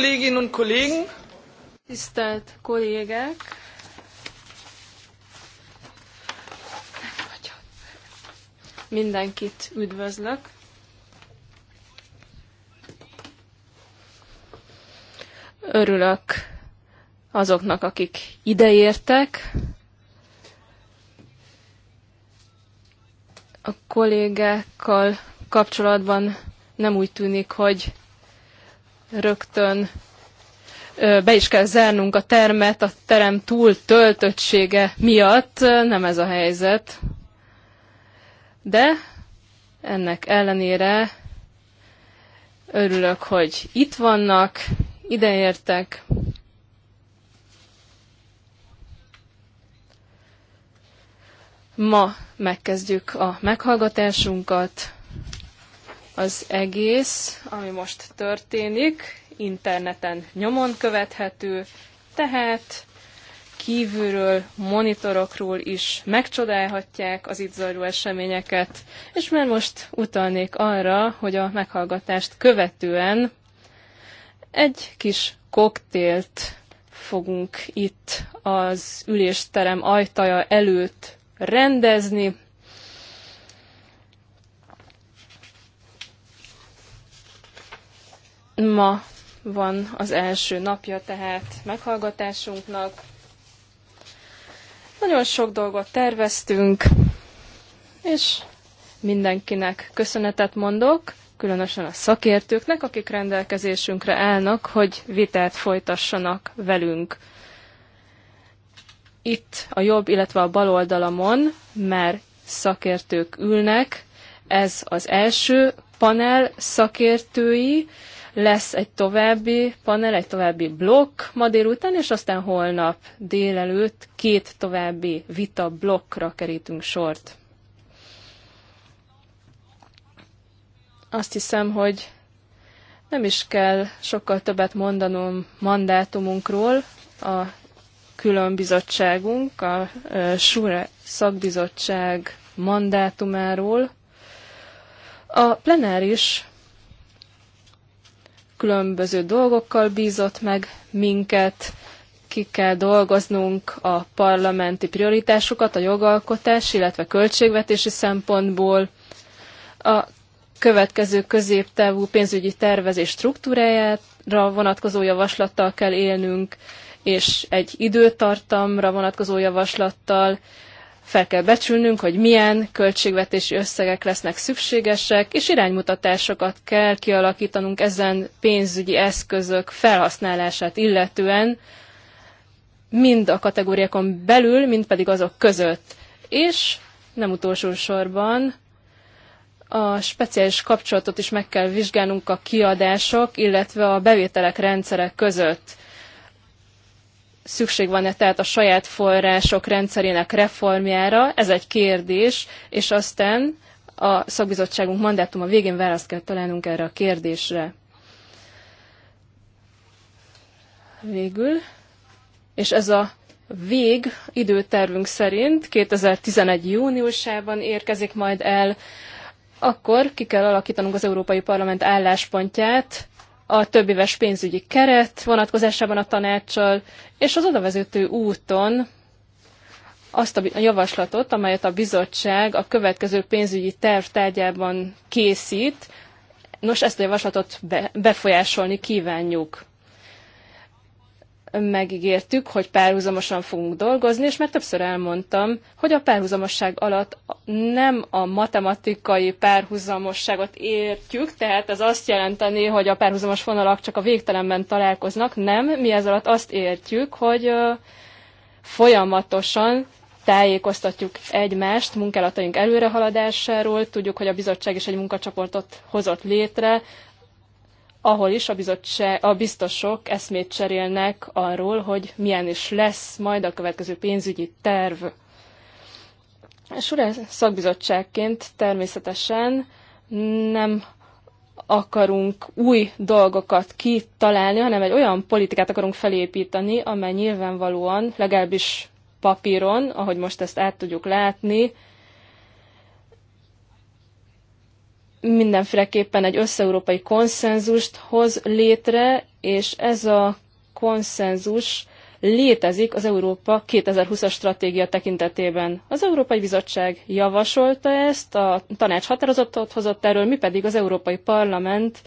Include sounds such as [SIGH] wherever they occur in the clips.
Kolleginnen und Kollegen! Tisztelt kollégák! Mindenkit üdvözlök. Örülök azoknak, akik ideértek. A kollégákkal kapcsolatban nem úgy tűnik, hogy rögtön be is kell zárnunk a termet a terem túl töltöttsége miatt, nem ez a helyzet. De ennek ellenére örülök, hogy itt vannak, ideértek. Ma megkezdjük a meghallgatásunkat. Az egész, ami most történik, interneten nyomon követhető, tehát kívülről, monitorokról is megcsodálhatják az itt zajló eseményeket, és már most utalnék arra, hogy a meghallgatást követően egy kis koktélt fogunk itt az ülésterem ajtaja előtt rendezni, Ma van az első napja tehát meghallgatásunknak. Nagyon sok dolgot terveztünk, és mindenkinek köszönetet mondok, különösen a szakértőknek, akik rendelkezésünkre állnak, hogy vitát folytassanak velünk. Itt a jobb, illetve a bal oldalamon már szakértők ülnek. Ez az első panel szakértői, lesz egy további panel, egy további blokk ma délután, és aztán holnap délelőtt két további vita blokkra kerítünk sort. Azt hiszem, hogy nem is kell sokkal többet mondanom mandátumunkról. A külön bizottságunk, a SURE szakbizottság mandátumáról. A plenáris különböző dolgokkal bízott meg minket, ki kell dolgoznunk a parlamenti prioritásokat, a jogalkotás, illetve költségvetési szempontból, a következő középtávú pénzügyi tervezés struktúrájára vonatkozó javaslattal kell élnünk, és egy időtartamra vonatkozó javaslattal, fel kell becsülnünk, hogy milyen költségvetési összegek lesznek szükségesek, és iránymutatásokat kell kialakítanunk ezen pénzügyi eszközök felhasználását illetően, mind a kategóriákon belül, mind pedig azok között. És nem utolsó sorban a speciális kapcsolatot is meg kell vizsgálnunk a kiadások, illetve a bevételek rendszerek között szükség van-e tehát a saját források rendszerének reformjára, ez egy kérdés, és aztán a szakbizottságunk mandátuma végén választ kell találnunk erre a kérdésre. Végül, és ez a vég időtervünk szerint 2011. júniusában érkezik majd el, akkor ki kell alakítanunk az Európai Parlament álláspontját a többéves pénzügyi keret vonatkozásában a tanácssal, és az odavezető úton azt a javaslatot, amelyet a bizottság a következő pénzügyi terv tárgyában készít, nos, ezt a javaslatot befolyásolni kívánjuk megígértük, hogy párhuzamosan fogunk dolgozni, és már többször elmondtam, hogy a párhuzamosság alatt nem a matematikai párhuzamosságot értjük, tehát ez azt jelenteni, hogy a párhuzamos vonalak csak a végtelenben találkoznak, nem, mi ez alatt azt értjük, hogy folyamatosan tájékoztatjuk egymást munkálataink előrehaladásáról, tudjuk, hogy a bizottság is egy munkacsoportot hozott létre, ahol is a, bizottság, a biztosok eszmét cserélnek arról, hogy milyen is lesz majd a következő pénzügyi terv. Sure szakbizottságként természetesen nem akarunk új dolgokat kitalálni, hanem egy olyan politikát akarunk felépíteni, amely nyilvánvalóan, legalábbis papíron, ahogy most ezt át tudjuk látni, mindenféleképpen egy összeurópai konszenzust hoz létre, és ez a konszenzus létezik az Európa 2020-as stratégia tekintetében. Az Európai Bizottság javasolta ezt, a tanács határozatot hozott erről, mi pedig az Európai Parlament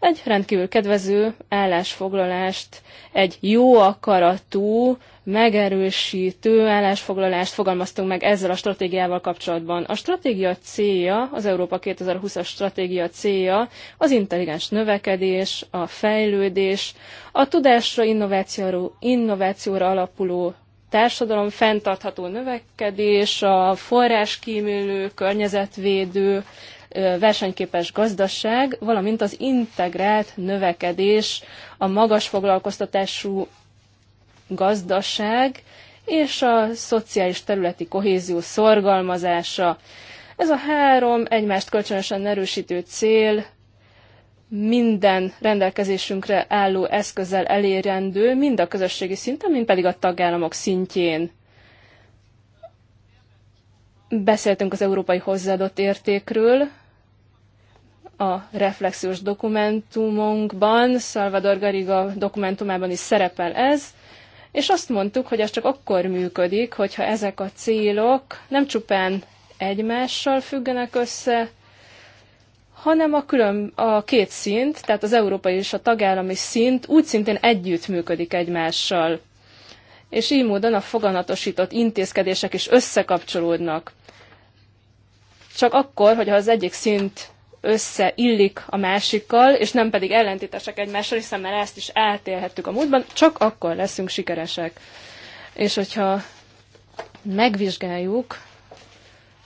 egy rendkívül kedvező állásfoglalást, egy jó akaratú, megerősítő állásfoglalást fogalmaztunk meg ezzel a stratégiával kapcsolatban. A stratégia célja, az Európa 2020-as stratégia célja az intelligens növekedés, a fejlődés, a tudásra, innovációra, innovációra alapuló társadalom, fenntartható növekedés, a forráskímélő, környezetvédő versenyképes gazdaság, valamint az integrált növekedés, a magas foglalkoztatású gazdaság és a szociális területi kohézió szorgalmazása. Ez a három egymást kölcsönösen erősítő cél minden rendelkezésünkre álló eszközzel elérendő, mind a közösségi szinten, mind pedig a tagállamok szintjén. Beszéltünk az európai hozzáadott értékről, a reflexiós dokumentumunkban, Salvador Gariga dokumentumában is szerepel ez, és azt mondtuk, hogy ez csak akkor működik, hogyha ezek a célok nem csupán egymással függenek össze, hanem a, külön, a két szint, tehát az európai és a tagállami szint úgy szintén együtt működik egymással. És így módon a foganatosított intézkedések is összekapcsolódnak. Csak akkor, hogyha az egyik szint összeillik a másikkal, és nem pedig ellentétesek egymással, hiszen már ezt is átélhettük a múltban, csak akkor leszünk sikeresek. És hogyha megvizsgáljuk,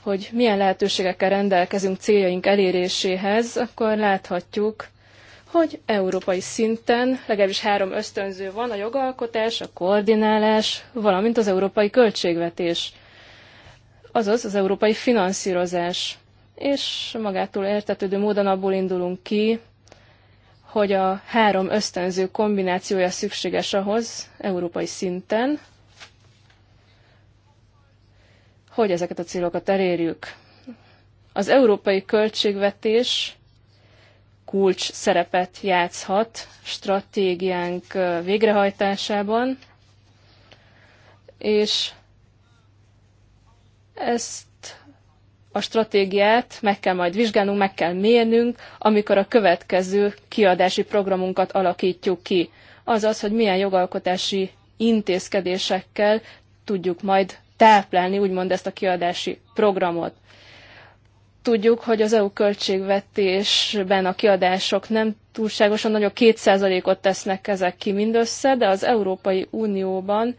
hogy milyen lehetőségekkel rendelkezünk céljaink eléréséhez, akkor láthatjuk, hogy európai szinten legalábbis három ösztönző van, a jogalkotás, a koordinálás, valamint az európai költségvetés, azaz az európai finanszírozás és magától értetődő módon abból indulunk ki, hogy a három ösztönző kombinációja szükséges ahhoz európai szinten, hogy ezeket a célokat elérjük. Az európai költségvetés kulcs szerepet játszhat stratégiánk végrehajtásában, és ezt a stratégiát meg kell majd vizsgálnunk, meg kell mérnünk, amikor a következő kiadási programunkat alakítjuk ki. Azaz, hogy milyen jogalkotási intézkedésekkel tudjuk majd táplálni, úgymond ezt a kiadási programot. Tudjuk, hogy az EU költségvetésben a kiadások nem túlságosan nagyobb, 2%-ot tesznek ezek ki mindössze, de az Európai Unióban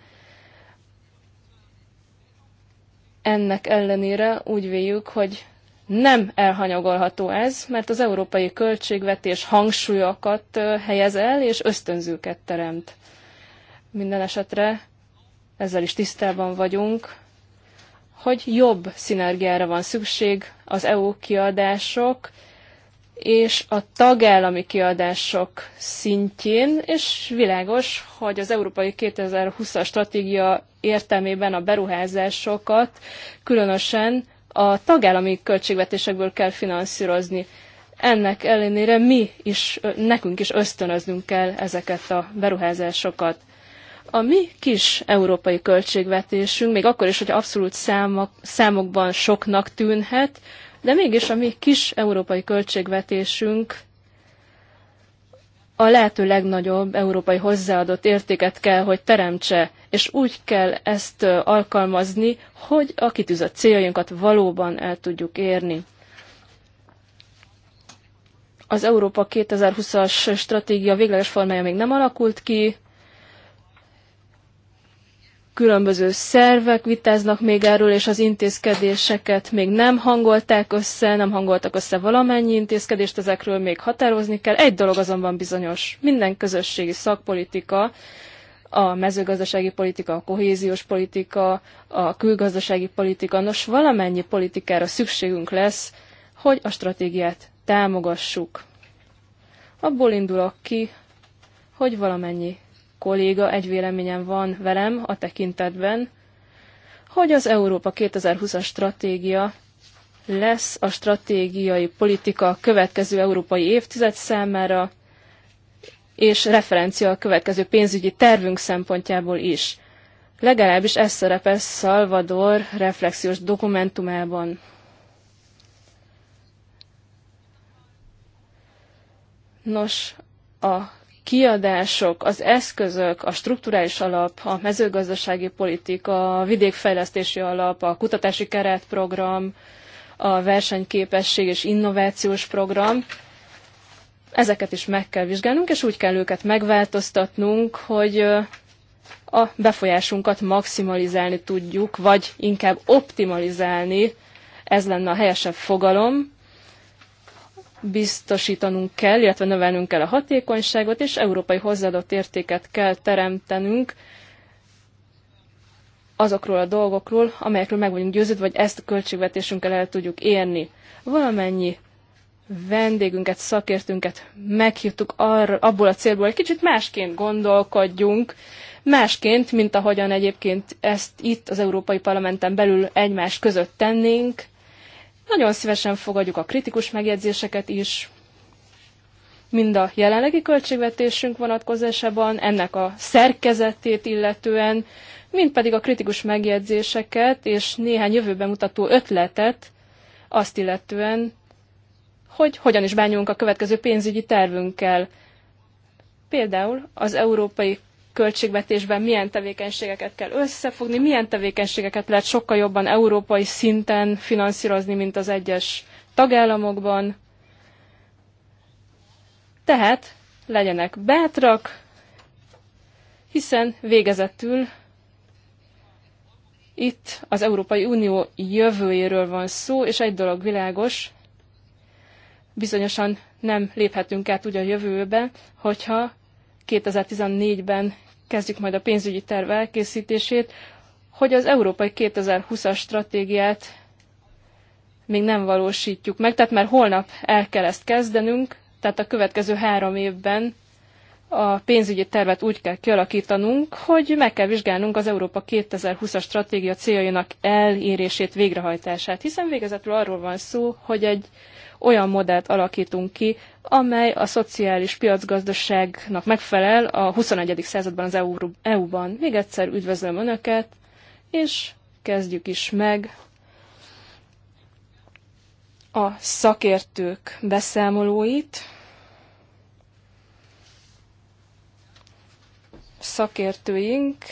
Ennek ellenére úgy véljük, hogy nem elhanyagolható ez, mert az európai költségvetés hangsúlyokat helyez el, és ösztönzőket teremt. Minden esetre ezzel is tisztában vagyunk, hogy jobb szinergiára van szükség az EU kiadások és a tagállami kiadások szintjén, és világos, hogy az Európai 2020-as stratégia értelmében a beruházásokat különösen a tagállami költségvetésekből kell finanszírozni. Ennek ellenére mi is, nekünk is ösztönöznünk kell ezeket a beruházásokat. A mi kis európai költségvetésünk, még akkor is, hogy abszolút számok, számokban soknak tűnhet, de mégis a mi kis európai költségvetésünk a lehető legnagyobb európai hozzáadott értéket kell, hogy teremtse, és úgy kell ezt alkalmazni, hogy a kitűzött céljainkat valóban el tudjuk érni. Az Európa 2020-as stratégia végleges formája még nem alakult ki, különböző szervek vitáznak még erről, és az intézkedéseket még nem hangolták össze, nem hangoltak össze valamennyi intézkedést, ezekről még határozni kell. Egy dolog azonban bizonyos, minden közösségi szakpolitika, a mezőgazdasági politika, a kohéziós politika, a külgazdasági politika, nos valamennyi politikára szükségünk lesz, hogy a stratégiát támogassuk. Abból indulok ki, hogy valamennyi kolléga egy véleményen van velem a tekintetben, hogy az Európa 2020-as stratégia lesz a stratégiai politika a következő európai évtized számára, és referencia a következő pénzügyi tervünk szempontjából is. Legalábbis ez szerepel Salvador reflexiós dokumentumában. Nos, a kiadások, az eszközök, a strukturális alap, a mezőgazdasági politika, a vidékfejlesztési alap, a kutatási keretprogram, a versenyképesség és innovációs program, ezeket is meg kell vizsgálnunk, és úgy kell őket megváltoztatnunk, hogy a befolyásunkat maximalizálni tudjuk, vagy inkább optimalizálni, ez lenne a helyesebb fogalom, biztosítanunk kell, illetve növelnünk kell a hatékonyságot, és európai hozzáadott értéket kell teremtenünk azokról a dolgokról, amelyekről meg vagyunk győződve, vagy ezt a költségvetésünkkel el tudjuk érni. Valamennyi vendégünket, szakértünket meghívtuk arra, abból a célból, hogy kicsit másként gondolkodjunk, másként, mint ahogyan egyébként ezt itt az Európai Parlamenten belül egymás között tennénk, nagyon szívesen fogadjuk a kritikus megjegyzéseket is, mind a jelenlegi költségvetésünk vonatkozásában, ennek a szerkezetét illetően, mind pedig a kritikus megjegyzéseket és néhány jövőben mutató ötletet azt illetően, hogy hogyan is bánjunk a következő pénzügyi tervünkkel. Például az Európai költségvetésben milyen tevékenységeket kell összefogni, milyen tevékenységeket lehet sokkal jobban európai szinten finanszírozni, mint az egyes tagállamokban. Tehát legyenek bátrak, hiszen végezetül itt az Európai Unió jövőjéről van szó, és egy dolog világos, bizonyosan nem léphetünk át úgy a jövőbe, hogyha 2014-ben kezdjük majd a pénzügyi terv elkészítését, hogy az Európai 2020-as stratégiát még nem valósítjuk meg, tehát már holnap el kell ezt kezdenünk, tehát a következő három évben a pénzügyi tervet úgy kell kialakítanunk, hogy meg kell vizsgálnunk az Európa 2020-as stratégia céljainak elérését, végrehajtását, hiszen végezetről arról van szó, hogy egy olyan modellt alakítunk ki, amely a szociális piacgazdaságnak megfelel a 21. században az EU-ban. Még egyszer üdvözlöm Önöket, és kezdjük is meg a szakértők beszámolóit. Szakértőink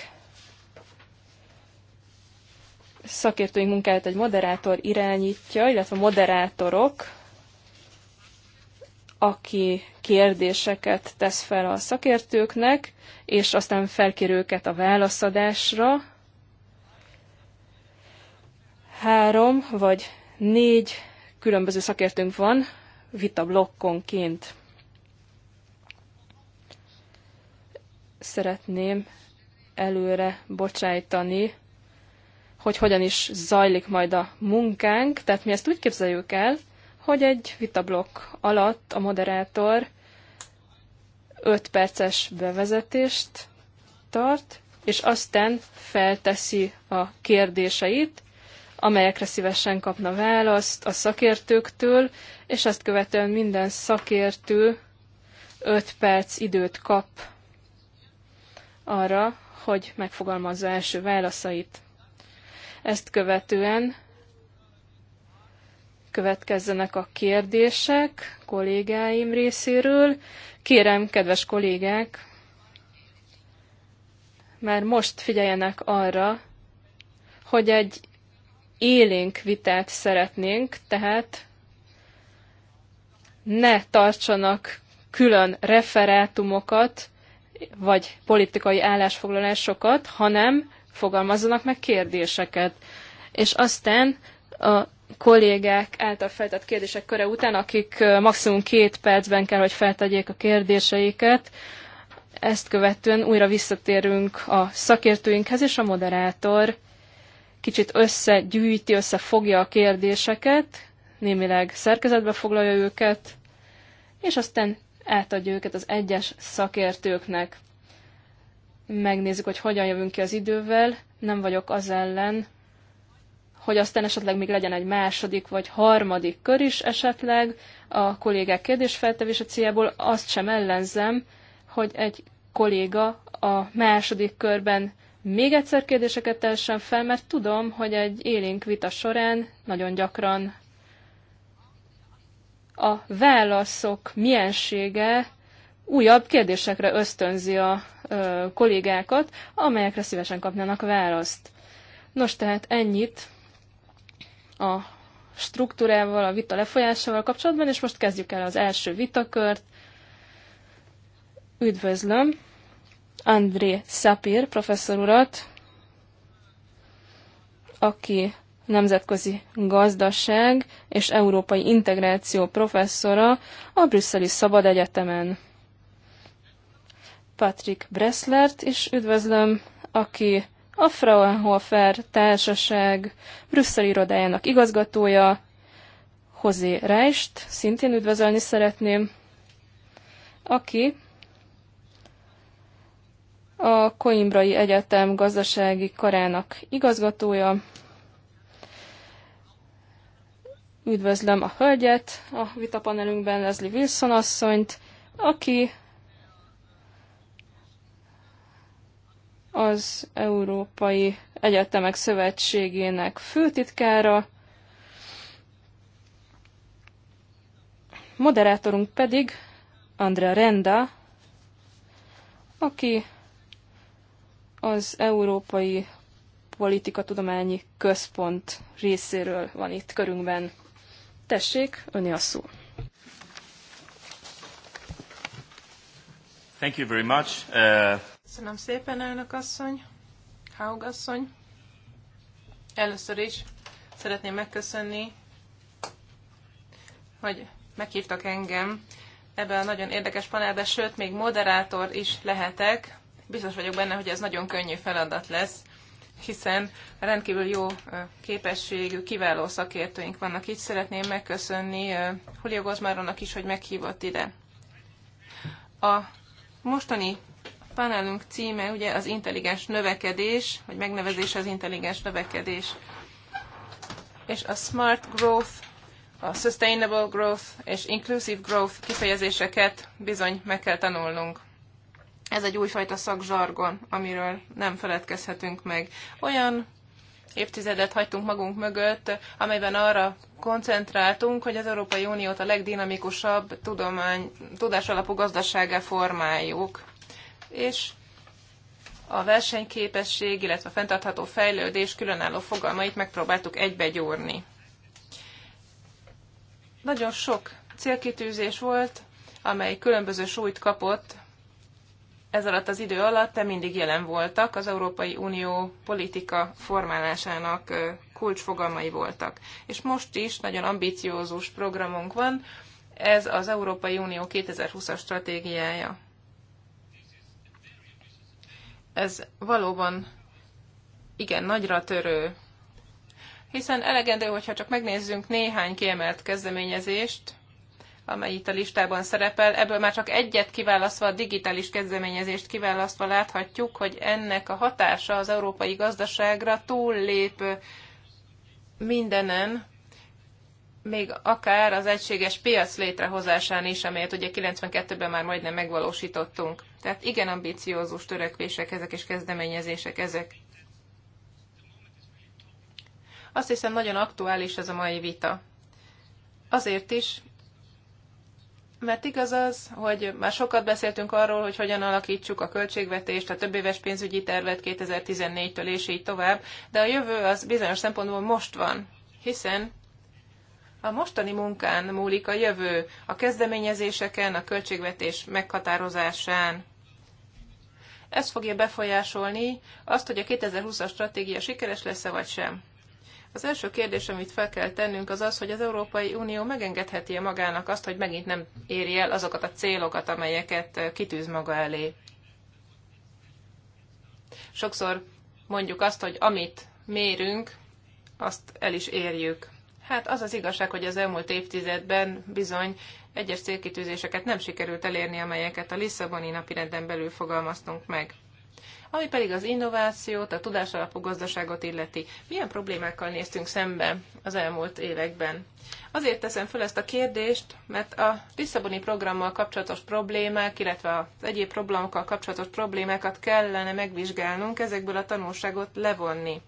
szakértőink munkáját egy moderátor irányítja, illetve moderátorok, aki kérdéseket tesz fel a szakértőknek, és aztán felkér őket a válaszadásra. Három vagy négy különböző szakértőnk van, vita blokkonként. Szeretném előre bocsájtani, hogy hogyan is zajlik majd a munkánk, tehát mi ezt úgy képzeljük el, hogy egy vitablokk alatt a moderátor 5 perces bevezetést tart, és aztán felteszi a kérdéseit, amelyekre szívesen kapna választ a szakértőktől, és ezt követően minden szakértő 5 perc időt kap arra, hogy megfogalmazza első válaszait. Ezt követően következzenek a kérdések kollégáim részéről. Kérem, kedves kollégák, már most figyeljenek arra, hogy egy élénk vitát szeretnénk, tehát ne tartsanak külön referátumokat, vagy politikai állásfoglalásokat, hanem fogalmazzanak meg kérdéseket. És aztán a kollégák által feltett kérdések köre után, akik maximum két percben kell, hogy feltegyék a kérdéseiket. Ezt követően újra visszatérünk a szakértőinkhez, és a moderátor kicsit összegyűjti, összefogja a kérdéseket, némileg szerkezetbe foglalja őket, és aztán átadja őket az egyes szakértőknek. Megnézzük, hogy hogyan jövünk ki az idővel. Nem vagyok az ellen, hogy aztán esetleg még legyen egy második vagy harmadik kör is esetleg a kollégák kérdésfeltevése céljából. Azt sem ellenzem, hogy egy kolléga a második körben még egyszer kérdéseket teljesen fel, mert tudom, hogy egy élénk vita során nagyon gyakran a válaszok miensége újabb kérdésekre ösztönzi a ö, kollégákat, amelyekre szívesen kapnának választ. Nos, tehát ennyit a struktúrával, a vita lefolyásával kapcsolatban, és most kezdjük el az első vitakört. Üdvözlöm André Szapir professzor urat, aki nemzetközi gazdaság és európai integráció professzora a Brüsszeli Szabad Egyetemen. Patrick Bresslert is üdvözlöm, aki a Fraunhofer Társaság Brüsszel irodájának igazgatója, Hozé Reist, szintén üdvözölni szeretném, aki a Coimbrai Egyetem gazdasági karának igazgatója. Üdvözlöm a hölgyet, a vitapanelünkben Leslie Wilson asszonyt, aki az Európai Egyetemek Szövetségének főtitkára, moderátorunk pedig Andrea Renda, aki az Európai Politikatudományi Központ részéről van itt körünkben. Tessék, öni a szó. Thank you very much. Uh... Köszönöm szépen, elnök asszony, Haug asszony. Először is szeretném megköszönni, hogy meghívtak engem ebbe a nagyon érdekes panelbe, sőt, még moderátor is lehetek. Biztos vagyok benne, hogy ez nagyon könnyű feladat lesz, hiszen rendkívül jó képességű, kiváló szakértőink vannak. Így szeretném megköszönni Julio Gozmáronnak is, hogy meghívott ide. A mostani panelünk címe ugye az intelligens növekedés, vagy megnevezés az intelligens növekedés. És a smart growth, a sustainable growth és inclusive growth kifejezéseket bizony meg kell tanulnunk. Ez egy újfajta szakzsargon, amiről nem feledkezhetünk meg. Olyan évtizedet hagytunk magunk mögött, amelyben arra koncentráltunk, hogy az Európai Uniót a legdinamikusabb tudomány, tudásalapú gazdasággal formáljuk és a versenyképesség, illetve a fenntartható fejlődés különálló fogalmait megpróbáltuk egybegyúrni. Nagyon sok célkitűzés volt, amely különböző súlyt kapott ez alatt az idő alatt, de mindig jelen voltak, az Európai Unió politika formálásának kulcsfogalmai voltak. És most is nagyon ambiciózus programunk van, ez az Európai Unió 2020-as stratégiája ez valóban igen nagyra törő, hiszen elegendő, hogyha csak megnézzünk néhány kiemelt kezdeményezést, amely itt a listában szerepel. Ebből már csak egyet kiválasztva, a digitális kezdeményezést kiválasztva láthatjuk, hogy ennek a hatása az európai gazdaságra túllép mindenen, még akár az egységes piac létrehozásán is, amelyet ugye 92-ben már majdnem megvalósítottunk. Tehát igen ambiciózus törekvések ezek és kezdeményezések ezek. Azt hiszem nagyon aktuális ez a mai vita. Azért is, mert igaz az, hogy már sokat beszéltünk arról, hogy hogyan alakítsuk a költségvetést, a többéves pénzügyi tervet 2014-től és így tovább, de a jövő az bizonyos szempontból most van, hiszen a mostani munkán múlik a jövő, a kezdeményezéseken, a költségvetés meghatározásán. Ez fogja befolyásolni azt, hogy a 2020-as stratégia sikeres lesz-e vagy sem. Az első kérdés, amit fel kell tennünk, az az, hogy az Európai Unió megengedheti -e magának azt, hogy megint nem éri el azokat a célokat, amelyeket kitűz maga elé. Sokszor mondjuk azt, hogy amit mérünk, azt el is érjük. Hát az az igazság, hogy az elmúlt évtizedben bizony egyes célkitűzéseket nem sikerült elérni, amelyeket a Lisszaboni napirenden belül fogalmaztunk meg. Ami pedig az innovációt, a tudásalapú gazdaságot illeti, milyen problémákkal néztünk szembe az elmúlt években? Azért teszem föl ezt a kérdést, mert a Lisszaboni programmal kapcsolatos problémák, illetve az egyéb problémákkal kapcsolatos problémákat kellene megvizsgálnunk, ezekből a tanulságot levonni.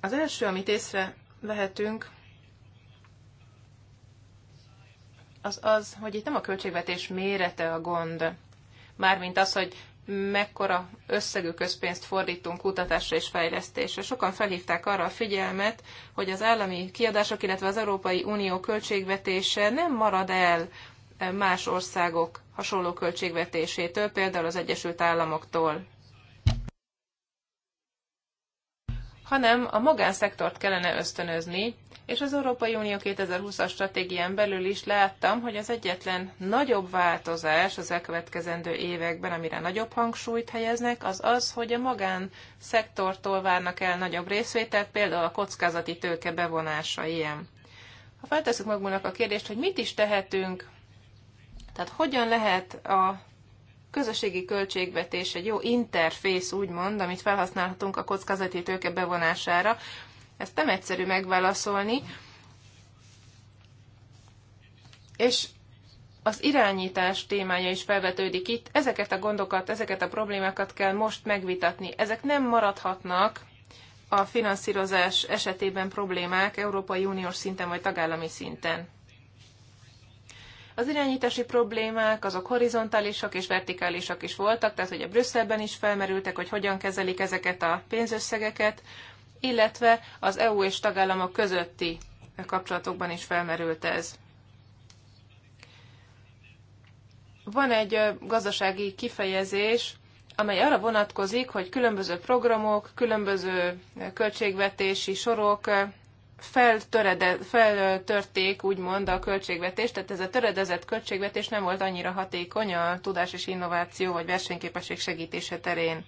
Az első, amit észre vehetünk, az az, hogy itt nem a költségvetés mérete a gond, mármint az, hogy mekkora összegű közpénzt fordítunk kutatásra és fejlesztésre. Sokan felhívták arra a figyelmet, hogy az állami kiadások, illetve az Európai Unió költségvetése nem marad el más országok hasonló költségvetésétől, például az Egyesült Államoktól. hanem a magánszektort kellene ösztönözni, és az Európai Unió 2020-as stratégián belül is láttam, hogy az egyetlen nagyobb változás az elkövetkezendő években, amire nagyobb hangsúlyt helyeznek, az az, hogy a magánszektortól várnak el nagyobb részvételt, például a kockázati tőke bevonása ilyen. Ha feltesszük magunknak a kérdést, hogy mit is tehetünk, tehát hogyan lehet a közösségi költségvetés egy jó interfész, úgymond, amit felhasználhatunk a kockázati tőke bevonására. Ezt nem egyszerű megválaszolni. És az irányítás témája is felvetődik itt. Ezeket a gondokat, ezeket a problémákat kell most megvitatni. Ezek nem maradhatnak a finanszírozás esetében problémák Európai Uniós szinten vagy tagállami szinten. Az irányítási problémák azok horizontálisak és vertikálisak is voltak, tehát ugye Brüsszelben is felmerültek, hogy hogyan kezelik ezeket a pénzösszegeket, illetve az EU és tagállamok közötti kapcsolatokban is felmerült ez. Van egy gazdasági kifejezés, amely arra vonatkozik, hogy különböző programok, különböző költségvetési sorok feltörede, feltörték úgymond a költségvetést, tehát ez a töredezett költségvetés nem volt annyira hatékony a tudás és innováció vagy versenyképesség segítése terén.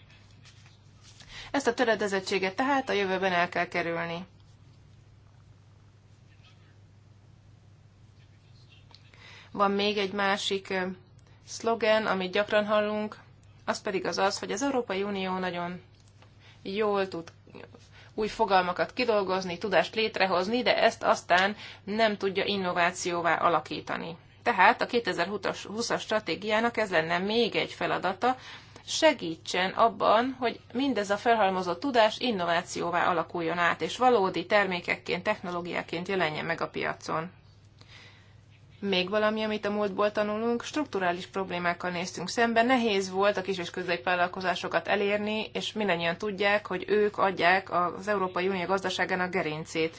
Ezt a töredezettséget tehát a jövőben el kell kerülni. Van még egy másik szlogen, amit gyakran hallunk, az pedig az az, hogy az Európai Unió nagyon jól tud új fogalmakat kidolgozni, tudást létrehozni, de ezt aztán nem tudja innovációvá alakítani. Tehát a 2020-as stratégiának ez lenne még egy feladata, segítsen abban, hogy mindez a felhalmozott tudás innovációvá alakuljon át, és valódi termékekként, technológiáként jelenjen meg a piacon. Még valami, amit a múltból tanulunk, strukturális problémákkal néztünk szembe. Nehéz volt a kis és középvállalkozásokat elérni, és mindannyian tudják, hogy ők adják az Európai Unió gazdaságának gerincét.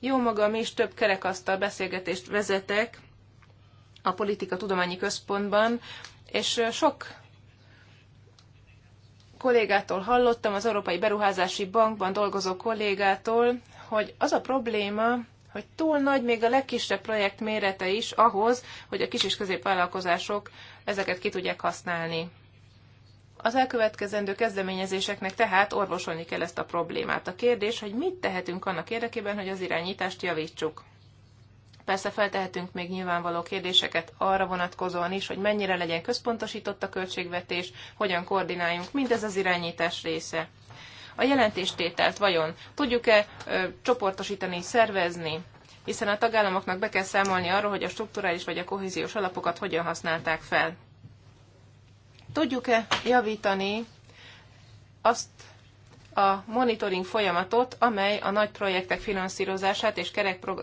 Jó magam is több kerekasztal beszélgetést vezetek a Politika Tudományi Központban, és sok kollégától hallottam, az Európai Beruházási Bankban dolgozó kollégától, hogy az a probléma, hogy túl nagy még a legkisebb projekt mérete is ahhoz, hogy a kis és középvállalkozások ezeket ki tudják használni. Az elkövetkezendő kezdeményezéseknek tehát orvosolni kell ezt a problémát. A kérdés, hogy mit tehetünk annak érdekében, hogy az irányítást javítsuk. Persze feltehetünk még nyilvánvaló kérdéseket arra vonatkozóan is, hogy mennyire legyen központosított a költségvetés, hogyan koordináljunk, mindez az irányítás része. A jelentéstételt vajon tudjuk-e csoportosítani, szervezni, hiszen a tagállamoknak be kell számolni arról, hogy a strukturális vagy a kohéziós alapokat hogyan használták fel. Tudjuk-e javítani azt a monitoring folyamatot, amely a nagy projektek finanszírozását és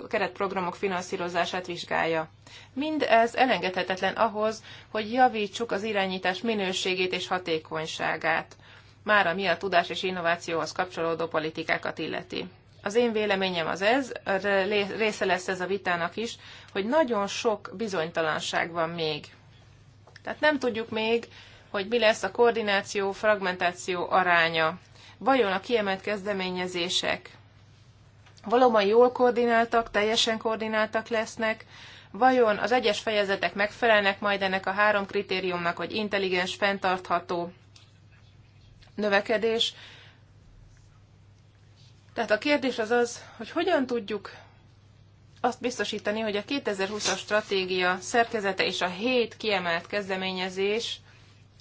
keretprogramok finanszírozását vizsgálja. Mindez elengedhetetlen ahhoz, hogy javítsuk az irányítás minőségét és hatékonyságát már ami a tudás és innovációhoz kapcsolódó politikákat illeti. Az én véleményem az ez, része lesz ez a vitának is, hogy nagyon sok bizonytalanság van még. Tehát nem tudjuk még, hogy mi lesz a koordináció, fragmentáció aránya. Vajon a kiemelt kezdeményezések valóban jól koordináltak, teljesen koordináltak lesznek, vajon az egyes fejezetek megfelelnek majd ennek a három kritériumnak, hogy intelligens, fenntartható növekedés. Tehát a kérdés az az, hogy hogyan tudjuk azt biztosítani, hogy a 2020-as stratégia szerkezete és a hét kiemelt kezdeményezés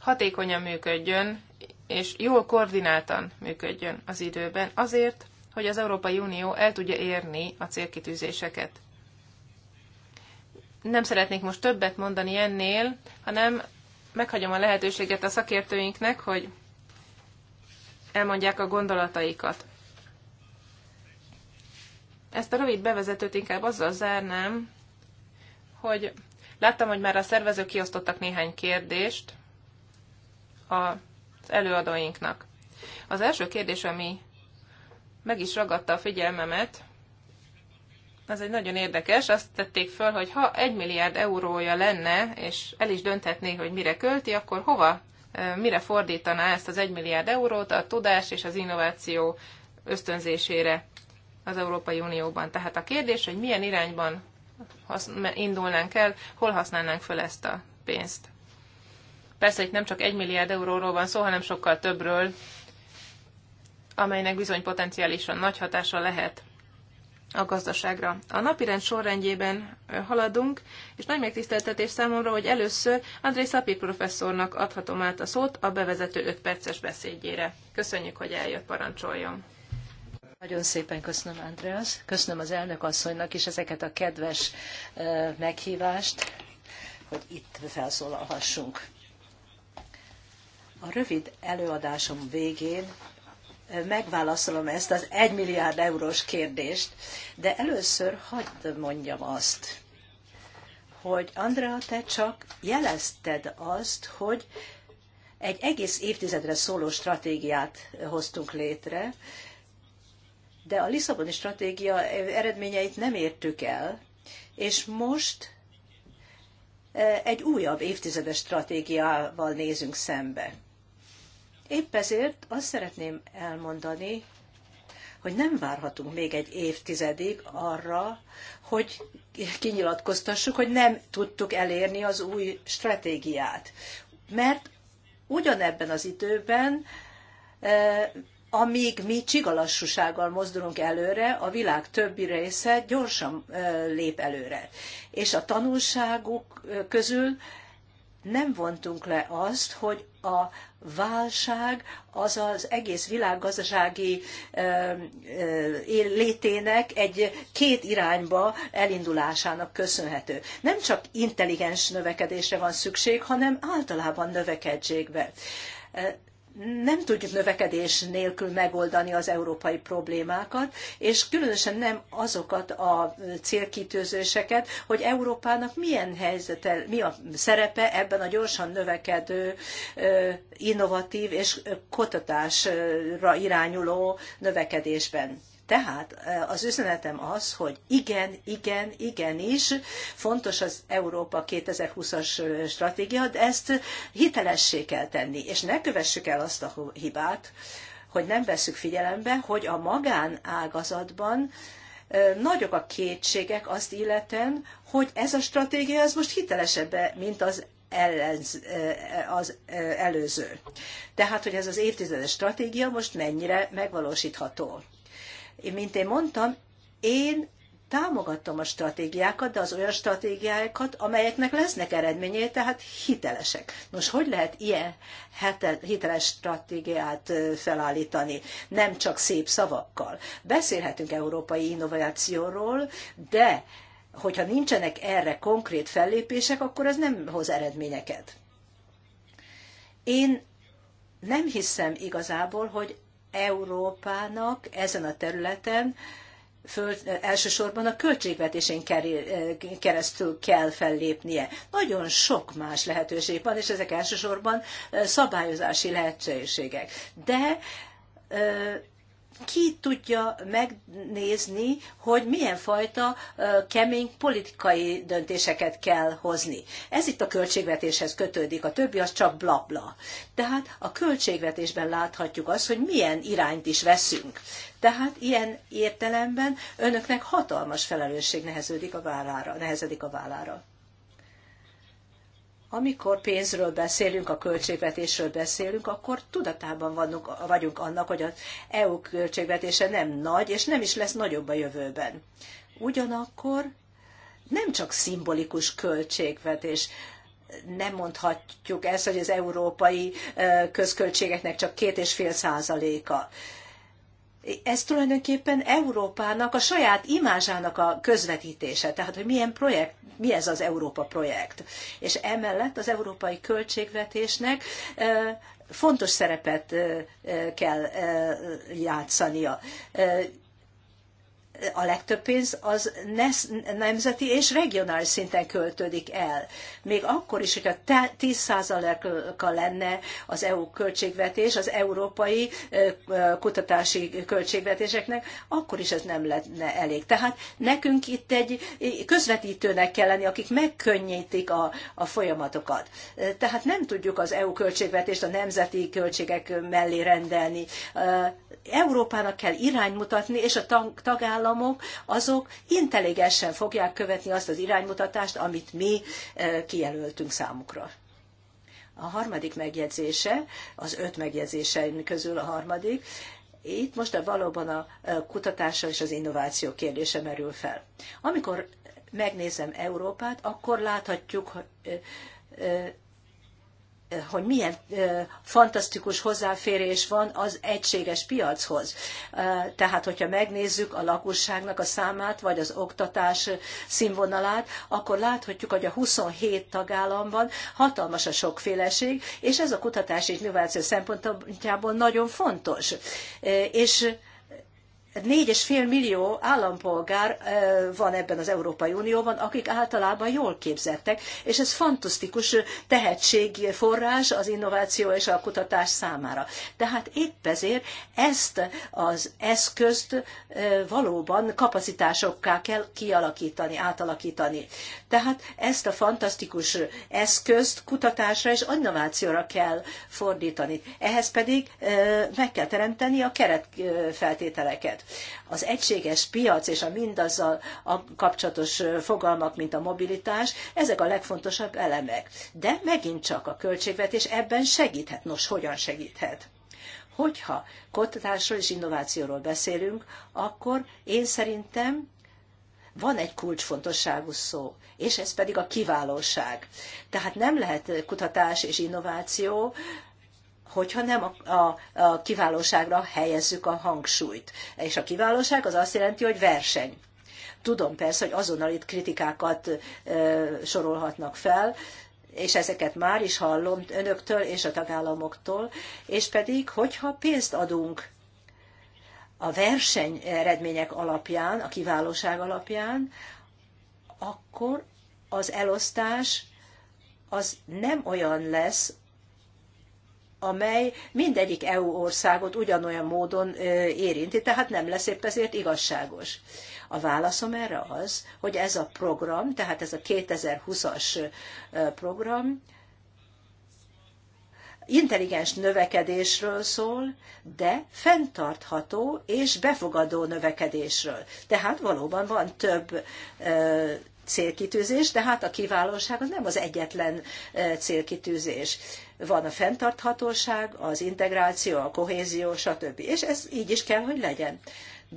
hatékonyan működjön, és jól koordináltan működjön az időben, azért, hogy az Európai Unió el tudja érni a célkitűzéseket. Nem szeretnék most többet mondani ennél, hanem meghagyom a lehetőséget a szakértőinknek, hogy elmondják a gondolataikat. Ezt a rövid bevezetőt inkább azzal zárnám, hogy láttam, hogy már a szervezők kiosztottak néhány kérdést az előadóinknak. Az első kérdés, ami meg is ragadta a figyelmemet, ez egy nagyon érdekes, azt tették föl, hogy ha egy milliárd eurója lenne, és el is dönthetné, hogy mire költi, akkor hova mire fordítaná ezt az 1 milliárd eurót a tudás és az innováció ösztönzésére az Európai Unióban. Tehát a kérdés, hogy milyen irányban indulnánk el, hol használnánk fel ezt a pénzt. Persze itt nem csak 1 milliárd euróról van szó, hanem sokkal többről, amelynek bizony potenciálisan nagy hatása lehet a gazdaságra. A napirend sorrendjében haladunk, és nagy megtiszteltetés számomra, hogy először André Szapi professzornak adhatom át a szót a bevezető 5 perces beszédjére. Köszönjük, hogy eljött, parancsoljon! Nagyon szépen köszönöm, Andreas. Köszönöm az elnök asszonynak is ezeket a kedves meghívást, hogy itt felszólalhassunk. A rövid előadásom végén megválaszolom ezt az 1 milliárd eurós kérdést, de először hagyd mondjam azt, hogy Andrea, te csak jelezted azt, hogy egy egész évtizedre szóló stratégiát hoztunk létre, de a Lisszaboni stratégia eredményeit nem értük el, és most eh, egy újabb évtizedes stratégiával nézünk szembe. Épp ezért azt szeretném elmondani, hogy nem várhatunk még egy évtizedig arra, hogy kinyilatkoztassuk, hogy nem tudtuk elérni az új stratégiát. Mert ugyanebben az időben, e, amíg mi csigalassúsággal mozdulunk előre, a világ többi része gyorsan e, lép előre. És a tanulságuk e, közül nem vontunk le azt, hogy a válság az az egész világgazdasági létének egy két irányba elindulásának köszönhető. Nem csak intelligens növekedésre van szükség, hanem általában növekedségbe nem tudjuk növekedés nélkül megoldani az európai problémákat, és különösen nem azokat a célkitűzéseket, hogy Európának milyen helyzete, mi a szerepe ebben a gyorsan növekedő, innovatív és kutatásra irányuló növekedésben. Tehát az üzenetem az, hogy igen, igen, igen is, fontos az Európa 2020-as stratégia, de ezt hitelessé kell tenni, és ne kövessük el azt a hibát, hogy nem vesszük figyelembe, hogy a magánágazatban nagyok a kétségek azt illeten, hogy ez a stratégia az most hitelesebb, mint az ellenz, az előző. Tehát, hogy ez az évtizedes stratégia most mennyire megvalósítható. Mint én mondtam, én támogatom a stratégiákat, de az olyan stratégiákat, amelyeknek lesznek eredményei, tehát hitelesek. Nos, hogy lehet ilyen hiteles stratégiát felállítani? Nem csak szép szavakkal. Beszélhetünk európai innovációról, de hogyha nincsenek erre konkrét fellépések, akkor ez nem hoz eredményeket. Én nem hiszem igazából, hogy Európának ezen a területen föl, elsősorban a költségvetésén keresztül kell fellépnie. Nagyon sok más lehetőség van, és ezek elsősorban szabályozási lehetőségek. De ki tudja megnézni, hogy milyen fajta kemény politikai döntéseket kell hozni. Ez itt a költségvetéshez kötődik, a többi az csak blabla. Bla. Tehát a költségvetésben láthatjuk azt, hogy milyen irányt is veszünk. Tehát ilyen értelemben önöknek hatalmas felelősség neheződik a vállára, nehezedik a vállára. Amikor pénzről beszélünk, a költségvetésről beszélünk, akkor tudatában vannak, vagyunk annak, hogy az EU költségvetése nem nagy, és nem is lesz nagyobb a jövőben. Ugyanakkor nem csak szimbolikus költségvetés, nem mondhatjuk ezt, hogy az európai közköltségeknek csak két és fél százaléka ez tulajdonképpen Európának a saját imázsának a közvetítése, tehát hogy milyen projekt, mi ez az Európa projekt. És emellett az európai költségvetésnek fontos szerepet kell játszania a legtöbb pénz az nemzeti és regionális szinten költődik el. Még akkor is, hogyha 10%-a lenne az EU költségvetés, az európai kutatási költségvetéseknek, akkor is ez nem lenne elég. Tehát nekünk itt egy közvetítőnek kell lenni, akik megkönnyítik a, a folyamatokat. Tehát nem tudjuk az EU költségvetést a nemzeti költségek mellé rendelni. Európának kell iránymutatni, és a tagállam tagállamok, azok intelligensen fogják követni azt az iránymutatást, amit mi eh, kijelöltünk számukra. A harmadik megjegyzése, az öt megjegyzéseim közül a harmadik, itt most a valóban a eh, kutatása és az innováció kérdése merül fel. Amikor megnézem Európát, akkor láthatjuk, hogy eh, hogy milyen fantasztikus hozzáférés van az egységes piachoz. Tehát, hogyha megnézzük a lakosságnak a számát, vagy az oktatás színvonalát, akkor láthatjuk, hogy a 27 tagállamban hatalmas a sokféleség, és ez a kutatási innováció szempontjából nagyon fontos. És 4,5 millió állampolgár van ebben az Európai Unióban, akik általában jól képzettek, és ez fantasztikus tehetségforrás az innováció és a kutatás számára. Tehát épp ezért ezt az eszközt valóban kapacitásokká kell kialakítani, átalakítani. Tehát ezt a fantasztikus eszközt kutatásra és innovációra kell fordítani. Ehhez pedig meg kell teremteni a keretfeltételeket. Az egységes piac és a mindazzal a kapcsolatos fogalmak, mint a mobilitás, ezek a legfontosabb elemek. De megint csak a költségvetés ebben segíthet. Nos, hogyan segíthet? Hogyha kutatásról és innovációról beszélünk, akkor én szerintem van egy kulcsfontosságú szó, és ez pedig a kiválóság. Tehát nem lehet kutatás és innováció hogyha nem a, a, a kiválóságra helyezzük a hangsúlyt. És a kiválóság az azt jelenti, hogy verseny. Tudom persze, hogy azonnal itt kritikákat e, sorolhatnak fel, és ezeket már is hallom önöktől és a tagállamoktól, és pedig, hogyha pénzt adunk a verseny eredmények alapján, a kiválóság alapján, akkor az elosztás az nem olyan lesz, amely mindegyik EU országot ugyanolyan módon érinti, tehát nem lesz épp ezért igazságos. A válaszom erre az, hogy ez a program, tehát ez a 2020-as program, intelligens növekedésről szól, de fenntartható és befogadó növekedésről. Tehát valóban van több célkitűzés, de hát a kiválóság az nem az egyetlen célkitűzés. Van a fenntarthatóság, az integráció, a kohézió, stb. És ez így is kell, hogy legyen.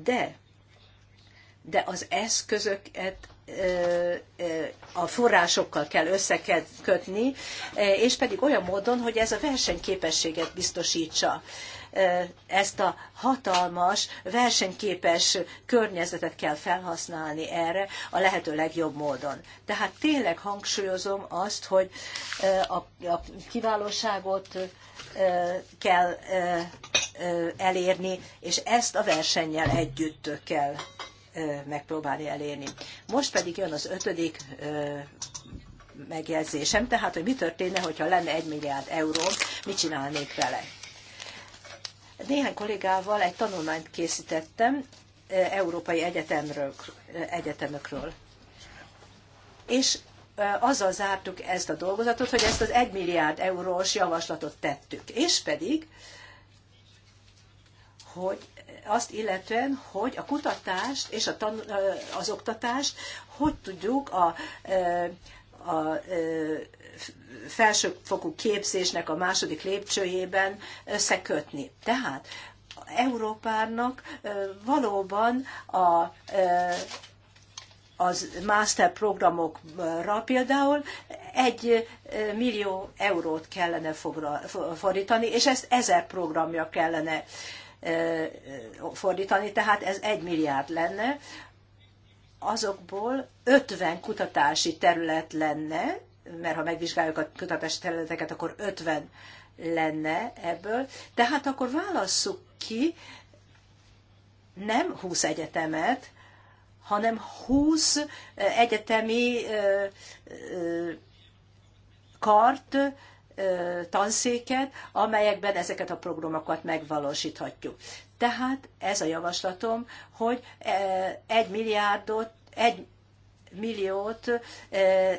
De de az eszközöket a forrásokkal kell összekötni, és pedig olyan módon, hogy ez a versenyképességet biztosítsa ezt a hatalmas, versenyképes környezetet kell felhasználni erre a lehető legjobb módon. Tehát tényleg hangsúlyozom azt, hogy a, kiválóságot kell elérni, és ezt a versennyel együtt kell megpróbálni elérni. Most pedig jön az ötödik megjegyzésem, tehát hogy mi történne, hogyha lenne egy milliárd euró, mit csinálnék vele. Néhány kollégával egy tanulmányt készítettem e, európai egyetemről, egyetemekről. És e, azzal zártuk ezt a dolgozatot, hogy ezt az 1 milliárd eurós javaslatot tettük. És pedig, hogy azt illetően, hogy a kutatást és a tan- e, az oktatást hogy tudjuk a, a, a felsőfokú képzésnek a második lépcsőjében összekötni. Tehát Európának valóban a az master programokra például egy millió eurót kellene fordítani, és ezt ezer programja kellene fordítani, tehát ez egy milliárd lenne, azokból 50 kutatási terület lenne, mert ha megvizsgáljuk a tudatás területeket, akkor 50 lenne ebből. Tehát akkor válasszuk ki nem 20 egyetemet, hanem 20 egyetemi kart, tanszéket, amelyekben ezeket a programokat megvalósíthatjuk. Tehát ez a javaslatom, hogy egy milliárdot, egy milliót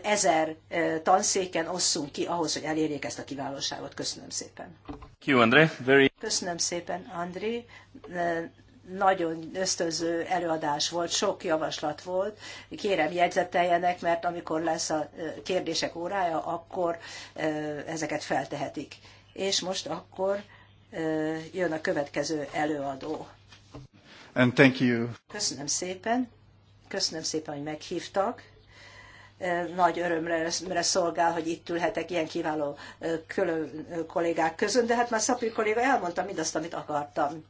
ezer tanszéken osszunk ki ahhoz, hogy elérjék ezt a kiválóságot. Köszönöm szépen. Köszönöm szépen, André. Nagyon ösztöző előadás volt, sok javaslat volt. Kérem jegyzeteljenek, mert amikor lesz a kérdések órája, akkor ezeket feltehetik. És most akkor jön a következő előadó. And thank you. Köszönöm szépen. Köszönöm szépen, hogy meghívtak. Nagy örömre szolgál, hogy itt ülhetek ilyen kiváló külön kollégák között, de hát már Szapir kolléga elmondta mindazt, amit akartam.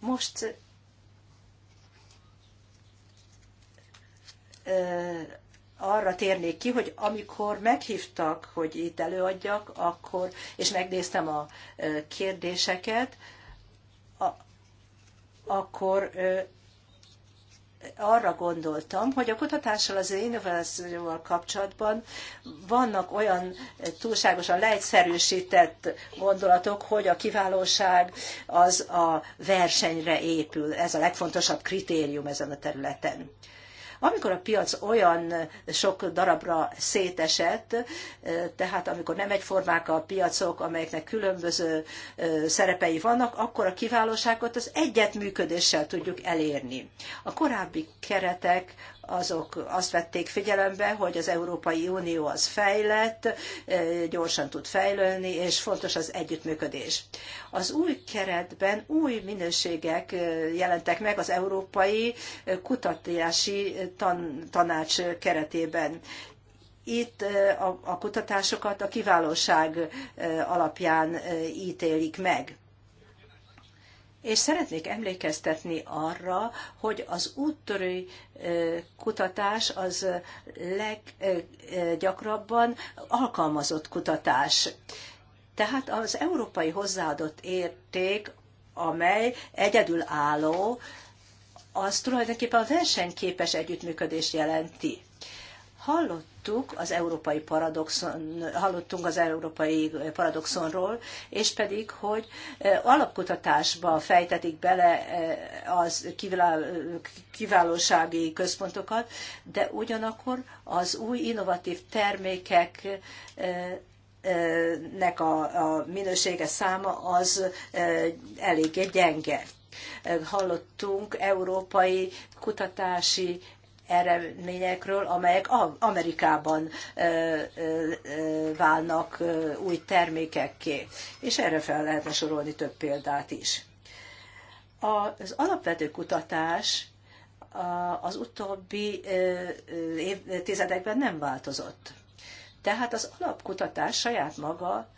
Most arra térnék ki, hogy amikor meghívtak, hogy itt előadjak, akkor, és megnéztem a kérdéseket, akkor arra gondoltam, hogy a kutatással, az innovációval kapcsolatban vannak olyan túlságosan leegyszerűsített gondolatok, hogy a kiválóság az a versenyre épül. Ez a legfontosabb kritérium ezen a területen. Amikor a piac olyan sok darabra szétesett, eh, tehát amikor nem egyformák a piacok, amelyeknek különböző eh, szerepei vannak, akkor a kiválóságot az egyetműködéssel tudjuk elérni. A korábbi keretek azok azt vették figyelembe, hogy az Európai Unió az fejlett, gyorsan tud fejlődni, és fontos az együttműködés. Az új keretben új minőségek jelentek meg az Európai Kutatási Tanács keretében itt a, kutatásokat a kiválóság alapján ítélik meg. És szeretnék emlékeztetni arra, hogy az úttörői kutatás az leggyakrabban alkalmazott kutatás. Tehát az európai hozzáadott érték, amely egyedülálló, az tulajdonképpen a versenyképes együttműködést jelenti hallottuk az európai paradoxon, hallottunk az európai paradoxonról, és pedig, hogy eh, alapkutatásba fejtetik bele eh, az kiválósági központokat, de ugyanakkor az új innovatív termékek eh, nek a, a minősége száma az eléggé gyenge hallottunk európai kutatási eredményekről, amelyek Amerikában válnak új termékekké. És erre fel lehetne sorolni több példát is. Az alapvető kutatás az utóbbi évtizedekben nem változott. Tehát az alapkutatás saját maga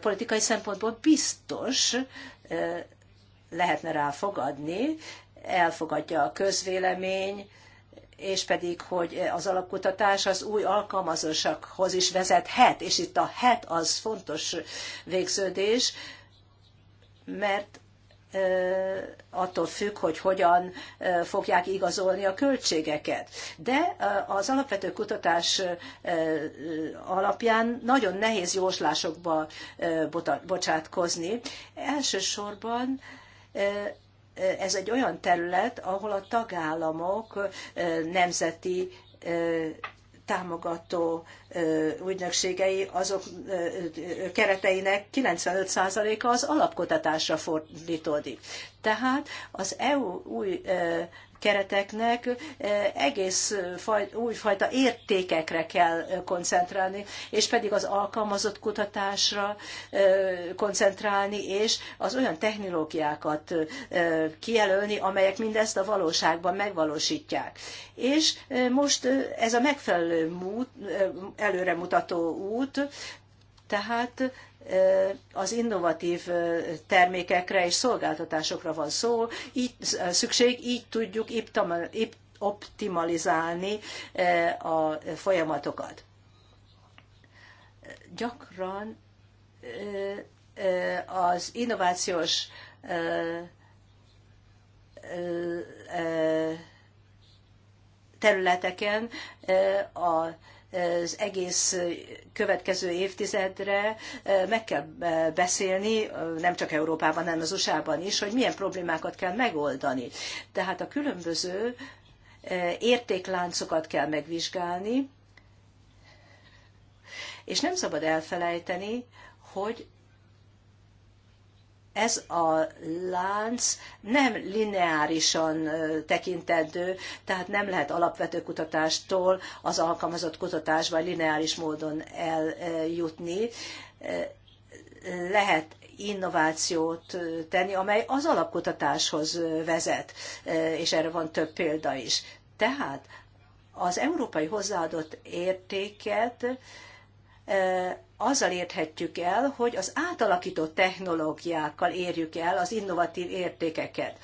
politikai szempontból biztos lehetne rá fogadni, elfogadja a közvélemény, és pedig, hogy az alapkutatás az új alkalmazásokhoz is vezethet, és itt a het az fontos végződés, mert attól függ, hogy hogyan fogják igazolni a költségeket. De az alapvető kutatás alapján nagyon nehéz jóslásokba bocsátkozni. Elsősorban ez egy olyan terület, ahol a tagállamok nemzeti támogató ügynökségei azok kereteinek 95%-a az alapkutatásra fordítódik. Tehát az EU új kereteknek egész faj, újfajta értékekre kell koncentrálni, és pedig az alkalmazott kutatásra koncentrálni, és az olyan technológiákat kijelölni, amelyek mindezt a valóságban megvalósítják. És most ez a megfelelő mút, előremutató út, tehát az innovatív termékekre és szolgáltatásokra van szó, így szükség, így tudjuk optimalizálni a folyamatokat. Gyakran az innovációs területeken a az egész következő évtizedre meg kell beszélni, nem csak Európában, hanem az USA-ban is, hogy milyen problémákat kell megoldani. Tehát a különböző értékláncokat kell megvizsgálni, és nem szabad elfelejteni, hogy ez a lánc nem lineárisan tekintendő, tehát nem lehet alapvető kutatástól az alkalmazott kutatásba lineáris módon eljutni. Lehet innovációt tenni, amely az alapkutatáshoz vezet, és erre van több példa is. Tehát az európai hozzáadott értéket azzal érthetjük el, hogy az átalakított technológiákkal érjük el az innovatív értékeket.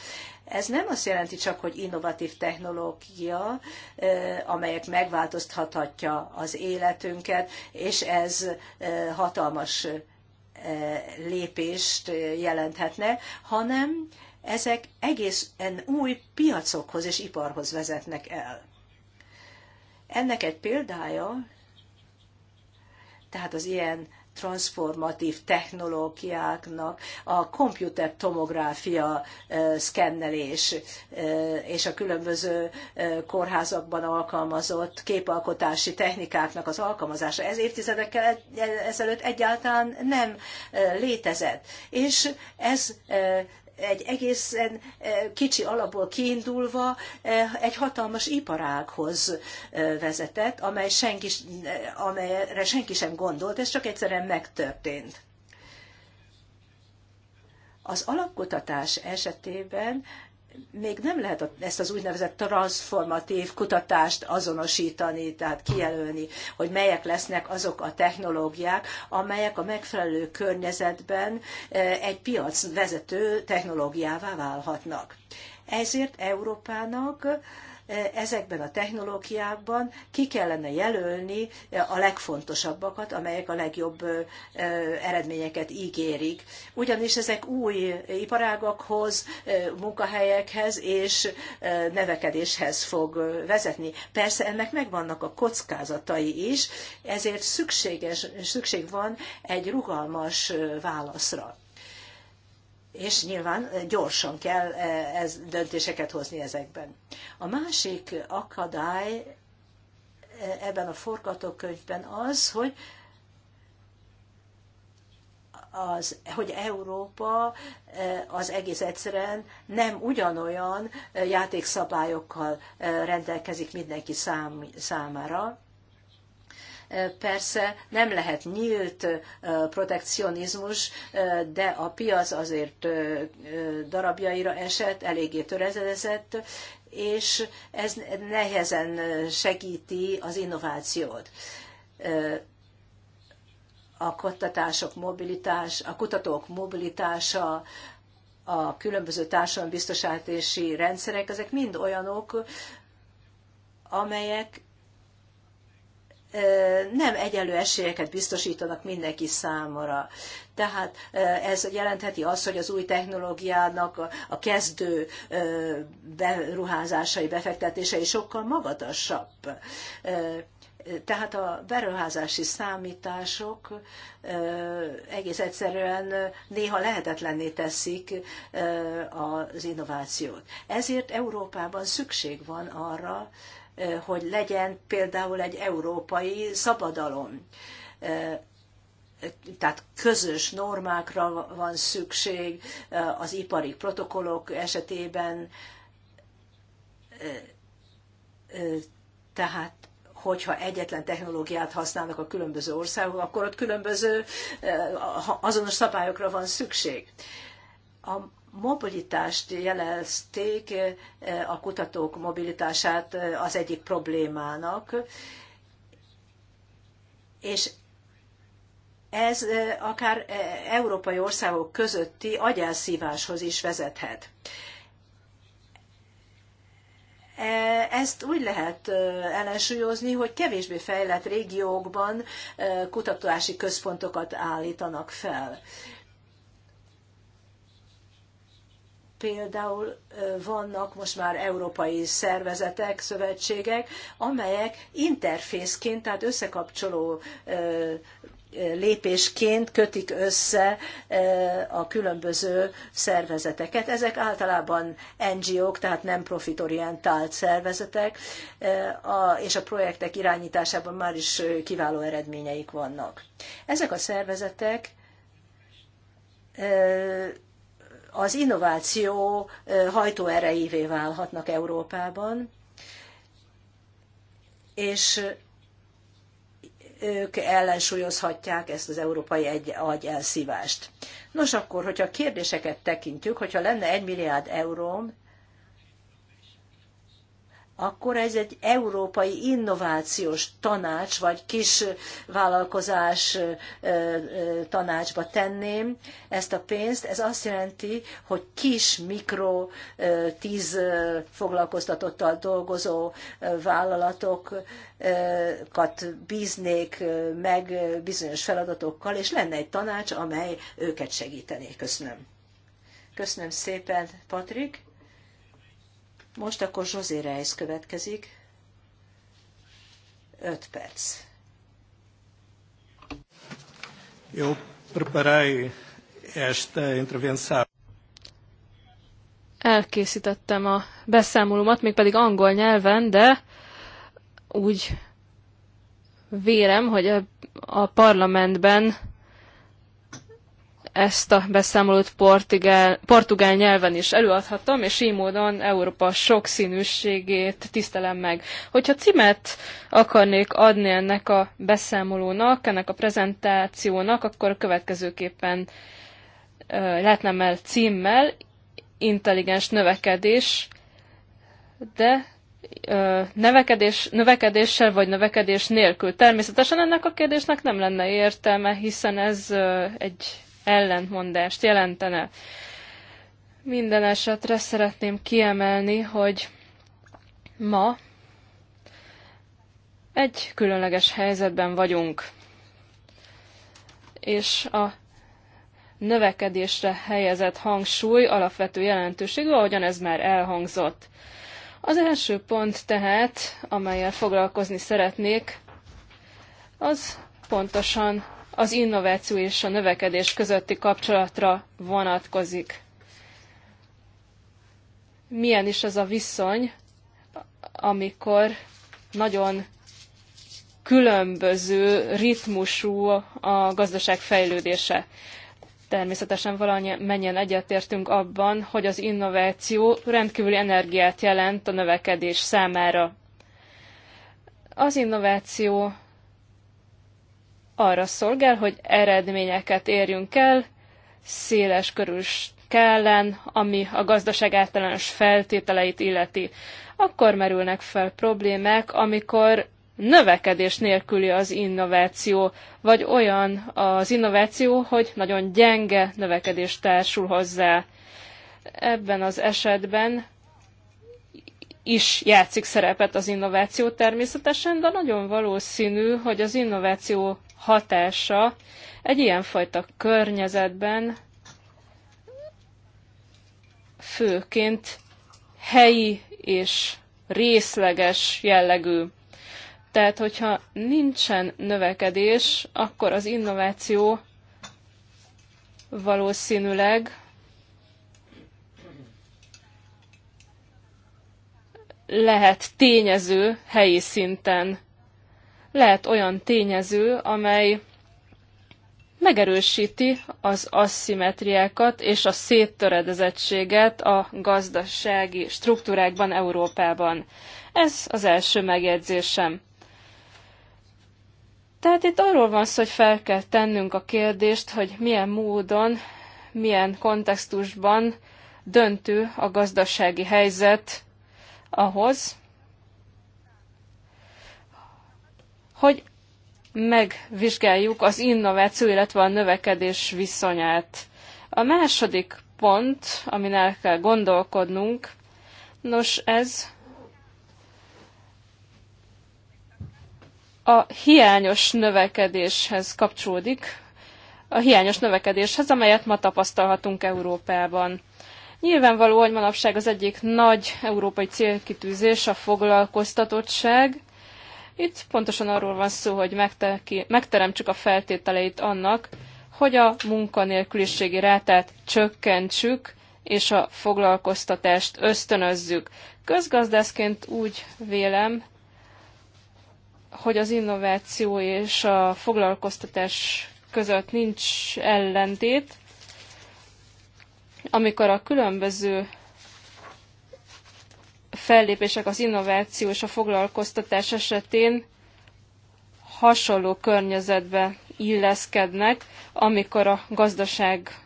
Ez nem azt jelenti csak, hogy innovatív technológia, amelyek megváltoztathatja az életünket, és ez hatalmas lépést jelenthetne, hanem ezek egészen új piacokhoz és iparhoz vezetnek el. Ennek egy példája tehát az ilyen transformatív technológiáknak a komputer tomográfia szkennelés és a különböző kórházakban alkalmazott képalkotási technikáknak az alkalmazása. Ez évtizedekkel e-, e-, ezelőtt egyáltalán nem létezett. És ez egy egészen eh, kicsi alapból kiindulva eh, egy hatalmas iparághoz eh, vezetett, amely senki, amelyre senki sem gondolt, ez csak egyszerűen megtörtént. Az alapkutatás esetében még nem lehet ezt az úgynevezett transformatív kutatást azonosítani, tehát kijelölni, hogy melyek lesznek azok a technológiák, amelyek a megfelelő környezetben e, egy piac vezető technológiává válhatnak. Ezért Európának ezekben a technológiákban ki kellene jelölni a legfontosabbakat, amelyek a legjobb eredményeket ígérik. Ugyanis ezek új iparágakhoz, munkahelyekhez és nevekedéshez fog vezetni. Persze ennek megvannak a kockázatai is, ezért szükséges, szükség van egy rugalmas válaszra és nyilván eh, gyorsan kell eh, ez, döntéseket hozni ezekben. A másik akadály eh, ebben a forgatókönyvben az, hogy az, hogy Európa az egész egyszerűen nem ugyanolyan játékszabályokkal rendelkezik mindenki szám, számára, Persze nem lehet nyílt protekcionizmus, de a piac azért darabjaira esett, eléggé töredezett, és ez nehezen segíti az innovációt a kutatások mobilitás, a kutatók mobilitása, a különböző társadalombiztosítási rendszerek, ezek mind olyanok, amelyek nem egyenlő esélyeket biztosítanak mindenki számára. Tehát ez jelentheti azt, hogy az új technológiának a kezdő beruházásai, befektetései sokkal magasabb. Tehát a beruházási számítások egész egyszerűen néha lehetetlenné teszik az innovációt. Ezért Európában szükség van arra, hogy legyen például egy európai szabadalom. Tehát közös normákra van szükség az ipari protokollok esetében, tehát hogyha egyetlen technológiát használnak a különböző országok, akkor ott különböző azonos szabályokra van szükség. A mobilitást jelezték, eh, a kutatók mobilitását eh, az egyik problémának, és ez eh, akár európai országok közötti agyelszíváshoz is vezethet. Ezt úgy lehet ellensúlyozni, hogy kevésbé fejlett régiókban kutatási központokat állítanak fel. például vannak most már európai szervezetek, szövetségek, amelyek interfészként, tehát összekapcsoló lépésként kötik össze a különböző szervezeteket. Ezek általában NGO-k, tehát nem profitorientált szervezetek, és a projektek irányításában már is kiváló eredményeik vannak. Ezek a szervezetek az innováció hajtóerejévé válhatnak Európában, és ők ellensúlyozhatják ezt az európai egy agy elszívást. Nos akkor, hogyha kérdéseket tekintjük, hogyha lenne egy milliárd euróm, akkor ez egy európai innovációs tanács, vagy kis vállalkozás tanácsba tenném ezt a pénzt. Ez azt jelenti, hogy kis, mikro, tíz foglalkoztatottal dolgozó vállalatokat bíznék meg bizonyos feladatokkal, és lenne egy tanács, amely őket segítené. Köszönöm. Köszönöm szépen, Patrik. Most akkor José Reis következik. Öt perc. Eu preparei esta intervenção. Elkészítettem a beszámolómat, mégpedig angol nyelven, de úgy vérem, hogy a parlamentben ezt a beszámolót portugál, portugál nyelven is előadhatom, és így módon Európa sokszínűségét tisztelem meg. Hogyha címet akarnék adni ennek a beszámolónak, ennek a prezentációnak, akkor következőképpen látnám el címmel, intelligens növekedés, de növekedés, növekedéssel vagy növekedés nélkül. Természetesen ennek a kérdésnek nem lenne értelme, hiszen ez egy ellentmondást jelentene. Minden esetre szeretném kiemelni, hogy ma egy különleges helyzetben vagyunk, és a növekedésre helyezett hangsúly alapvető jelentőségű, ahogyan ez már elhangzott. Az első pont tehát, amelyel foglalkozni szeretnék, az pontosan az innováció és a növekedés közötti kapcsolatra vonatkozik. Milyen is az a viszony, amikor nagyon különböző ritmusú a gazdaság fejlődése. Természetesen valamennyien egyetértünk abban, hogy az innováció rendkívüli energiát jelent a növekedés számára. Az innováció arra szolgál, hogy eredményeket érjünk el széles körül kellen, ami a gazdaság általános feltételeit illeti. Akkor merülnek fel problémák, amikor növekedés nélküli az innováció, vagy olyan az innováció, hogy nagyon gyenge növekedés társul hozzá. Ebben az esetben is játszik szerepet az innováció természetesen, de nagyon valószínű, hogy az innováció hatása egy ilyenfajta környezetben főként helyi és részleges jellegű. Tehát, hogyha nincsen növekedés, akkor az innováció valószínűleg lehet tényező helyi szinten lehet olyan tényező, amely megerősíti az asszimetriákat és a széttöredezettséget a gazdasági struktúrákban Európában. Ez az első megjegyzésem. Tehát itt arról van szó, hogy fel kell tennünk a kérdést, hogy milyen módon, milyen kontextusban döntő a gazdasági helyzet ahhoz, hogy megvizsgáljuk az innováció, illetve a növekedés viszonyát. A második pont, amin el kell gondolkodnunk, nos ez a hiányos növekedéshez kapcsolódik, a hiányos növekedéshez, amelyet ma tapasztalhatunk Európában. Nyilvánvaló, hogy manapság az egyik nagy európai célkitűzés a foglalkoztatottság, itt pontosan arról van szó, hogy megteremtsük a feltételeit annak, hogy a munkanélküliségi rátát csökkentsük, és a foglalkoztatást ösztönözzük. Közgazdászként úgy vélem, hogy az innováció és a foglalkoztatás között nincs ellentét, amikor a különböző fellépések az innováció és a foglalkoztatás esetén hasonló környezetbe illeszkednek, amikor a gazdaság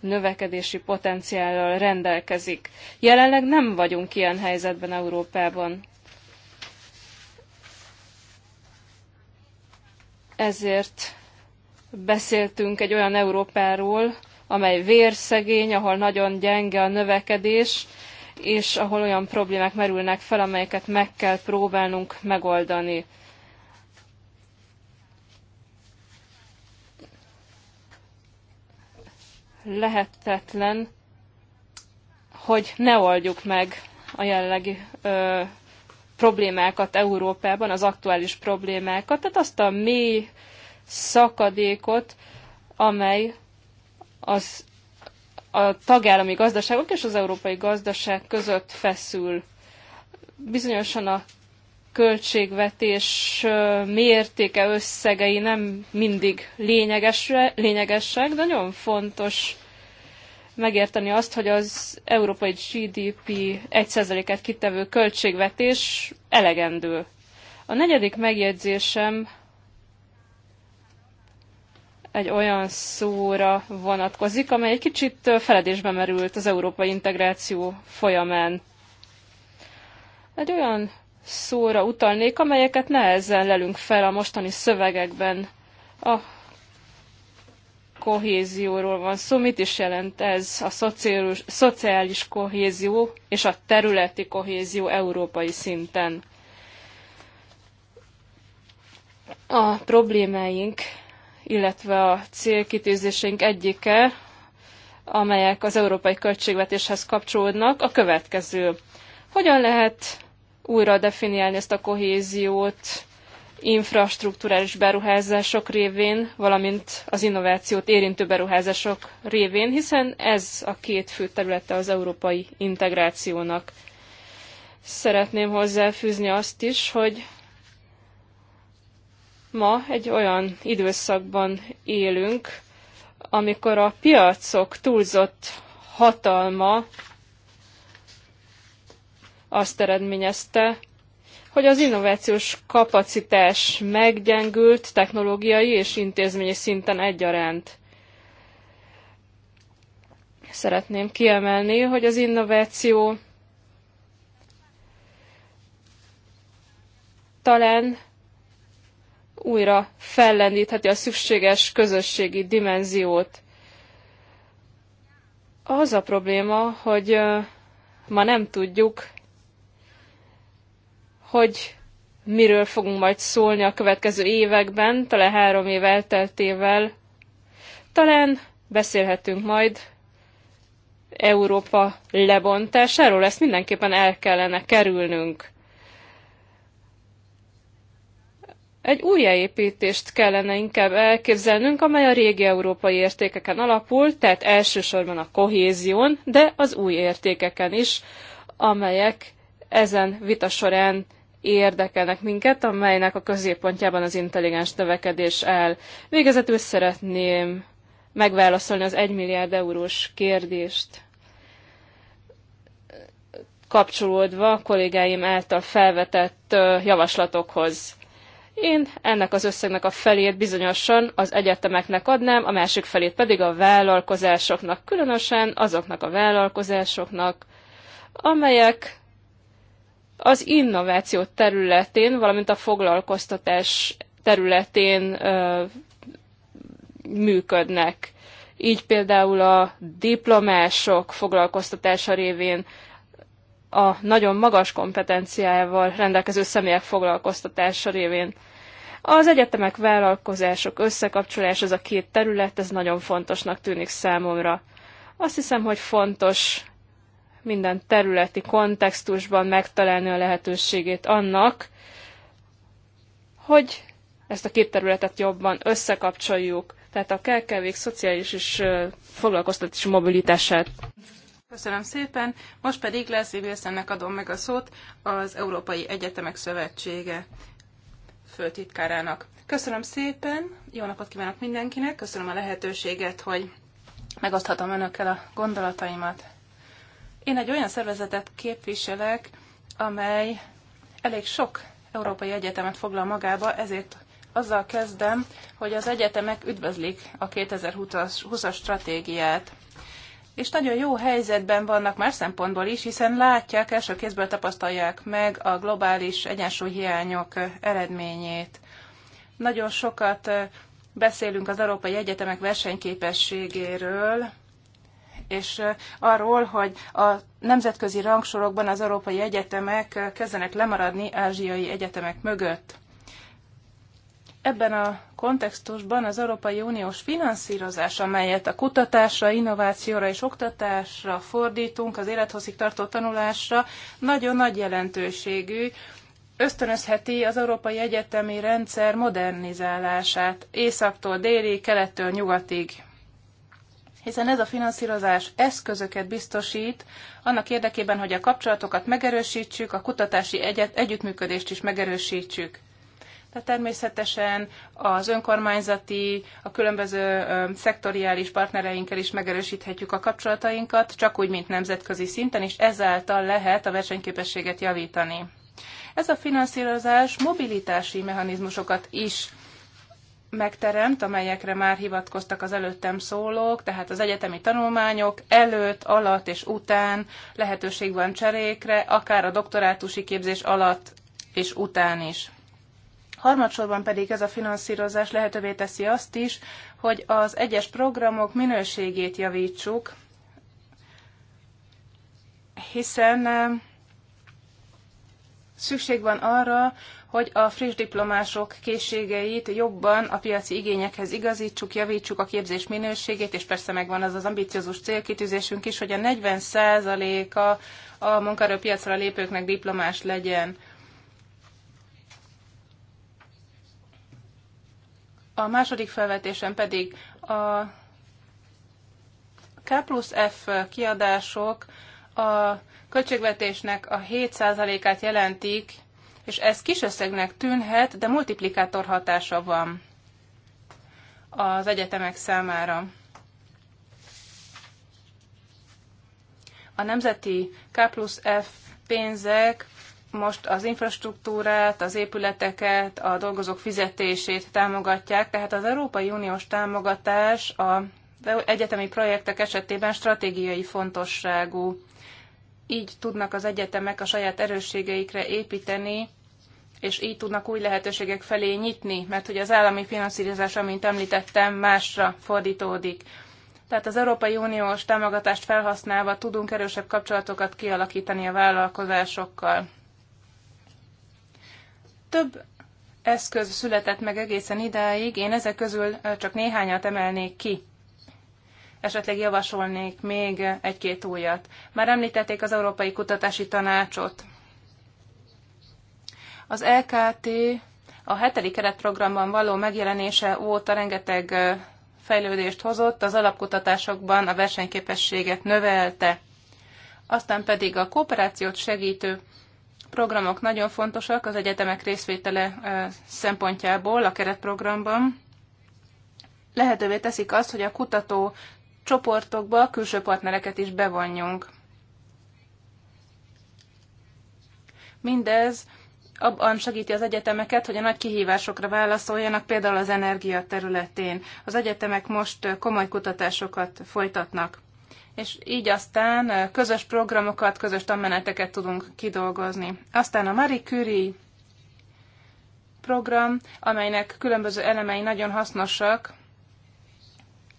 növekedési potenciállal rendelkezik. Jelenleg nem vagyunk ilyen helyzetben Európában. Ezért beszéltünk egy olyan Európáról, amely vérszegény, ahol nagyon gyenge a növekedés, és ahol olyan problémák merülnek fel, amelyeket meg kell próbálnunk megoldani. Lehetetlen, hogy ne oldjuk meg a jelenlegi ö, problémákat Európában, az aktuális problémákat, tehát azt a mély szakadékot, amely az a tagállami gazdaságok és az európai gazdaság között feszül. Bizonyosan a költségvetés mértéke, összegei nem mindig lényegesek, de nagyon fontos megérteni azt, hogy az európai GDP 1%-et kitevő költségvetés elegendő. A negyedik megjegyzésem egy olyan szóra vonatkozik, amely egy kicsit feledésbe merült az európai integráció folyamán. Egy olyan szóra utalnék, amelyeket nehezen lelünk fel a mostani szövegekben. A kohézióról van szó. Mit is jelent ez a szociális, szociális kohézió és a területi kohézió európai szinten? A problémáink illetve a célkitűzéseink egyike, amelyek az európai költségvetéshez kapcsolódnak, a következő. Hogyan lehet újra definiálni ezt a kohéziót infrastruktúrális beruházások révén, valamint az innovációt érintő beruházások révén, hiszen ez a két fő területe az európai integrációnak. Szeretném hozzáfűzni azt is, hogy Ma egy olyan időszakban élünk, amikor a piacok túlzott hatalma azt eredményezte, hogy az innovációs kapacitás meggyengült technológiai és intézményi szinten egyaránt. Szeretném kiemelni, hogy az innováció talán újra fellendítheti a szükséges közösségi dimenziót. Az a probléma, hogy ma nem tudjuk, hogy miről fogunk majd szólni a következő években, talán három év elteltével. Talán beszélhetünk majd Európa lebontásáról, ezt mindenképpen el kellene kerülnünk. egy újjáépítést kellene inkább elképzelnünk, amely a régi európai értékeken alapul, tehát elsősorban a kohézión, de az új értékeken is, amelyek ezen vita során érdekelnek minket, amelynek a középpontjában az intelligens növekedés áll. Végezetül szeretném megválaszolni az 1 milliárd eurós kérdést kapcsolódva a kollégáim által felvetett javaslatokhoz. Én ennek az összegnek a felét bizonyosan az egyetemeknek adnám, a másik felét pedig a vállalkozásoknak, különösen azoknak a vállalkozásoknak, amelyek az innováció területén, valamint a foglalkoztatás területén ö, működnek. Így például a diplomások foglalkoztatása révén a nagyon magas kompetenciájával rendelkező személyek foglalkoztatása révén. Az egyetemek, vállalkozások összekapcsolás, ez a két terület, ez nagyon fontosnak tűnik számomra. Azt hiszem, hogy fontos minden területi kontextusban megtalálni a lehetőségét annak, hogy ezt a két területet jobban összekapcsoljuk, tehát a KKV-k szociális és foglalkoztatási mobilitását. Köszönöm szépen. Most pedig Leslie Wilsonnek adom meg a szót az Európai Egyetemek Szövetsége főtitkárának. Köszönöm szépen, jó napot kívánok mindenkinek, köszönöm a lehetőséget, hogy megoszthatom önökkel a gondolataimat. Én egy olyan szervezetet képviselek, amely elég sok európai egyetemet foglal magába, ezért azzal kezdem, hogy az egyetemek üdvözlik a 2020-as stratégiát és nagyon jó helyzetben vannak más szempontból is, hiszen látják, első kézből tapasztalják meg a globális egyensúlyhiányok eredményét. Nagyon sokat beszélünk az Európai Egyetemek versenyképességéről, és arról, hogy a nemzetközi rangsorokban az európai egyetemek kezdenek lemaradni ázsiai egyetemek mögött ebben a kontextusban az Európai Uniós finanszírozás, amelyet a kutatásra, innovációra és oktatásra fordítunk, az élethosszig tartó tanulásra, nagyon nagy jelentőségű, ösztönözheti az európai egyetemi rendszer modernizálását északtól déli, kelettől nyugatig hiszen ez a finanszírozás eszközöket biztosít annak érdekében, hogy a kapcsolatokat megerősítsük, a kutatási egyet, együttműködést is megerősítsük de természetesen az önkormányzati, a különböző szektoriális partnereinkkel is megerősíthetjük a kapcsolatainkat, csak úgy, mint nemzetközi szinten, és ezáltal lehet a versenyképességet javítani. Ez a finanszírozás mobilitási mechanizmusokat is megteremt, amelyekre már hivatkoztak az előttem szólók, tehát az egyetemi tanulmányok előtt, alatt és után lehetőség van cserékre, akár a doktorátusi képzés alatt és után is. Harmadsorban pedig ez a finanszírozás lehetővé teszi azt is, hogy az egyes programok minőségét javítsuk, hiszen szükség van arra, hogy a friss diplomások készségeit jobban a piaci igényekhez igazítsuk, javítsuk a képzés minőségét, és persze megvan az az ambiciózus célkitűzésünk is, hogy a 40%-a a munkaerőpiacra lépőknek diplomás legyen. A második felvetésem pedig a K plusz F kiadások a költségvetésnek a 7%-át jelentik, és ez kis összegnek tűnhet, de multiplikátor hatása van az egyetemek számára. A nemzeti K plusz F pénzek most az infrastruktúrát, az épületeket, a dolgozók fizetését támogatják, tehát az Európai Uniós támogatás a egyetemi projektek esetében stratégiai fontosságú. Így tudnak az egyetemek a saját erősségeikre építeni, és így tudnak új lehetőségek felé nyitni, mert hogy az állami finanszírozás, amint említettem, másra fordítódik. Tehát az Európai Uniós támogatást felhasználva tudunk erősebb kapcsolatokat kialakítani a vállalkozásokkal. Több eszköz született meg egészen idáig, én ezek közül csak néhányat emelnék ki. Esetleg javasolnék még egy-két újat. Már említették az Európai Kutatási Tanácsot. Az LKT a hetedik keretprogramban való megjelenése óta rengeteg fejlődést hozott, az alapkutatásokban a versenyképességet növelte, aztán pedig a kooperációt segítő programok nagyon fontosak az egyetemek részvétele szempontjából a keretprogramban. Lehetővé teszik azt, hogy a kutató csoportokba külső partnereket is bevonjunk. Mindez abban segíti az egyetemeket, hogy a nagy kihívásokra válaszoljanak, például az energia területén. Az egyetemek most komoly kutatásokat folytatnak és így aztán közös programokat, közös tanmeneteket tudunk kidolgozni. Aztán a Marie Curie program, amelynek különböző elemei nagyon hasznosak,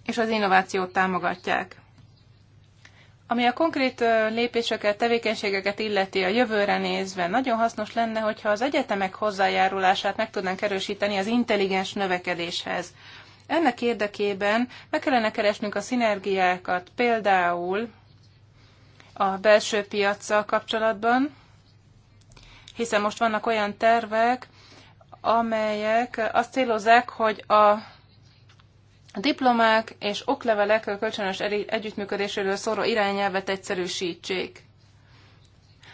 és az innovációt támogatják. Ami a konkrét lépéseket, tevékenységeket illeti a jövőre nézve, nagyon hasznos lenne, hogyha az egyetemek hozzájárulását meg tudnánk erősíteni az intelligens növekedéshez. Ennek érdekében meg kellene keresnünk a szinergiákat például a belső piaccal kapcsolatban, hiszen most vannak olyan tervek, amelyek azt célozzák, hogy a diplomák és oklevelek kölcsönös együttműködéséről szóló irányelvet egyszerűsítsék.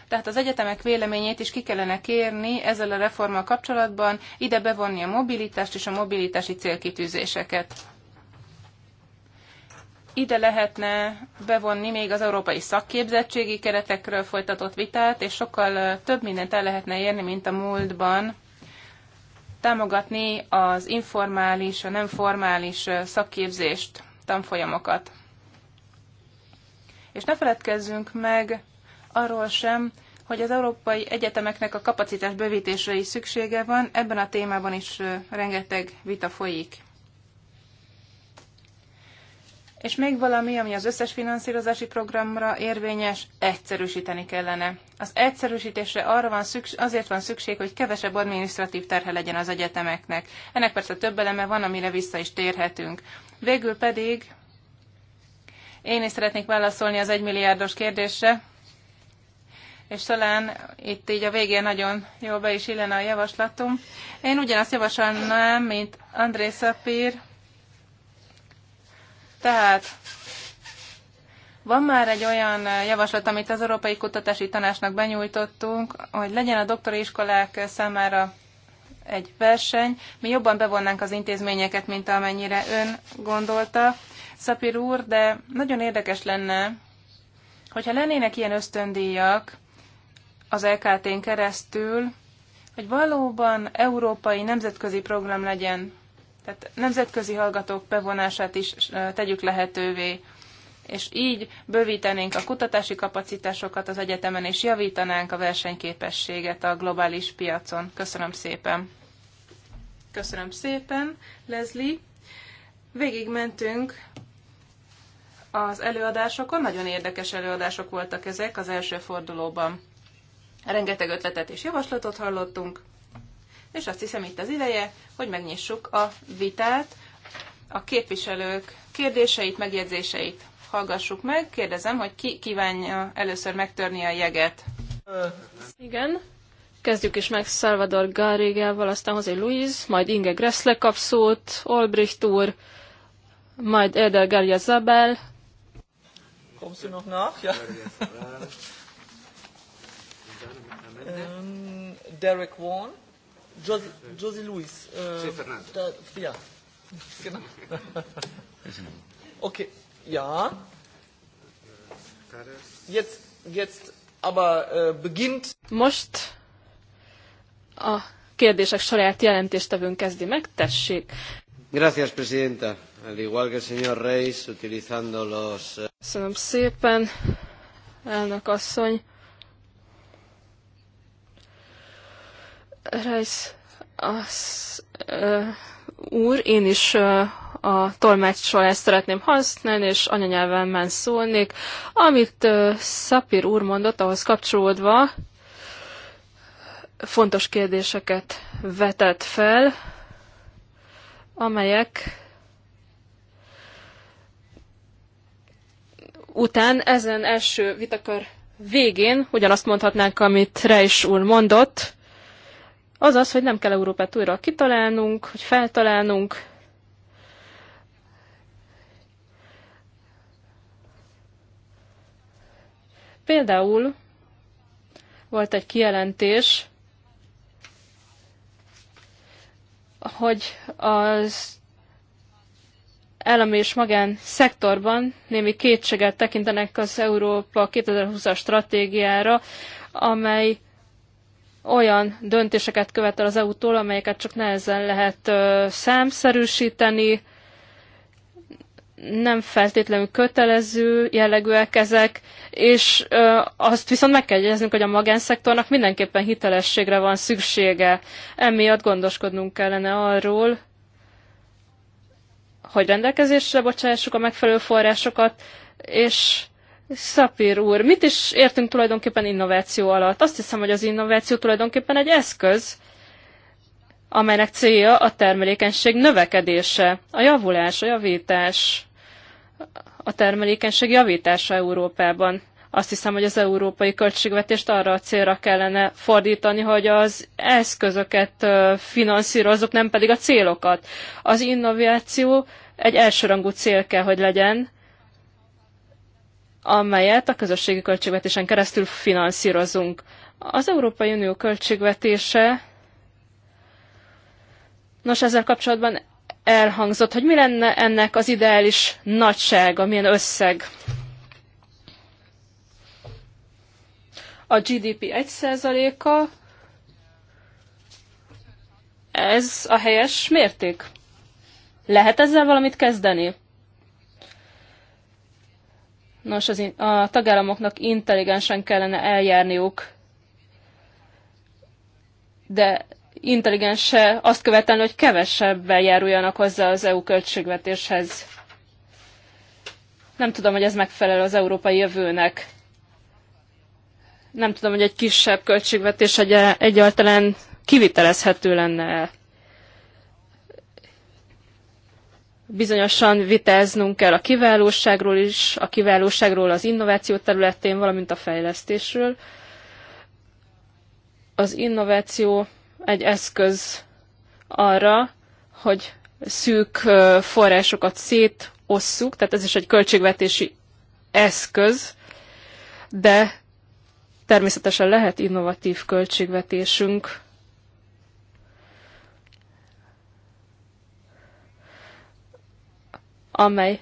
Tehát az egyetemek véleményét is ki kellene kérni ezzel a reformmal kapcsolatban, ide bevonni a mobilitást és a mobilitási célkitűzéseket. Ide lehetne bevonni még az európai szakképzettségi keretekről folytatott vitát, és sokkal több mindent el lehetne érni, mint a múltban támogatni az informális, a nem formális szakképzést, tanfolyamokat. És ne feledkezzünk meg arról sem, hogy az európai egyetemeknek a kapacitás bővítésre is szüksége van, ebben a témában is rengeteg vita folyik. És még valami, ami az összes finanszírozási programra érvényes, egyszerűsíteni kellene. Az egyszerűsítésre arra van szükség, azért van szükség, hogy kevesebb adminisztratív terhe legyen az egyetemeknek. Ennek persze több eleme van, amire vissza is térhetünk. Végül pedig én is szeretnék válaszolni az egymilliárdos kérdésre, és talán itt így a végén nagyon jól be is illene a javaslatom, Én ugyanazt javasolnám, mint André Szapír, tehát van már egy olyan javaslat, amit az Európai Kutatási Tanácsnak benyújtottunk, hogy legyen a doktori iskolák számára egy verseny. Mi jobban bevonnánk az intézményeket, mint amennyire ön gondolta, Szapir úr, de nagyon érdekes lenne, hogyha lennének ilyen ösztöndíjak, az EKT-n keresztül, hogy valóban európai nemzetközi program legyen. Tehát nemzetközi hallgatók bevonását is tegyük lehetővé és így bővítenénk a kutatási kapacitásokat az egyetemen, és javítanánk a versenyképességet a globális piacon. Köszönöm szépen! Köszönöm szépen, Leslie! Végigmentünk az előadásokon, nagyon érdekes előadások voltak ezek az első fordulóban. Rengeteg ötletet és javaslatot hallottunk, és azt hiszem itt az ideje, hogy megnyissuk a vitát, a képviselők kérdéseit, megjegyzéseit hallgassuk meg. Kérdezem, hogy ki kívánja először megtörni a jeget. Igen. Kezdjük is meg Salvador Garrigával, aztán José Luis, majd Inge Gressle kap szót, Olbricht úr, majd Edel Garja Zabel. Kommst du noch nach? Ja um, Derek Vaughan, Josie, Josie Lewis. Ähm, uh, da, ja, genau. okay, ja. Jetzt, jetzt aber uh, beginnt. Most a kérdések sorát jelentéstevőn kezdi meg, tessék. Gracias, Presidenta. Al igual que el señor Reis, utilizando los... Eh, Köszönöm szépen, elnök asszony. Rajsz, az, uh, úr, én is uh, a tolmácsolást szeretném használni, és anyanyelven szólnék. Amit uh, Szapir úr mondott, ahhoz kapcsolódva fontos kérdéseket vetett fel, amelyek után ezen első vitakör végén ugyanazt mondhatnánk, amit Reis úr mondott, az az, hogy nem kell Európát újra kitalálnunk, hogy feltalálnunk. Például volt egy kijelentés, hogy az állami és magán szektorban némi kétséget tekintenek az Európa 2020-as stratégiára, amely olyan döntéseket követel az EU-tól, amelyeket csak nehezen lehet számszerűsíteni, nem feltétlenül kötelező jellegűek ezek, és ö, azt viszont meg kell jegyeznünk, hogy a magánszektornak mindenképpen hitelességre van szüksége. Emiatt gondoskodnunk kellene arról, hogy rendelkezésre bocsássuk a megfelelő forrásokat, és Szapír úr, mit is értünk tulajdonképpen innováció alatt? Azt hiszem, hogy az innováció tulajdonképpen egy eszköz, amelynek célja a termelékenység növekedése, a javulás, a javítás, a termelékenység javítása Európában. Azt hiszem, hogy az európai költségvetést arra a célra kellene fordítani, hogy az eszközöket finanszírozzuk, nem pedig a célokat. Az innováció egy elsőrangú cél kell, hogy legyen, amelyet a közösségi költségvetésen keresztül finanszírozunk. Az Európai Unió költségvetése, nos ezzel kapcsolatban elhangzott, hogy mi lenne ennek az ideális nagysága, milyen összeg. A GDP 1%-a, ez a helyes mérték. Lehet ezzel valamit kezdeni? Nos, az, a tagállamoknak intelligensen kellene eljárniuk, de intelligense, azt követelni, hogy kevesebben járuljanak hozzá az EU költségvetéshez. Nem tudom, hogy ez megfelel az európai jövőnek. Nem tudom, hogy egy kisebb költségvetés egy egyáltalán kivitelezhető lenne. Bizonyosan vitáznunk kell a kiválóságról is, a kiválóságról az innováció területén, valamint a fejlesztésről. Az innováció egy eszköz arra, hogy szűk forrásokat szétosszuk, tehát ez is egy költségvetési eszköz, de természetesen lehet innovatív költségvetésünk, amely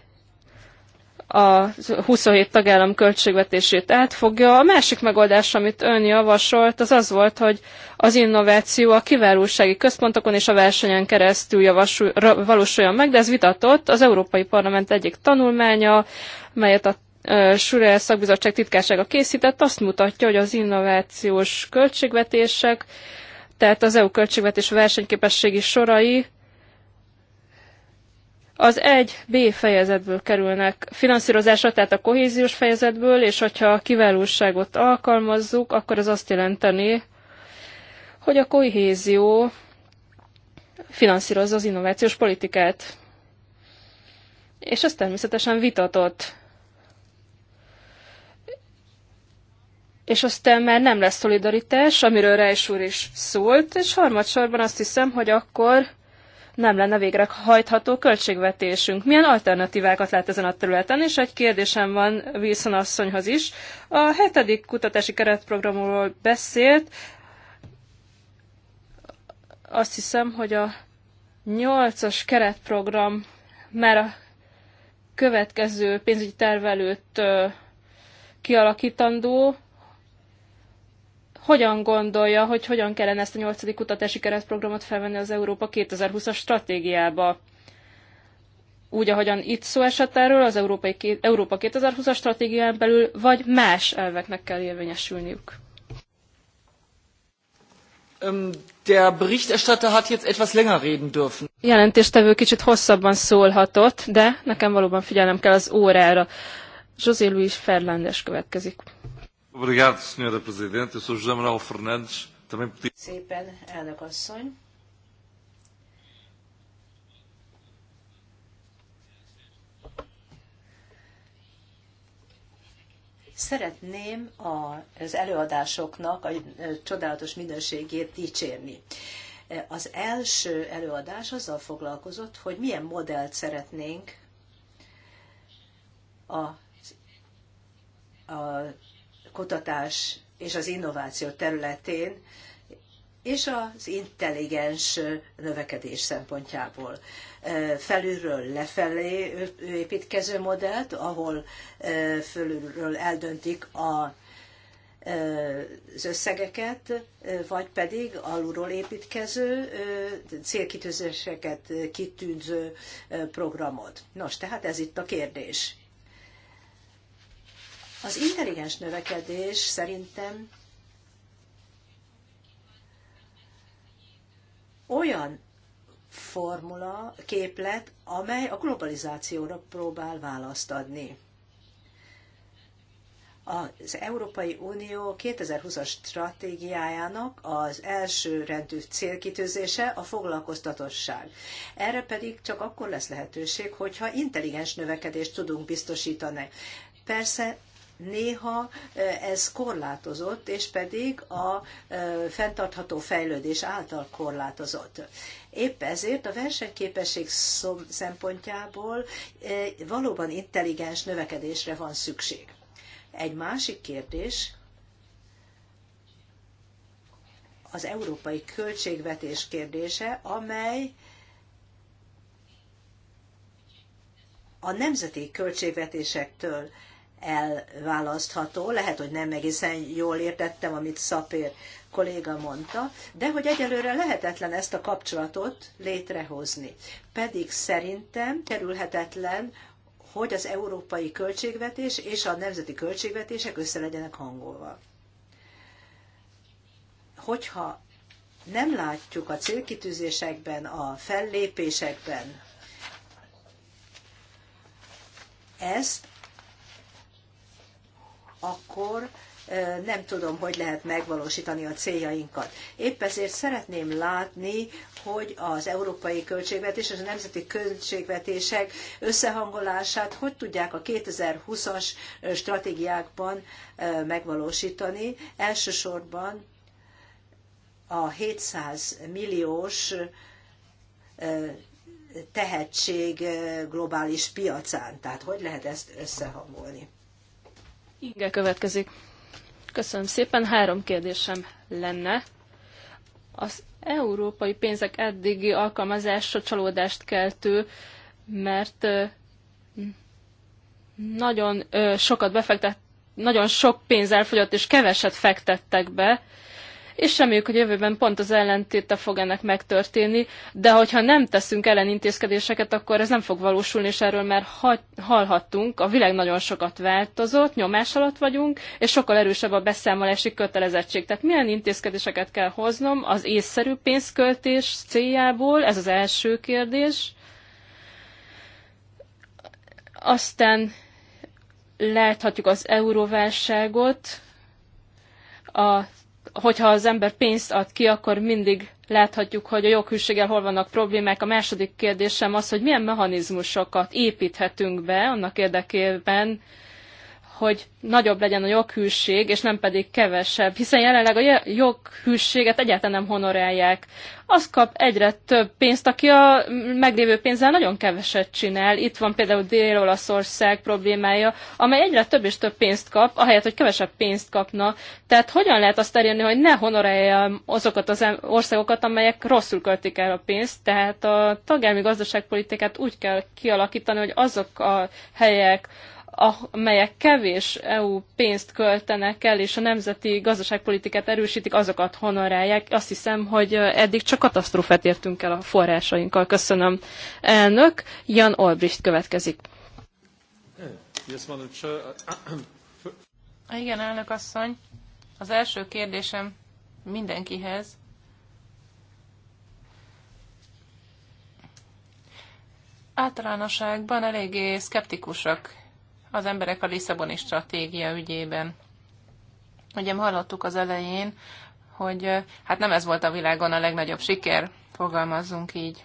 a 27 tagállam költségvetését átfogja. A másik megoldás, amit ön javasolt, az az volt, hogy az innováció a kiválósági központokon és a versenyen keresztül javasul, valósuljon meg, de ez vitatott. Az Európai Parlament egyik tanulmánya, melyet a Sure szakbizottság titkársága készített, azt mutatja, hogy az innovációs költségvetések, tehát az EU költségvetés versenyképességi sorai az 1B fejezetből kerülnek finanszírozásra, tehát a kohéziós fejezetből, és hogyha a kiválóságot alkalmazzuk, akkor ez azt jelenteni, hogy a kohézió finanszírozza az innovációs politikát. És ez természetesen vitatott. És aztán már nem lesz szolidaritás, amiről Reis úr is szólt, és harmadsorban azt hiszem, hogy akkor nem lenne végre hajtható költségvetésünk. Milyen alternatívákat lát ezen a területen? És egy kérdésem van Wilson asszonyhoz is. A hetedik kutatási keretprogramról beszélt. Azt hiszem, hogy a nyolcas keretprogram már a következő pénzügyi terv előtt kialakítandó, hogyan gondolja, hogy hogyan kellene ezt a nyolcadik kutatási keretprogramot felvenni az Európa 2020-as stratégiába. Úgy, ahogyan itt szó esett erről, az Európai, Európa 2020-as stratégián belül, vagy más elveknek kell érvényesülniük. Ähm, der Berichterstatter hat jetzt etwas länger reden dürfen. Jelentéstevő kicsit hosszabban szólhatott, de nekem valóban figyelnem kell az órára. José Luis Fernández következik. Obrigado, Presidente. Eu sou José Manuel Fernandes. Também pedi... Szépen, elnök asszony. Szeretném az előadásoknak a csodálatos minőségét dicsérni. E, az első előadás azzal foglalkozott, hogy milyen modellt szeretnénk a, a kutatás és az innováció területén, és az intelligens növekedés szempontjából. Felülről lefelé építkező modellt, ahol fölülről eldöntik a az összegeket, vagy pedig alulról építkező, célkitűzéseket kitűző programot. Nos, tehát ez itt a kérdés. Az intelligens növekedés szerintem olyan formula, képlet, amely a globalizációra próbál választ adni. Az Európai Unió 2020-as stratégiájának az első rendű célkitűzése a foglalkoztatosság. Erre pedig csak akkor lesz lehetőség, hogyha intelligens növekedést tudunk biztosítani. Persze néha ez korlátozott, és pedig a fenntartható fejlődés által korlátozott. Épp ezért a versenyképesség szempontjából valóban intelligens növekedésre van szükség. Egy másik kérdés az európai költségvetés kérdése, amely a nemzeti költségvetésektől elválasztható. Lehet, hogy nem egészen jól értettem, amit Szapér kolléga mondta, de hogy egyelőre lehetetlen ezt a kapcsolatot létrehozni. Pedig szerintem kerülhetetlen, hogy az európai költségvetés és a nemzeti költségvetések össze legyenek hangolva. Hogyha nem látjuk a célkitűzésekben, a fellépésekben ezt, akkor nem tudom, hogy lehet megvalósítani a céljainkat. Épp ezért szeretném látni, hogy az európai költségvetés és a nemzeti költségvetések összehangolását hogy tudják a 2020-as stratégiákban megvalósítani. Elsősorban a 700 milliós tehetség globális piacán. Tehát hogy lehet ezt összehangolni? Inge következik. Köszönöm szépen. Három kérdésem lenne. Az európai pénzek eddigi alkalmazása csalódást keltő, mert nagyon sokat befektett, nagyon sok pénz elfogyott, és keveset fektettek be, és reméljük, hogy jövőben pont az ellentéte fog ennek megtörténni, de hogyha nem teszünk ellenintézkedéseket, akkor ez nem fog valósulni, és erről már ha- hallhattunk, a világ nagyon sokat változott, nyomás alatt vagyunk, és sokkal erősebb a beszámolási kötelezettség. Tehát milyen intézkedéseket kell hoznom az észszerű pénzköltés céljából, ez az első kérdés. Aztán láthatjuk az euróválságot, a hogyha az ember pénzt ad ki, akkor mindig láthatjuk, hogy a joghűséggel hol vannak problémák. A második kérdésem az, hogy milyen mechanizmusokat építhetünk be annak érdekében, hogy nagyobb legyen a joghűség, és nem pedig kevesebb, hiszen jelenleg a joghűséget egyáltalán nem honorálják. Az kap egyre több pénzt, aki a meglévő pénzzel nagyon keveset csinál. Itt van például Dél-Olaszország problémája, amely egyre több és több pénzt kap, ahelyett, hogy kevesebb pénzt kapna. Tehát hogyan lehet azt elérni, hogy ne honorálja azokat az országokat, amelyek rosszul költik el a pénzt? Tehát a tagállami gazdaságpolitikát úgy kell kialakítani, hogy azok a helyek, amelyek ah, kevés EU pénzt költenek el, és a nemzeti gazdaságpolitikát erősítik, azokat honorálják. Azt hiszem, hogy eddig csak katasztrófát értünk el a forrásainkkal. Köszönöm. Elnök Jan Olbricht következik. [COUGHS] Igen, elnök asszony. Az első kérdésem mindenkihez. Általánosságban eléggé szkeptikusak az emberek a Lisszaboni stratégia ügyében. Ugye hallottuk az elején, hogy hát nem ez volt a világon a legnagyobb siker, fogalmazzunk így.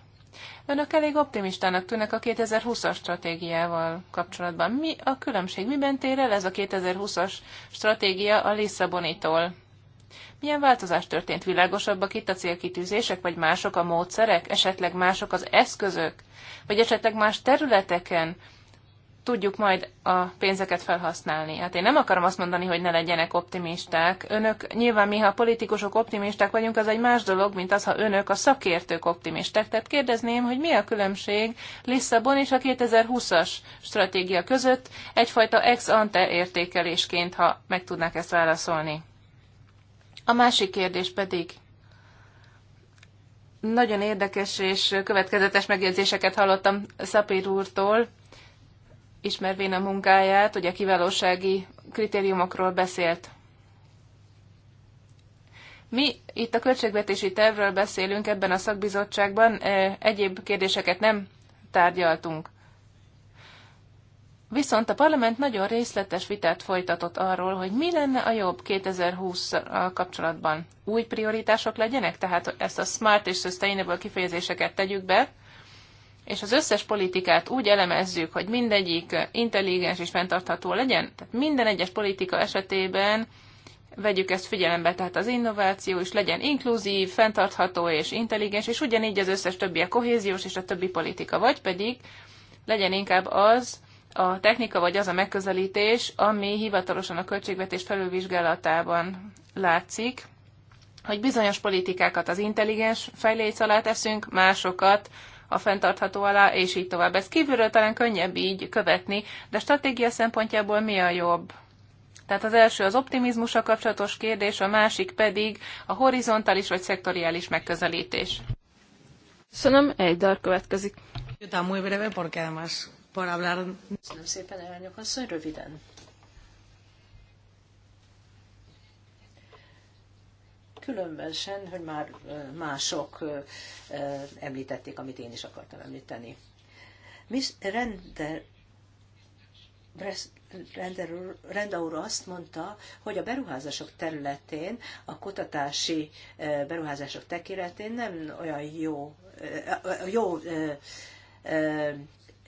Önök elég optimistának tűnnek a 2020-as stratégiával kapcsolatban. Mi a különbség? Miben tér el ez a 2020-as stratégia a Lisszabonitól? Milyen változás történt? Világosabbak itt a célkitűzések, vagy mások a módszerek, esetleg mások az eszközök, vagy esetleg más területeken tudjuk majd a pénzeket felhasználni. Hát én nem akarom azt mondani, hogy ne legyenek optimisták. Önök, nyilván mi, ha politikusok optimisták vagyunk, az egy más dolog, mint az, ha önök a szakértők optimisták. Tehát kérdezném, hogy mi a különbség Lisszabon és a 2020-as stratégia között egyfajta ex ante értékelésként, ha meg tudnák ezt válaszolni. A másik kérdés pedig, nagyon érdekes és következetes megjegyzéseket hallottam Szapír úrtól, ismervén a munkáját, ugye kiválósági kritériumokról beszélt. Mi itt a költségvetési tervről beszélünk ebben a szakbizottságban, e, egyéb kérdéseket nem tárgyaltunk. Viszont a parlament nagyon részletes vitát folytatott arról, hogy mi lenne a jobb 2020 kapcsolatban. Új prioritások legyenek, tehát ezt a smart és sustainable kifejezéseket tegyük be, és az összes politikát úgy elemezzük, hogy mindegyik intelligens és fenntartható legyen, tehát minden egyes politika esetében vegyük ezt figyelembe, tehát az innováció is legyen inkluzív, fenntartható és intelligens, és ugyanígy az összes többi a kohéziós és a többi politika, vagy pedig legyen inkább az a technika vagy az a megközelítés, ami hivatalosan a költségvetés felülvizsgálatában látszik, hogy bizonyos politikákat az intelligens fejléc alá teszünk, másokat a fenntartható alá, és így tovább. Ez kívülről talán könnyebb így követni, de stratégia szempontjából mi a jobb? Tehát az első az optimizmusra kapcsolatos kérdés, a másik pedig a horizontális vagy szektoriális megközelítés. Köszönöm, egy dar következik. Köszönöm szépen, elnök asszony, röviden. különösen, hogy már mások említették, amit én is akartam említeni. Miss Render, Render, Renda úr azt mondta, hogy a beruházások területén, a kutatási beruházások tekintetén nem olyan jó, jó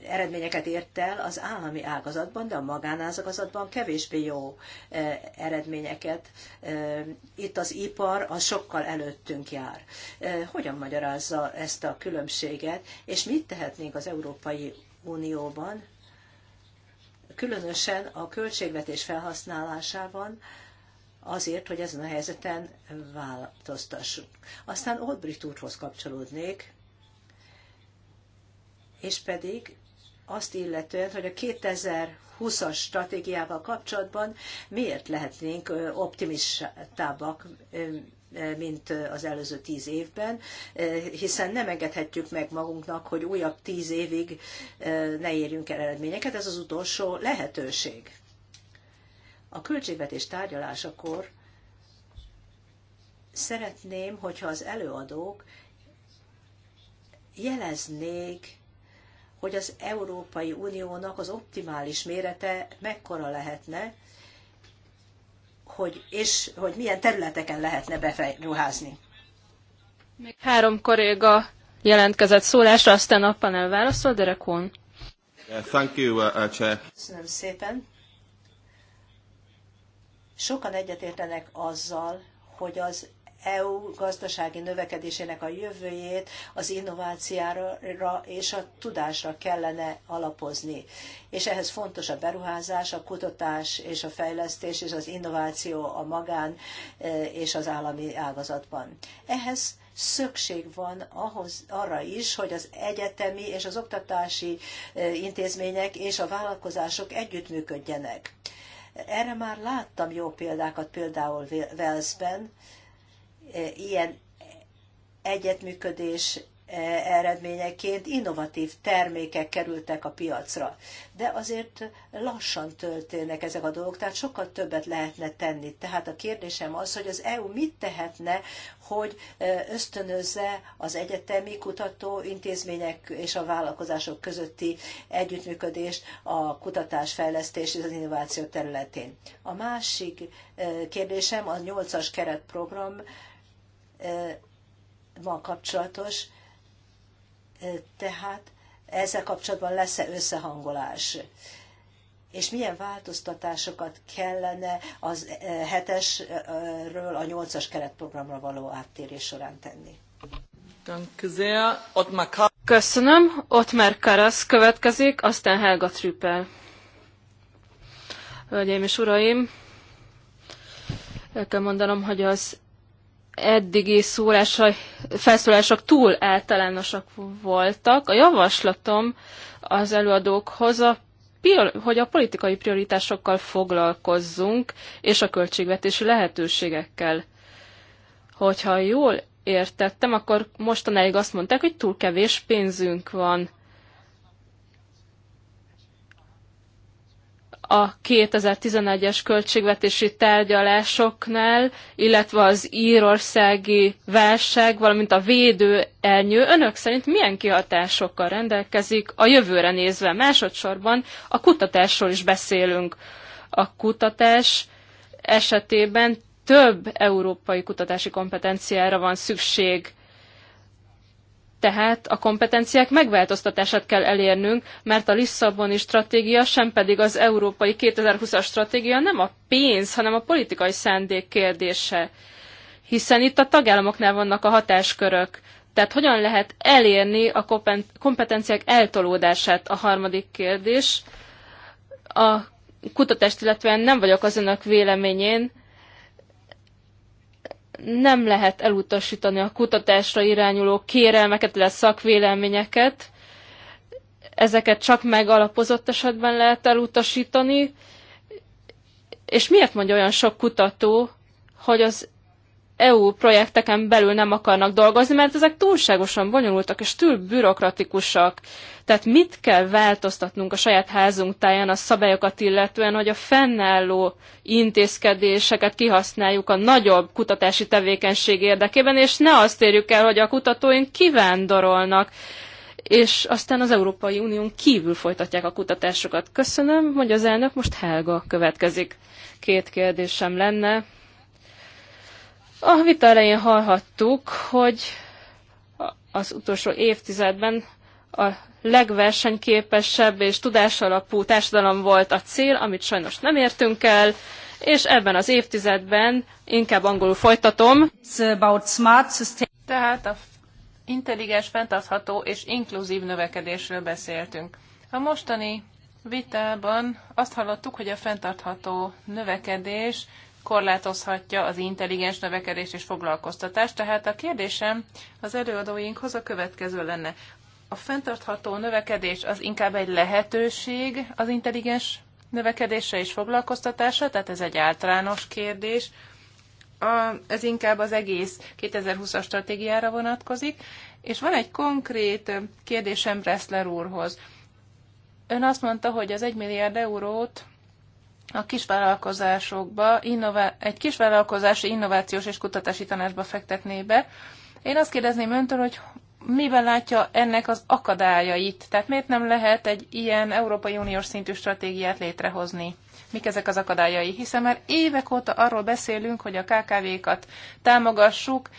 eredményeket ért el az állami ágazatban, de a magánágazatban kevésbé jó eredményeket. Itt az ipar az sokkal előttünk jár. Hogyan magyarázza ezt a különbséget, és mit tehetnénk az Európai Unióban, különösen a költségvetés felhasználásában, azért, hogy ezen a helyzeten változtassunk. Aztán Olbricht úrhoz kapcsolódnék, és pedig azt illetően, hogy a 2020-as stratégiával kapcsolatban miért lehetnénk optimistábbak, mint az előző tíz évben, hiszen nem engedhetjük meg magunknak, hogy újabb tíz évig ne érjünk el eredményeket, ez az utolsó lehetőség. A költségvetés tárgyalásakor szeretném, hogyha az előadók jeleznék hogy az Európai Uniónak az optimális mérete mekkora lehetne, hogy, és hogy milyen területeken lehetne beruházni. Még három kolléga jelentkezett szólásra, aztán a panel válaszol, Derek Hon. Thank you, uh, uh, Chair. Köszönöm szépen. Sokan egyetértenek azzal, hogy az EU gazdasági növekedésének a jövőjét az innovációra és a tudásra kellene alapozni. És ehhez fontos a beruházás, a kutatás és a fejlesztés és az innováció a magán e, és az állami ágazatban. Ehhez szükség van ahhoz, arra is, hogy az egyetemi és az oktatási e, intézmények és a vállalkozások együttműködjenek. Erre már láttam jó példákat, például Velszben, E, ilyen egyetműködés e, eredményeként innovatív termékek kerültek a piacra. De azért lassan történnek ezek a dolgok, tehát sokkal többet lehetne tenni. Tehát a kérdésem az, hogy az EU mit tehetne, hogy e, ösztönözze az egyetemi kutató intézmények és a vállalkozások közötti együttműködést a kutatás, fejlesztés és az innováció területén. A másik kérdésem a 8-as keretprogram van kapcsolatos, tehát ezzel kapcsolatban lesz-e összehangolás? És milyen változtatásokat kellene az hetesről a nyolcas keretprogramra való áttérés során tenni? Köszönöm. Ott már Karasz következik, aztán Helga Trüppel. Hölgyeim és uraim, el kell mondanom, hogy az eddigi szólásai, felszólások túl általánosak voltak. A javaslatom az előadókhoz a hogy a politikai prioritásokkal foglalkozzunk, és a költségvetési lehetőségekkel. Hogyha jól értettem, akkor mostanáig azt mondták, hogy túl kevés pénzünk van. a 2011-es költségvetési tárgyalásoknál, illetve az írországi válság, valamint a védőelnyő önök szerint milyen kihatásokkal rendelkezik a jövőre nézve? Másodszorban a kutatásról is beszélünk. A kutatás esetében több európai kutatási kompetenciára van szükség tehát a kompetenciák megváltoztatását kell elérnünk, mert a Lisszaboni stratégia, sem pedig az Európai 2020-as stratégia nem a pénz, hanem a politikai szándék kérdése. Hiszen itt a tagállamoknál vannak a hatáskörök. Tehát hogyan lehet elérni a kompetenciák eltolódását a harmadik kérdés. A kutatást illetően nem vagyok az önök véleményén, nem lehet elutasítani a kutatásra irányuló kérelmeket, illetve szakvéleményeket. Ezeket csak megalapozott esetben lehet elutasítani. És miért mondja olyan sok kutató, hogy az EU projekteken belül nem akarnak dolgozni, mert ezek túlságosan bonyolultak és túl bürokratikusak. Tehát mit kell változtatnunk a saját házunk táján a szabályokat illetően, hogy a fennálló intézkedéseket kihasználjuk a nagyobb kutatási tevékenység érdekében, és ne azt érjük el, hogy a kutatóink kivándorolnak és aztán az Európai Unión kívül folytatják a kutatásokat. Köszönöm, hogy az elnök most Helga következik. Két kérdésem lenne a vita elején hallhattuk, hogy az utolsó évtizedben a legversenyképesebb és tudásalapú társadalom volt a cél, amit sajnos nem értünk el, és ebben az évtizedben inkább angolul folytatom. It's about smart system. Tehát a intelligens, fenntartható és inkluzív növekedésről beszéltünk. A mostani vitában azt hallottuk, hogy a fenntartható növekedés korlátozhatja az intelligens növekedés és foglalkoztatást. Tehát a kérdésem az előadóinkhoz a következő lenne. A fenntartható növekedés az inkább egy lehetőség az intelligens növekedésre és foglalkoztatásra, tehát ez egy általános kérdés. A, ez inkább az egész 2020-as stratégiára vonatkozik. És van egy konkrét kérdésem Bressler úrhoz. Ön azt mondta, hogy az 1 milliárd eurót a kisvállalkozásokba, innova- egy kisvállalkozási innovációs és kutatási tanácsba fektetné be. Én azt kérdezném öntől, hogy miben látja ennek az akadályait? Tehát miért nem lehet egy ilyen Európai Uniós szintű stratégiát létrehozni? Mik ezek az akadályai? Hiszen már évek óta arról beszélünk, hogy a KKV-kat támogassuk,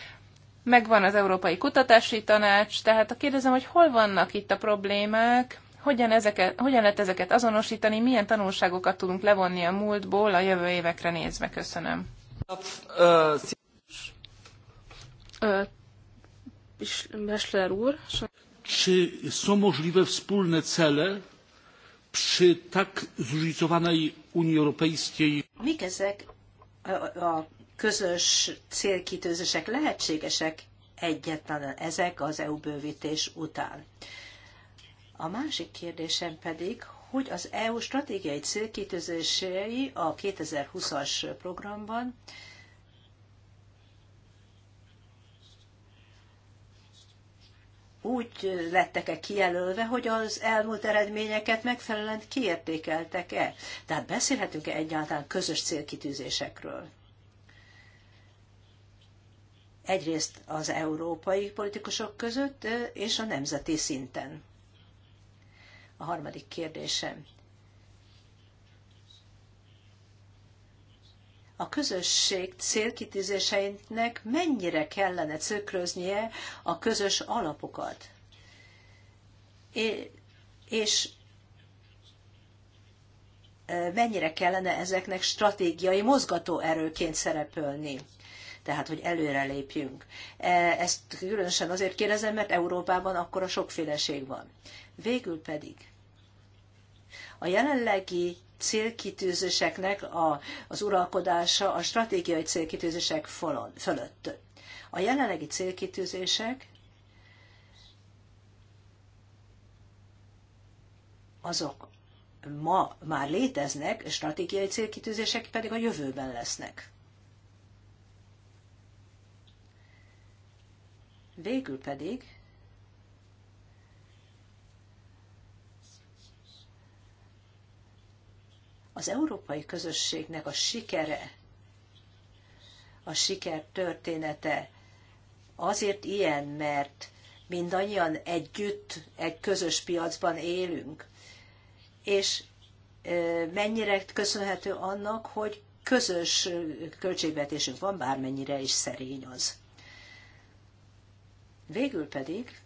megvan az Európai Kutatási Tanács, tehát a kérdezem, hogy hol vannak itt a problémák, hogyan, ezeket, hogyan lehet ezeket azonosítani, milyen tanulságokat tudunk levonni a múltból a jövő évekre nézve. Köszönöm. Beszler úr. Czy są możliwe wspólne cele przy tak zróżnicowanej Unii Europejskiej? Mik ezek a közös célkitőzések lehetségesek egyetlen ezek az EU bővítés után? A másik kérdésem pedig, hogy az EU stratégiai célkitűzései a 2020-as programban úgy lettek-e kijelölve, hogy az elmúlt eredményeket megfelelően kiértékeltek-e? Tehát beszélhetünk-e egyáltalán közös célkitűzésekről? Egyrészt az európai politikusok között és a nemzeti szinten a harmadik kérdésem. a közösség célkitűzéseinek mennyire kellene cökröznie a közös alapokat. És e, mennyire kellene ezeknek stratégiai mozgatóerőként szerepelni. Tehát, hogy előrelépjünk. E, ezt különösen azért kérdezem, mert Európában akkor a sokféleség van. Végül pedig a jelenlegi célkitűzéseknek a, az uralkodása a stratégiai célkitűzések fölött. A jelenlegi célkitűzések azok ma már léteznek, stratégiai célkitűzések pedig a jövőben lesznek. Végül pedig Az európai közösségnek a sikere, a siker története azért ilyen, mert mindannyian együtt egy közös piacban élünk, és mennyire köszönhető annak, hogy közös költségvetésünk van, bármennyire is szerény az. Végül pedig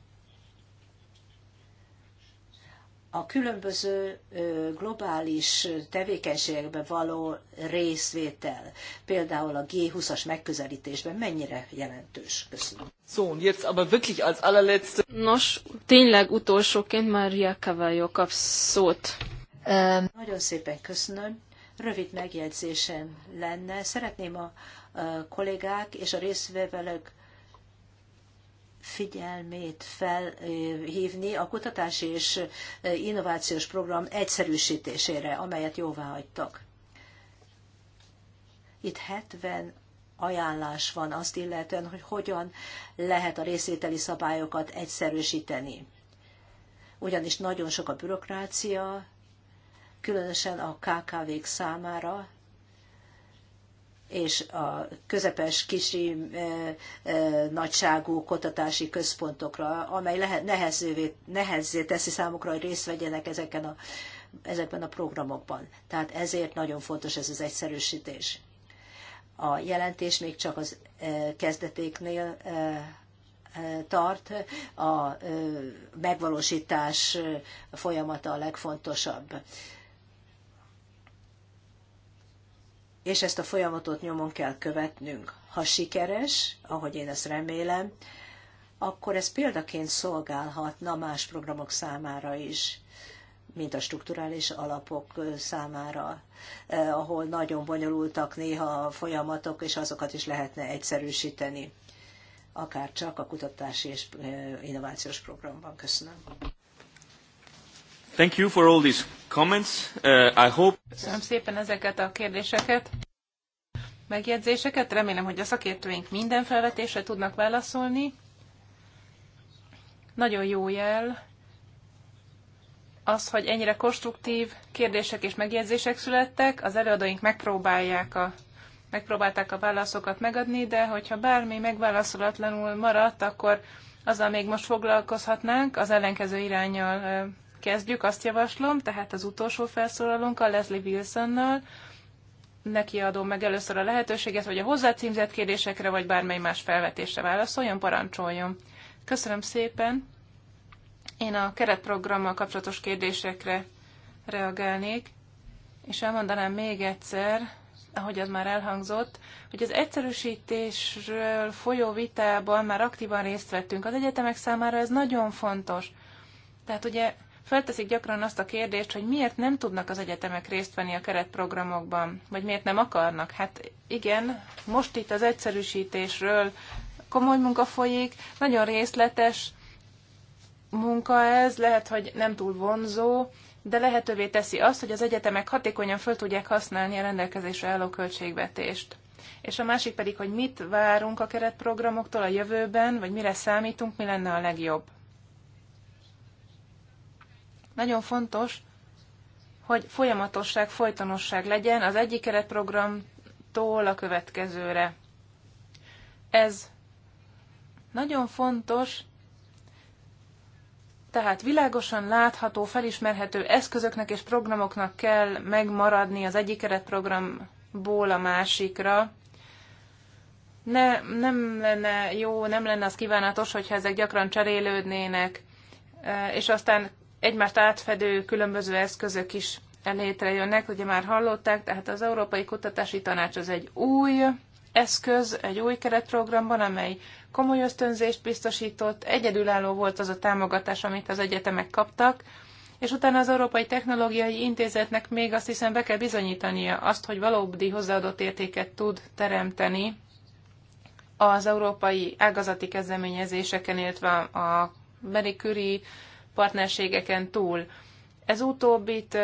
a különböző globális tevékenységekben való részvétel, például a G20-as megközelítésben mennyire jelentős? Köszönöm. So, und jetzt aber wirklich als allerletzte... Nos, tényleg utolsóként Maria Cavallo kap szót. Um, Nagyon szépen köszönöm. Rövid megjegyzésem lenne. Szeretném a, a kollégák és a részvevők figyelmét felhívni a kutatási és innovációs program egyszerűsítésére, amelyet jóvá hagytak. Itt 70 ajánlás van azt illetően, hogy hogyan lehet a részvételi szabályokat egyszerűsíteni. Ugyanis nagyon sok a bürokrácia, különösen a KKV-k számára, és a közepes kisi nagyságú kutatási központokra, amely lehet, nehezővé, nehezé teszi számukra, hogy részt vegyenek ezeken a, ezekben a programokban. Tehát ezért nagyon fontos ez az egyszerűsítés. A jelentés még csak az kezdetéknél tart, a megvalósítás folyamata a legfontosabb és ezt a folyamatot nyomon kell követnünk. Ha sikeres, ahogy én ezt remélem, akkor ez példaként szolgálhatna más programok számára is, mint a strukturális alapok számára, eh, ahol nagyon bonyolultak néha a folyamatok, és azokat is lehetne egyszerűsíteni, akár csak a kutatási és innovációs programban. Köszönöm. Thank you for all these comments. Uh, I hope... Köszönöm szépen ezeket a kérdéseket, megjegyzéseket. Remélem, hogy a szakértőink minden felvetésre tudnak válaszolni. Nagyon jó jel az, hogy ennyire konstruktív kérdések és megjegyzések születtek. Az előadóink megpróbálják a megpróbálták a válaszokat megadni, de hogyha bármi megválaszolatlanul maradt, akkor azzal még most foglalkozhatnánk, az ellenkező irányjal kezdjük, azt javaslom, tehát az utolsó felszólalónkkal, Leslie Wilsonnal, neki adom meg először a lehetőséget, hogy a hozzácímzett kérdésekre, vagy bármely más felvetésre válaszoljon, parancsoljon. Köszönöm szépen. Én a keretprogrammal kapcsolatos kérdésekre reagálnék, és elmondanám még egyszer, ahogy az már elhangzott, hogy az egyszerűsítésről folyó vitában már aktívan részt vettünk. Az egyetemek számára ez nagyon fontos. Tehát ugye felteszik gyakran azt a kérdést, hogy miért nem tudnak az egyetemek részt venni a keretprogramokban, vagy miért nem akarnak. Hát igen, most itt az egyszerűsítésről komoly munka folyik, nagyon részletes munka ez, lehet, hogy nem túl vonzó, de lehetővé teszi azt, hogy az egyetemek hatékonyan föl tudják használni a rendelkezésre álló költségvetést. És a másik pedig, hogy mit várunk a keretprogramoktól a jövőben, vagy mire számítunk, mi lenne a legjobb. Nagyon fontos, hogy folyamatosság, folytonosság legyen az egyik keretprogramtól a következőre. Ez nagyon fontos, tehát világosan látható, felismerhető eszközöknek és programoknak kell megmaradni az egyik keretprogramból a másikra. Ne, nem lenne jó, nem lenne az kívánatos, hogyha ezek gyakran cserélődnének, és aztán egymást átfedő különböző eszközök is létrejönnek, ugye már hallották, tehát az Európai Kutatási Tanács az egy új eszköz, egy új keretprogramban, amely komoly ösztönzést biztosított, egyedülálló volt az a támogatás, amit az egyetemek kaptak, és utána az Európai Technológiai Intézetnek még azt hiszem be kell bizonyítania azt, hogy valódi hozzáadott értéket tud teremteni az európai ágazati kezdeményezéseken, illetve a Marie Curie partnerségeken túl. Ez utóbbit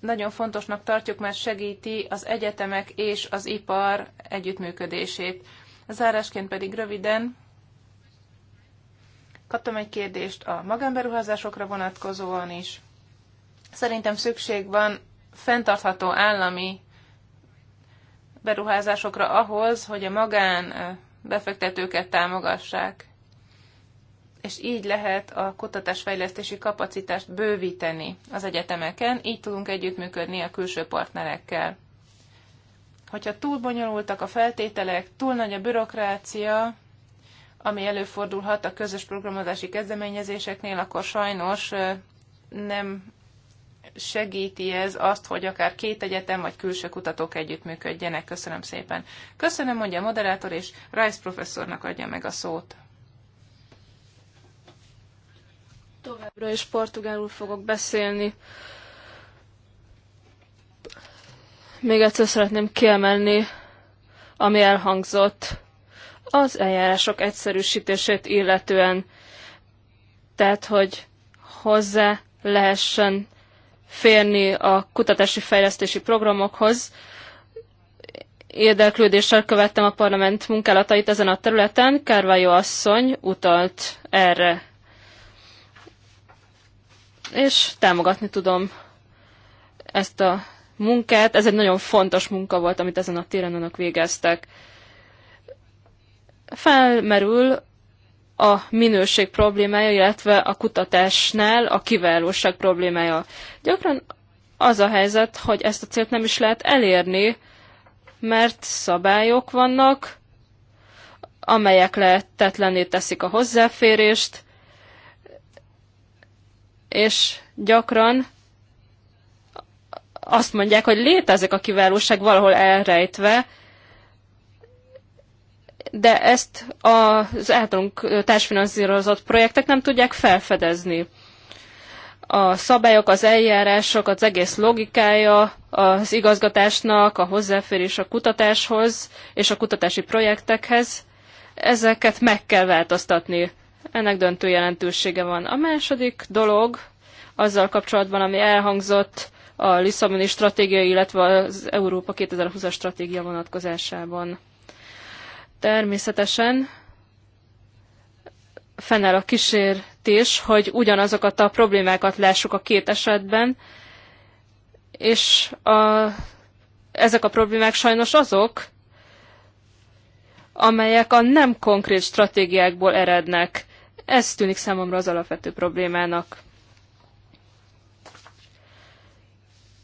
nagyon fontosnak tartjuk, mert segíti az egyetemek és az ipar együttműködését. Zárásként pedig röviden kaptam egy kérdést a magánberuházásokra vonatkozóan is. Szerintem szükség van fenntartható állami beruházásokra ahhoz, hogy a magán befektetőket támogassák és így lehet a kutatásfejlesztési kapacitást bővíteni az egyetemeken, így tudunk együttműködni a külső partnerekkel. Hogyha túl bonyolultak a feltételek, túl nagy a bürokrácia, ami előfordulhat a közös programozási kezdeményezéseknél, akkor sajnos nem segíti ez azt, hogy akár két egyetem vagy külső kutatók együttműködjenek. Köszönöm szépen. Köszönöm, mondja a moderátor, és Rice professzornak adja meg a szót. Továbbra is portugálul fogok beszélni. Még egyszer szeretném kiemelni, ami elhangzott az eljárások egyszerűsítését illetően. Tehát, hogy hozzá lehessen férni a kutatási fejlesztési programokhoz. Érdeklődéssel követtem a parlament munkálatait ezen a területen. Kárvályó asszony utalt erre és támogatni tudom ezt a munkát. Ez egy nagyon fontos munka volt, amit ezen a téren önök végeztek. Felmerül a minőség problémája, illetve a kutatásnál a kiválóság problémája. Gyakran az a helyzet, hogy ezt a célt nem is lehet elérni, mert szabályok vannak, amelyek lehetetlenné teszik a hozzáférést, és gyakran azt mondják, hogy létezik a kiválóság valahol elrejtve, de ezt az általunk társfinanszírozott projektek nem tudják felfedezni. A szabályok, az eljárások, az egész logikája az igazgatásnak, a hozzáférés a kutatáshoz és a kutatási projektekhez, ezeket meg kell változtatni. Ennek döntő jelentősége van. A második dolog azzal kapcsolatban, ami elhangzott a Lisszaboni stratégia, illetve az Európa 2020-as stratégia vonatkozásában. Természetesen fennáll a kísértés, hogy ugyanazokat a problémákat lássuk a két esetben, és a, ezek a problémák sajnos azok, amelyek a nem konkrét stratégiákból erednek. Ez tűnik számomra az alapvető problémának.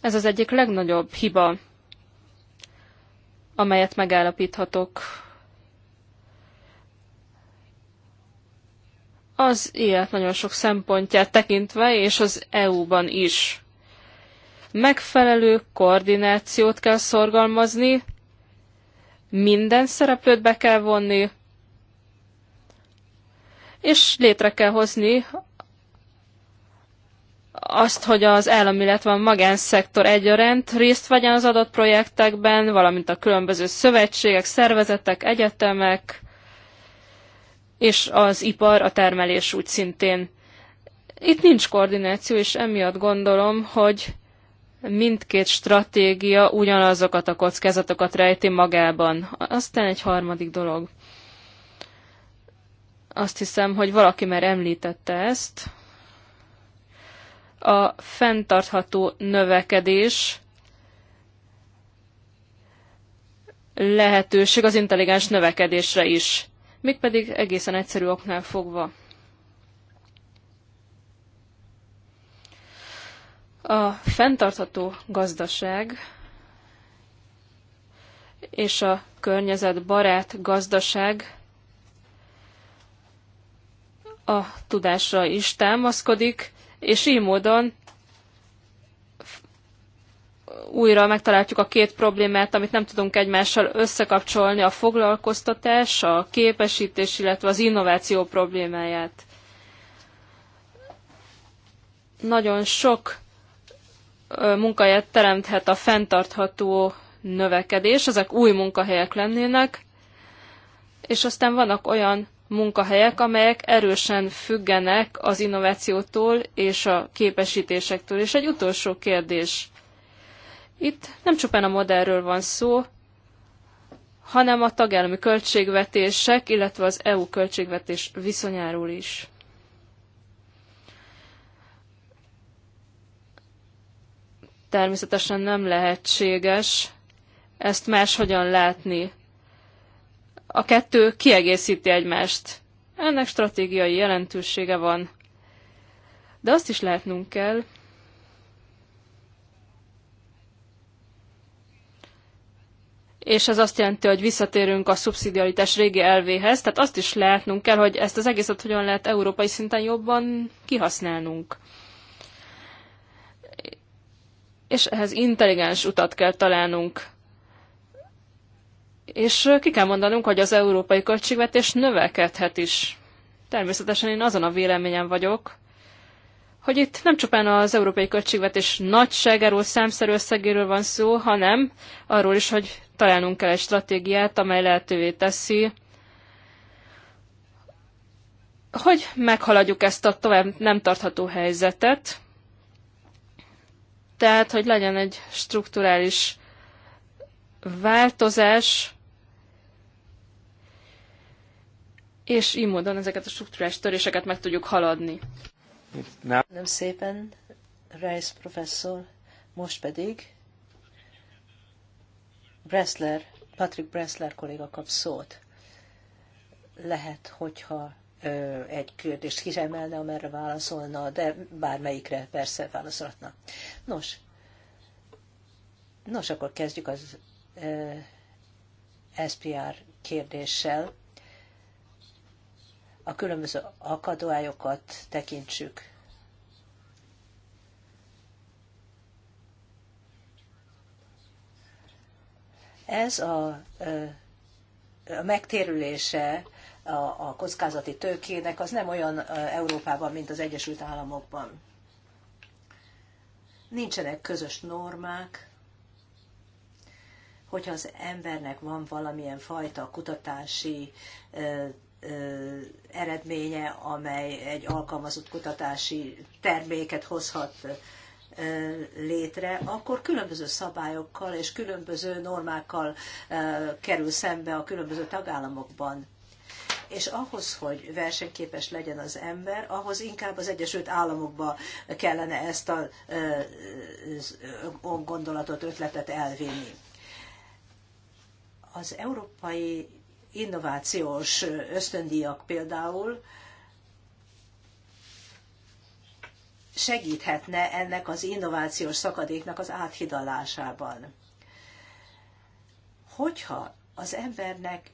Ez az egyik legnagyobb hiba, amelyet megállapíthatok. Az élet nagyon sok szempontját tekintve, és az EU-ban is. Megfelelő koordinációt kell szorgalmazni, minden szereplőt be kell vonni, és létre kell hozni azt, hogy az állam, illetve a magánszektor egyaránt részt vegyen az adott projektekben, valamint a különböző szövetségek, szervezetek, egyetemek, és az ipar, a termelés úgy szintén. Itt nincs koordináció, és emiatt gondolom, hogy mindkét stratégia ugyanazokat a kockázatokat rejti magában. Aztán egy harmadik dolog. Azt hiszem, hogy valaki már említette ezt. A fenntartható növekedés lehetőség az intelligens növekedésre is, mégpedig egészen egyszerű oknál fogva. A fenntartható gazdaság és a környezetbarát gazdaság a tudásra is támaszkodik, és így módon újra megtaláljuk a két problémát, amit nem tudunk egymással összekapcsolni, a foglalkoztatás, a képesítés, illetve az innováció problémáját. Nagyon sok munkahelyet teremthet a fenntartható növekedés, ezek új munkahelyek lennének, és aztán vannak olyan munkahelyek, amelyek erősen függenek az innovációtól és a képesítésektől. És egy utolsó kérdés. Itt nem csupán a modellről van szó, hanem a tagállami költségvetések, illetve az EU költségvetés viszonyáról is. Természetesen nem lehetséges ezt máshogyan látni. A kettő kiegészíti egymást. Ennek stratégiai jelentősége van. De azt is látnunk kell, és ez azt jelenti, hogy visszatérünk a szubszidiaritás régi elvéhez, tehát azt is látnunk kell, hogy ezt az egészet hogyan lehet európai szinten jobban kihasználnunk. És ehhez intelligens utat kell találnunk. És ki kell mondanunk, hogy az európai költségvetés növekedhet is. Természetesen én azon a véleményen vagyok, hogy itt nem csupán az európai költségvetés nagyságáról, számszerű összegéről van szó, hanem arról is, hogy találnunk kell egy stratégiát, amely lehetővé teszi, hogy meghaladjuk ezt a tovább nem tartható helyzetet, tehát, hogy legyen egy strukturális változás, és így módon ezeket a struktúrás töréseket meg tudjuk haladni. Nem szépen, Rice professzor, most pedig Bressler, Patrick Bressler kolléga kap szót. Lehet, hogyha ö, egy kérdést kiremelne, amerre válaszolna, de bármelyikre persze válaszolhatna. Nos, nos akkor kezdjük az ö, SPR kérdéssel a különböző akadályokat tekintsük. Ez a, a megtérülése a, a kockázati tőkének az nem olyan Európában, mint az Egyesült Államokban. Nincsenek közös normák, hogyha az embernek van valamilyen fajta kutatási eredménye, amely egy alkalmazott kutatási terméket hozhat létre, akkor különböző szabályokkal és különböző normákkal kerül szembe a különböző tagállamokban. És ahhoz, hogy versenyképes legyen az ember, ahhoz inkább az Egyesült Államokba kellene ezt a gondolatot, ötletet elvinni. Az európai innovációs ösztöndíjak például segíthetne ennek az innovációs szakadéknak az áthidalásában. Hogyha az embernek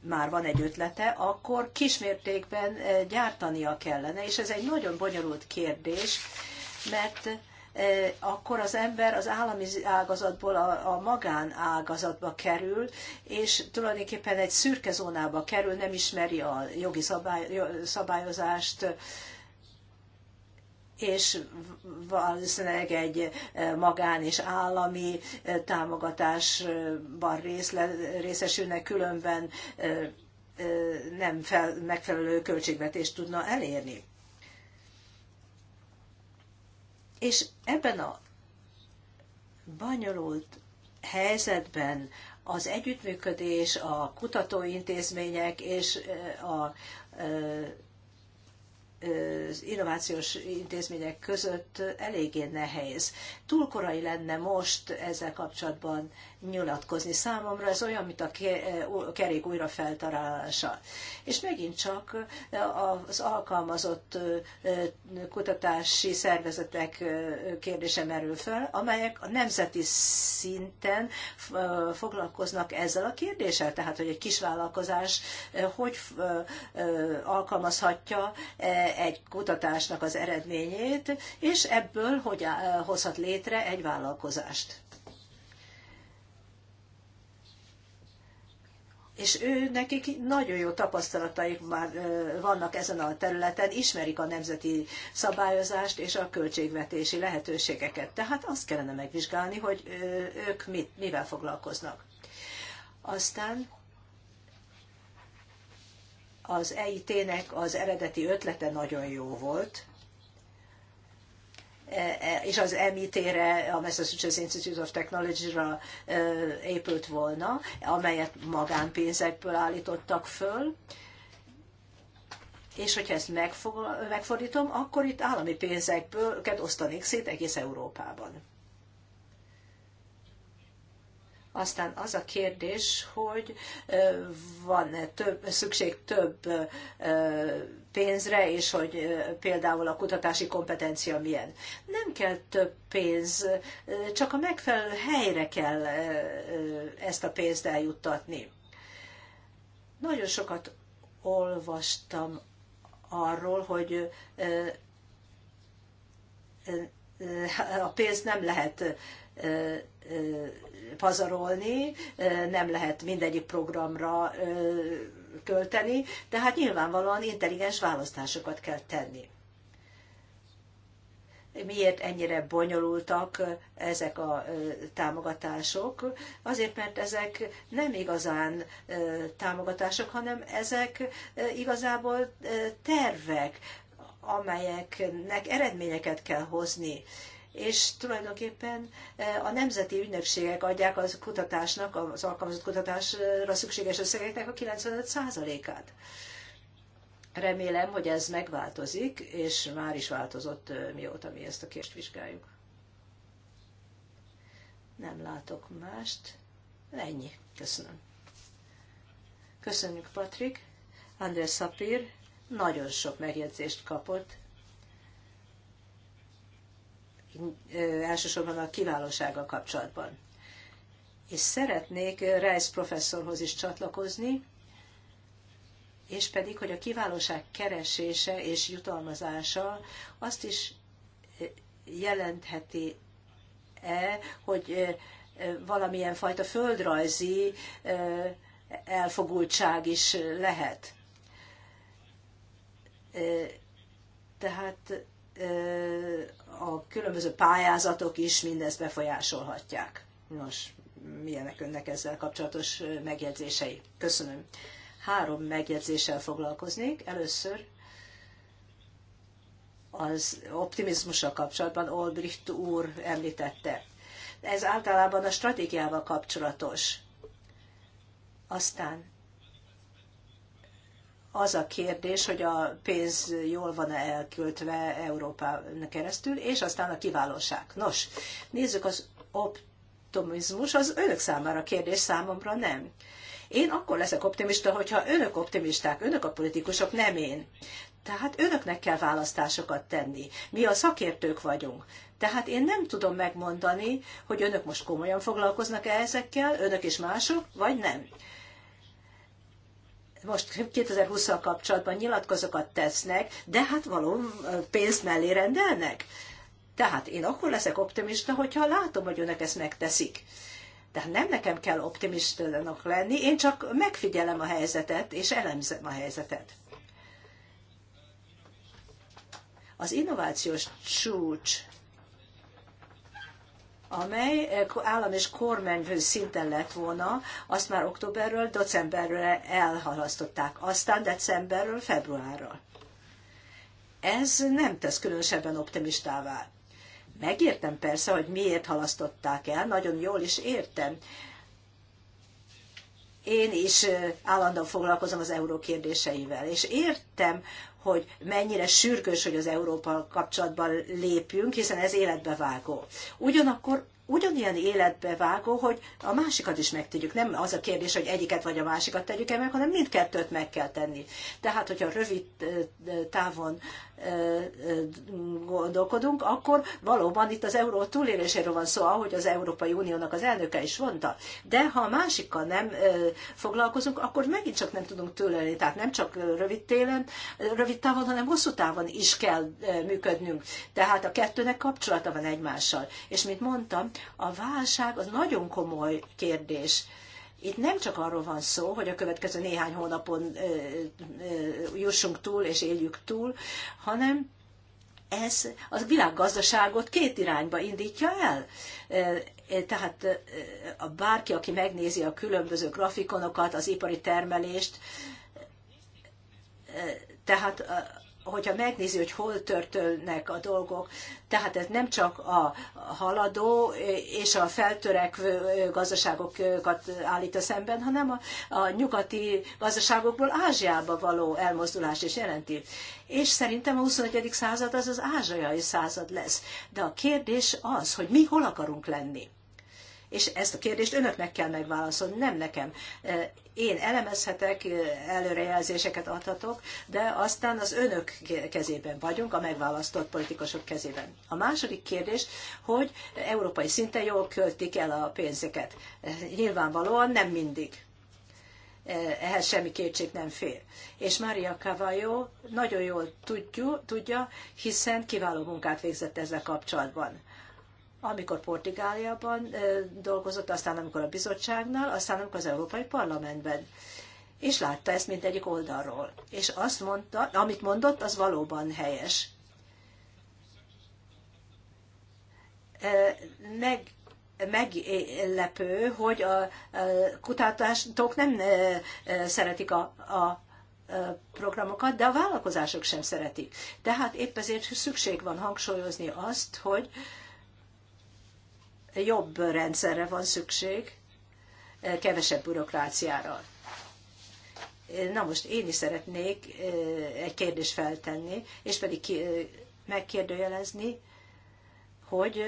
már van egy ötlete, akkor kismértékben gyártania kellene, és ez egy nagyon bonyolult kérdés, mert E, akkor az ember az állami ágazatból a, a magán ágazatba kerül, és tulajdonképpen egy szürke zónába kerül, nem ismeri a jogi szabály, szabályozást, és valószínűleg egy e, magán és állami e, támogatásban részesülnek, különben nem fel, megfelelő költségvetést tudna elérni. És ebben a banyolult helyzetben az együttműködés a kutatóintézmények és eh, a eh, az innovációs intézmények között eléggé nehéz. Túl korai lenne most ezzel kapcsolatban nyilatkozni. Számomra ez olyan, mint a kerék újra feltarálása. És megint csak az alkalmazott kutatási szervezetek kérdése merül fel, amelyek a nemzeti szinten foglalkoznak ezzel a kérdéssel, tehát hogy egy kisvállalkozás hogy alkalmazhatja e, egy kutatásnak az eredményét, és ebből hogy hozhat létre egy vállalkozást. és ő nekik nagyon jó tapasztalataik már vannak ezen a területen, ismerik a nemzeti szabályozást és a költségvetési lehetőségeket. Tehát azt kellene megvizsgálni, hogy ők mit, mivel foglalkoznak. Aztán az EIT-nek az eredeti ötlete nagyon jó volt, és az MIT-re, a Massachusetts Institute of Technology-ra épült volna, amelyet magánpénzekből állítottak föl. És hogyha ezt megfordítom, akkor itt állami pénzekből osztanék szét egész Európában. Aztán az a kérdés, hogy van-e több, szükség több pénzre, és hogy például a kutatási kompetencia milyen. Nem kell több pénz, csak a megfelelő helyre kell ezt a pénzt eljuttatni. Nagyon sokat olvastam arról, hogy a pénzt nem lehet pazarolni, nem lehet mindegyik programra költeni, tehát nyilvánvalóan intelligens választásokat kell tenni. Miért ennyire bonyolultak ezek a támogatások? Azért, mert ezek nem igazán támogatások, hanem ezek igazából tervek, amelyeknek eredményeket kell hozni és tulajdonképpen e, a nemzeti ügynökségek adják az kutatásnak, az alkalmazott kutatásra szükséges összegeknek a 95%-át. Remélem, hogy ez megváltozik, és már is változott, e, mióta mi ezt a kést vizsgáljuk. Nem látok mást. Ennyi. Köszönöm. Köszönjük, Patrik. Andrés Szapír nagyon sok megjegyzést kapott elsősorban a kiválósággal kapcsolatban. És szeretnék Reis professzorhoz is csatlakozni, és pedig, hogy a kiválóság keresése és jutalmazása azt is jelentheti-e, hogy valamilyen fajta földrajzi elfogultság is lehet. Tehát a különböző pályázatok is mindezt befolyásolhatják. Nos, milyenek önnek ezzel kapcsolatos megjegyzései? Köszönöm. Három megjegyzéssel foglalkoznék. Először az optimizmussal kapcsolatban Olbricht úr említette. Ez általában a stratégiával kapcsolatos. Aztán az a kérdés, hogy a pénz jól van-e elköltve Európán keresztül, és aztán a kiválóság. Nos, nézzük az optimizmus, az önök számára a kérdés, számomra nem. Én akkor leszek optimista, hogyha önök optimisták, önök a politikusok, nem én. Tehát önöknek kell választásokat tenni. Mi a szakértők vagyunk. Tehát én nem tudom megmondani, hogy önök most komolyan foglalkoznak -e ezekkel, önök és mások, vagy nem most 2020-al kapcsolatban nyilatkozokat tesznek, de hát valóban pénzt mellé rendelnek. Tehát én akkor leszek optimista, hogyha látom, hogy önök ezt megteszik. Tehát nem nekem kell optimistának lenni, én csak megfigyelem a helyzetet, és elemzem a helyzetet. Az innovációs csúcs amely eh, állam és kormányfő szinten lett volna, azt már októberről, decemberre elhalasztották, aztán decemberről februárra. Ez nem tesz különösebben optimistává. Megértem persze, hogy miért halasztották el, nagyon jól is értem, én is állandóan foglalkozom az euró kérdéseivel, és értem, hogy mennyire sürgős, hogy az Európa kapcsolatban lépjünk, hiszen ez életbevágó. Ugyanakkor ugyanilyen életbevágó, hogy a másikat is megtegyük. Nem az a kérdés, hogy egyiket vagy a másikat tegyük -e meg, hanem mindkettőt meg kell tenni. Tehát, hogyha rövid távon gondolkodunk, akkor valóban itt az euró túléléséről van szó, ahogy az Európai Uniónak az elnöke is mondta. De ha a másikkal nem foglalkozunk, akkor megint csak nem tudunk túlélni. Tehát nem csak rövid, télen, rövid távon, hanem hosszú távon is kell működnünk. Tehát a kettőnek kapcsolata van egymással. És mint mondtam, a válság az nagyon komoly kérdés. Itt nem csak arról van szó, hogy a következő néhány hónapon jussunk túl és éljük túl, hanem ez a világgazdaságot két irányba indítja el. Tehát a bárki, aki megnézi a különböző grafikonokat, az ipari termelést, tehát hogyha megnézi, hogy hol törtölnek a dolgok, tehát ez nem csak a haladó és a feltörekvő gazdaságokat állít a szemben, hanem a, a nyugati gazdaságokból Ázsiába való elmozdulás is jelenti. És szerintem a 21. század az az ázsiai század lesz. De a kérdés az, hogy mi hol akarunk lenni és ezt a kérdést önöknek kell megválaszolni, nem nekem. Én elemezhetek, előrejelzéseket adhatok, de aztán az önök kezében vagyunk, a megválasztott politikusok kezében. A második kérdés, hogy európai szinten jól költik el a pénzeket. Nyilvánvalóan nem mindig ehhez semmi kétség nem fér. És Mária Cavallo nagyon jól tudja, tudja, hiszen kiváló munkát végzett ezzel kapcsolatban amikor Portugáliában dolgozott, aztán amikor a bizottságnál, aztán amikor az Európai Parlamentben. És látta ezt mindegyik oldalról. És azt mondta, amit mondott, az valóban helyes. Meg, meglepő, hogy a kutatások nem szeretik a, a programokat, de a vállalkozások sem szeretik. Tehát épp ezért szükség van hangsúlyozni azt, hogy jobb rendszerre van szükség, kevesebb bürokráciára. Na most én is szeretnék egy kérdést feltenni, és pedig megkérdőjelezni, hogy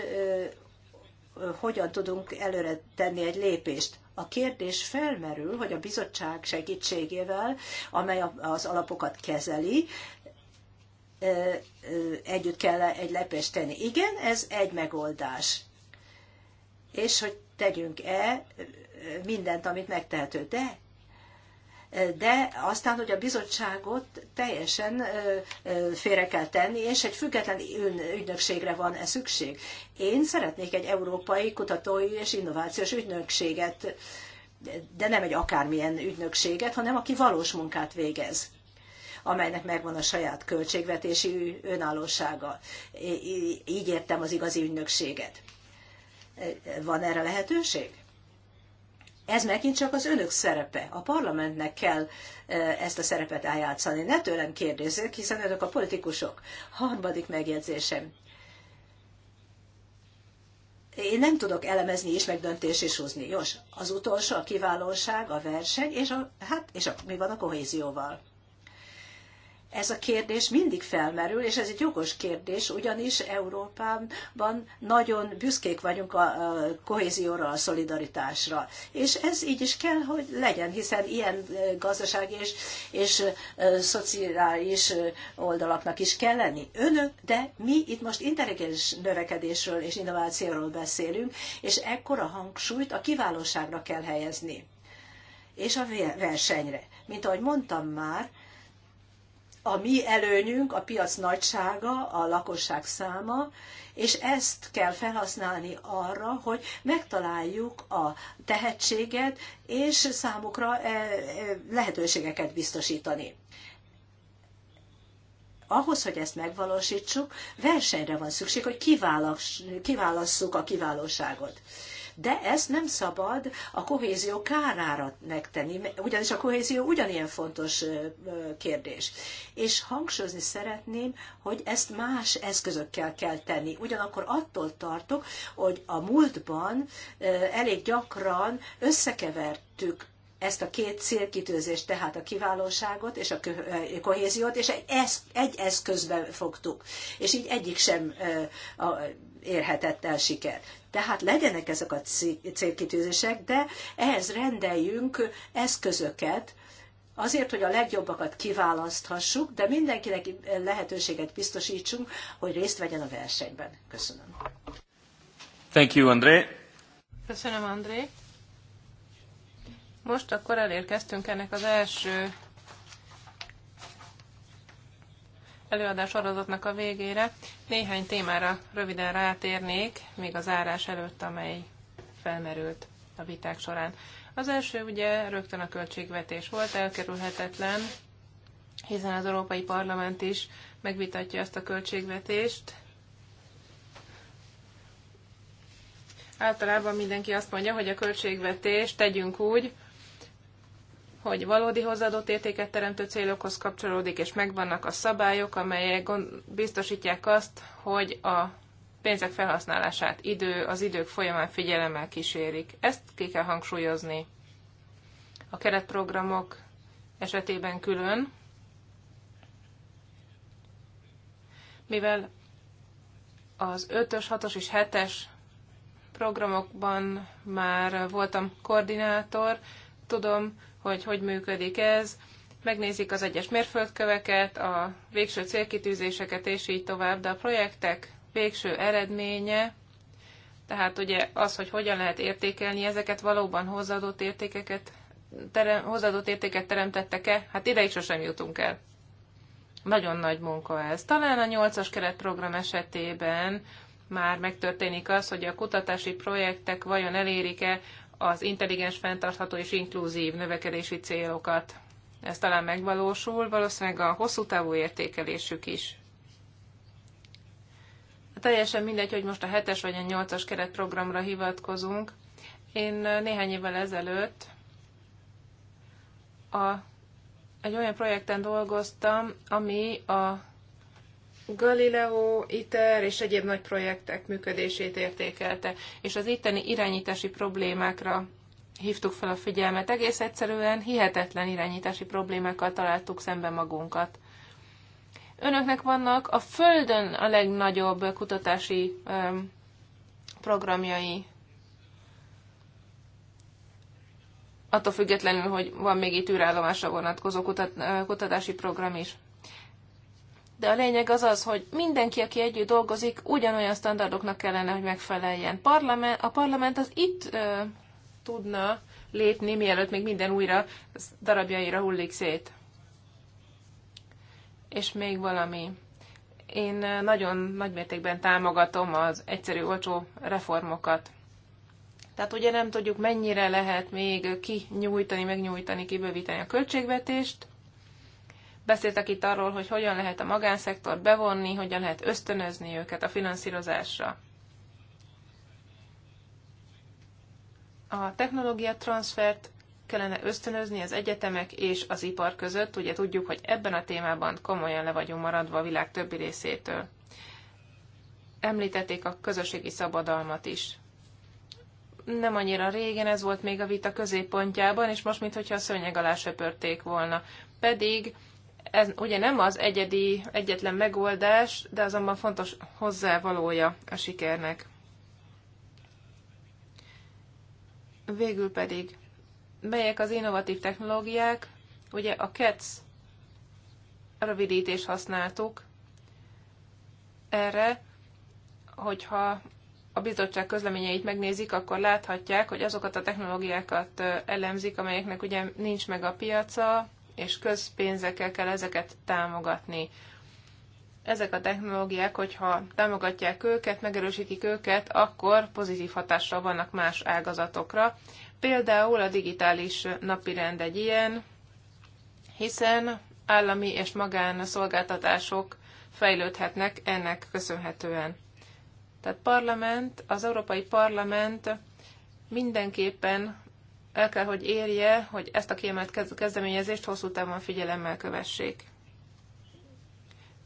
hogyan tudunk előre tenni egy lépést. A kérdés felmerül, hogy a bizottság segítségével, amely az alapokat kezeli, együtt kell egy lépést tenni. Igen, ez egy megoldás és hogy tegyünk-e mindent, amit megtehető. De de aztán, hogy a bizottságot teljesen félre kell tenni, és egy független ügynökségre van e szükség. Én szeretnék egy európai kutatói és innovációs ügynökséget, de nem egy akármilyen ügynökséget, hanem aki valós munkát végez amelynek megvan a saját költségvetési önállósága. Így értem az igazi ügynökséget. Van erre lehetőség? Ez megint csak az önök szerepe. A parlamentnek kell e, ezt a szerepet eljátszani. Ne tőlem kérdezzük, hiszen önök a politikusok. Harmadik megjegyzésem. Én nem tudok elemezni és megdöntés is hozni. Jós, az utolsó a kiválóság, a verseny, és, a, hát, és a, mi van a kohézióval? ez a kérdés mindig felmerül, és ez egy jogos kérdés, ugyanis Európában nagyon büszkék vagyunk a kohézióra, a szolidaritásra. És ez így is kell, hogy legyen, hiszen ilyen gazdasági és, és szociális oldalaknak is kell lenni. Önök, de mi itt most intelligens növekedésről és innovációról beszélünk, és ekkora hangsúlyt a kiválóságra kell helyezni és a versenyre. Mint ahogy mondtam már, a mi előnyünk a piac nagysága, a lakosság száma, és ezt kell felhasználni arra, hogy megtaláljuk a tehetséget, és számukra e, e, lehetőségeket biztosítani. Ahhoz, hogy ezt megvalósítsuk, versenyre van szükség, hogy kiválasszuk a kiválóságot de ezt nem szabad a kohézió kárára megtenni, ugyanis a kohézió ugyanilyen fontos kérdés. És hangsúlyozni szeretném, hogy ezt más eszközökkel kell tenni. Ugyanakkor attól tartok, hogy a múltban elég gyakran összekevertük ezt a két célkitűzést, tehát a kiválóságot és a kohéziót, és egy, eszközbe fogtuk. És így egyik sem érhetett el sikert. Tehát legyenek ezek a célkitűzések, de ehhez rendeljünk eszközöket, azért, hogy a legjobbakat kiválaszthassuk, de mindenkinek lehetőséget biztosítsunk, hogy részt vegyen a versenyben. Köszönöm. Thank you, André. Köszönöm, André. Most akkor elérkeztünk ennek az első előadás sorozatnak a végére néhány témára röviden rátérnék, még az árás előtt, amely felmerült a viták során. Az első ugye rögtön a költségvetés volt, elkerülhetetlen, hiszen az Európai Parlament is megvitatja ezt a költségvetést. Általában mindenki azt mondja, hogy a költségvetést tegyünk úgy, hogy valódi hozzáadott értéket teremtő célokhoz kapcsolódik, és megvannak a szabályok, amelyek biztosítják azt, hogy a pénzek felhasználását idő, az idők folyamán figyelemmel kísérik. Ezt ki kell hangsúlyozni. A keretprogramok esetében külön, mivel az 5-ös, 6-os és 7-es programokban már voltam koordinátor, tudom, hogy hogy működik ez, megnézik az egyes mérföldköveket, a végső célkitűzéseket, és így tovább, de a projektek végső eredménye, tehát ugye az, hogy hogyan lehet értékelni ezeket, valóban hozzáadott értékeket, terem, hozzáadott értéket teremtettek-e, hát ideig sosem jutunk el. Nagyon nagy munka ez. Talán a nyolcas keretprogram esetében már megtörténik az, hogy a kutatási projektek vajon elérik-e az intelligens, fenntartható és inkluzív növekedési célokat. Ez talán megvalósul, valószínűleg a hosszú távú értékelésük is. Teljesen mindegy, hogy most a 7-es vagy a 8-as keretprogramra hivatkozunk. Én néhány évvel ezelőtt a, egy olyan projekten dolgoztam, ami a Galileo, ITER és egyéb nagy projektek működését értékelte, és az itteni irányítási problémákra hívtuk fel a figyelmet. Egész egyszerűen hihetetlen irányítási problémákkal találtuk szembe magunkat. Önöknek vannak a Földön a legnagyobb kutatási programjai. Attól függetlenül, hogy van még itt űrállomásra vonatkozó kutat, kutatási program is de a lényeg az az, hogy mindenki, aki együtt dolgozik, ugyanolyan standardoknak kellene, hogy megfeleljen. Parlament, a parlament az itt ö, tudna lépni, mielőtt még minden újra darabjaira hullik szét. És még valami. Én nagyon nagymértékben támogatom az egyszerű, olcsó reformokat. Tehát ugye nem tudjuk, mennyire lehet még kinyújtani, megnyújtani, kibővíteni a költségvetést, Beszéltek itt arról, hogy hogyan lehet a magánszektort bevonni, hogyan lehet ösztönözni őket a finanszírozásra. A technológia transfert kellene ösztönözni az egyetemek és az ipar között. Ugye tudjuk, hogy ebben a témában komolyan le vagyunk maradva a világ többi részétől. Említették a közösségi szabadalmat is. Nem annyira régen ez volt még a vita középpontjában, és most mintha a szőnyeg alá söpörték volna. Pedig ez ugye nem az egyedi, egyetlen megoldás, de azonban fontos hozzávalója a sikernek. Végül pedig, melyek az innovatív technológiák? Ugye a CATS rövidítés használtuk erre, hogyha a bizottság közleményeit megnézik, akkor láthatják, hogy azokat a technológiákat elemzik, amelyeknek ugye nincs meg a piaca, és közpénzekkel kell ezeket támogatni. Ezek a technológiák, hogyha támogatják őket, megerősítik őket, akkor pozitív hatással vannak más ágazatokra. Például a digitális napirend egy ilyen, hiszen állami és magán szolgáltatások fejlődhetnek ennek köszönhetően. Tehát parlament, az Európai Parlament mindenképpen el kell, hogy érje, hogy ezt a kiemelt kezdeményezést hosszú távon figyelemmel kövessék.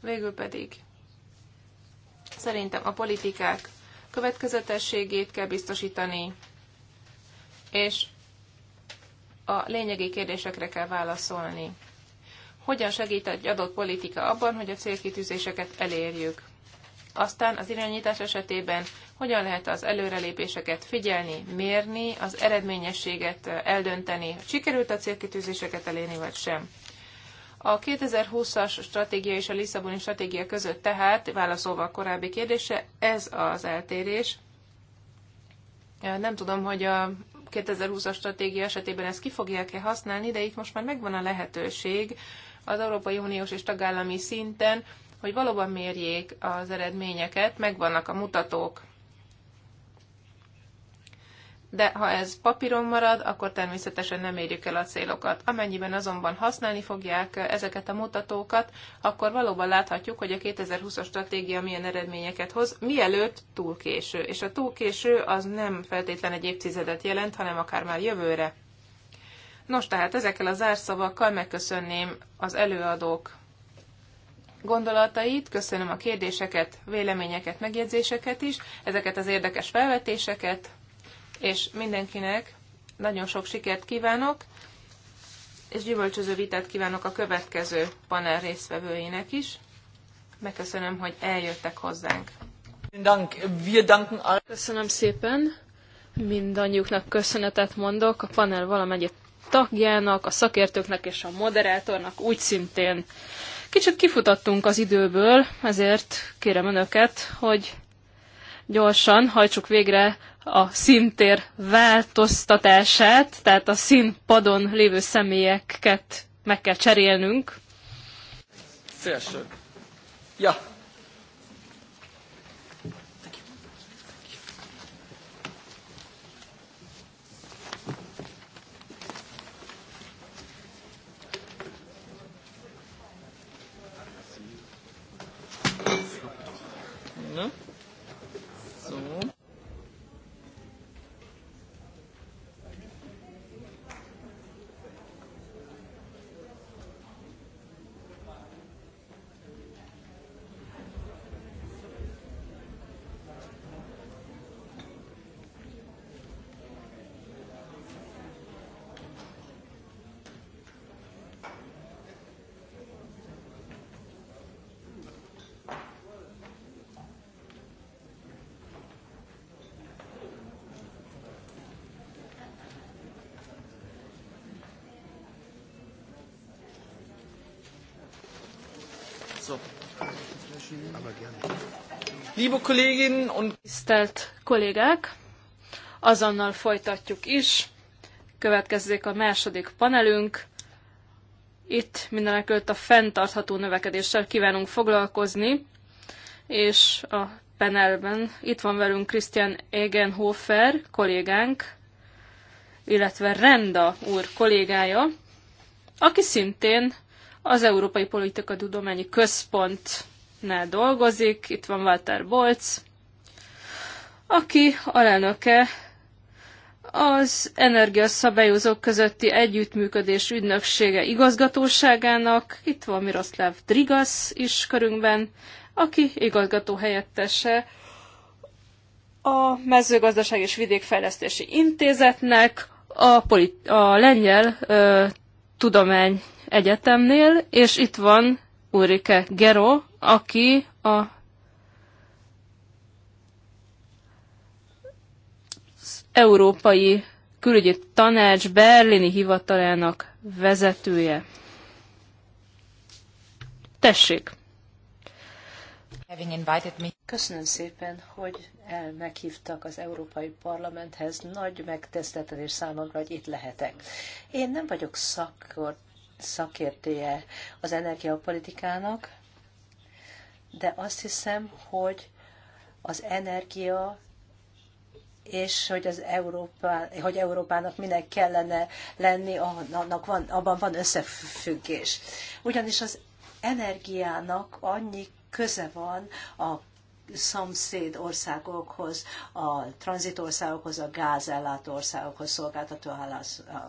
Végül pedig szerintem a politikák következetességét kell biztosítani, és a lényegi kérdésekre kell válaszolni. Hogyan segít egy adott politika abban, hogy a célkitűzéseket elérjük? Aztán az irányítás esetében hogyan lehet az előrelépéseket figyelni, mérni, az eredményességet eldönteni, sikerült a célkitűzéseket elérni vagy sem. A 2020-as stratégia és a Lisszaboni stratégia között tehát, válaszolva a korábbi kérdése: ez az eltérés. Nem tudom, hogy a 2020-as stratégia esetében ezt ki fogják-e használni, de itt most már megvan a lehetőség az Európai Uniós és tagállami szinten hogy valóban mérjék az eredményeket, megvannak a mutatók. De ha ez papíron marad, akkor természetesen nem érjük el a célokat. Amennyiben azonban használni fogják ezeket a mutatókat, akkor valóban láthatjuk, hogy a 2020-as stratégia milyen eredményeket hoz, mielőtt túl késő. És a túl késő az nem feltétlen egy évtizedet jelent, hanem akár már jövőre. Nos, tehát ezekkel a zárszavakkal megköszönném az előadók gondolatait, köszönöm a kérdéseket, véleményeket, megjegyzéseket is, ezeket az érdekes felvetéseket, és mindenkinek nagyon sok sikert kívánok, és gyümölcsöző vitát kívánok a következő panel résztvevőinek is. Megköszönöm, hogy eljöttek hozzánk. Köszönöm szépen. Mindannyiuknak köszönetet mondok, a panel valamennyi tagjának, a szakértőknek és a moderátornak úgy szintén. Kicsit kifutattunk az időből, ezért kérem önöket, hogy gyorsan hajtsuk végre a szintér változtatását, tehát a színpadon lévő személyeket meg kell cserélnünk. Szélső. Ja. Liebe Kolleginnen und tisztelt kollégák, azonnal folytatjuk is. Következzék a második panelünk. Itt mindenekelőtt a fenntartható növekedéssel kívánunk foglalkozni, és a panelben itt van velünk Christian Egenhofer kollégánk, illetve Renda úr kollégája, aki szintén az Európai Politika Tudományi Központ ne dolgozik, itt van Walter Bolc, aki alelnöke az energiaszabályozók közötti együttműködés ügynöksége igazgatóságának, itt van Miroslav Drigas is körünkben, aki igazgató helyettese a mezőgazdaság és vidékfejlesztési intézetnek, a, polit- a lengyel ö, tudomány egyetemnél, és itt van Ulrike Gero, aki a Európai Külügyi Tanács berlini hivatalának vezetője. Tessék! Köszönöm szépen, hogy meghívtak az Európai Parlamenthez. Nagy megtiszteltetés számomra, hogy itt lehetek. Én nem vagyok szakor, szakértője az energiapolitikának, de azt hiszem, hogy az energia és hogy, az Európa, hogy Európának minek kellene lenni, annak van, abban van összefüggés. Ugyanis az energiának annyi köze van a szomszéd országokhoz, a országokhoz, a gázellátó országokhoz, szolgáltató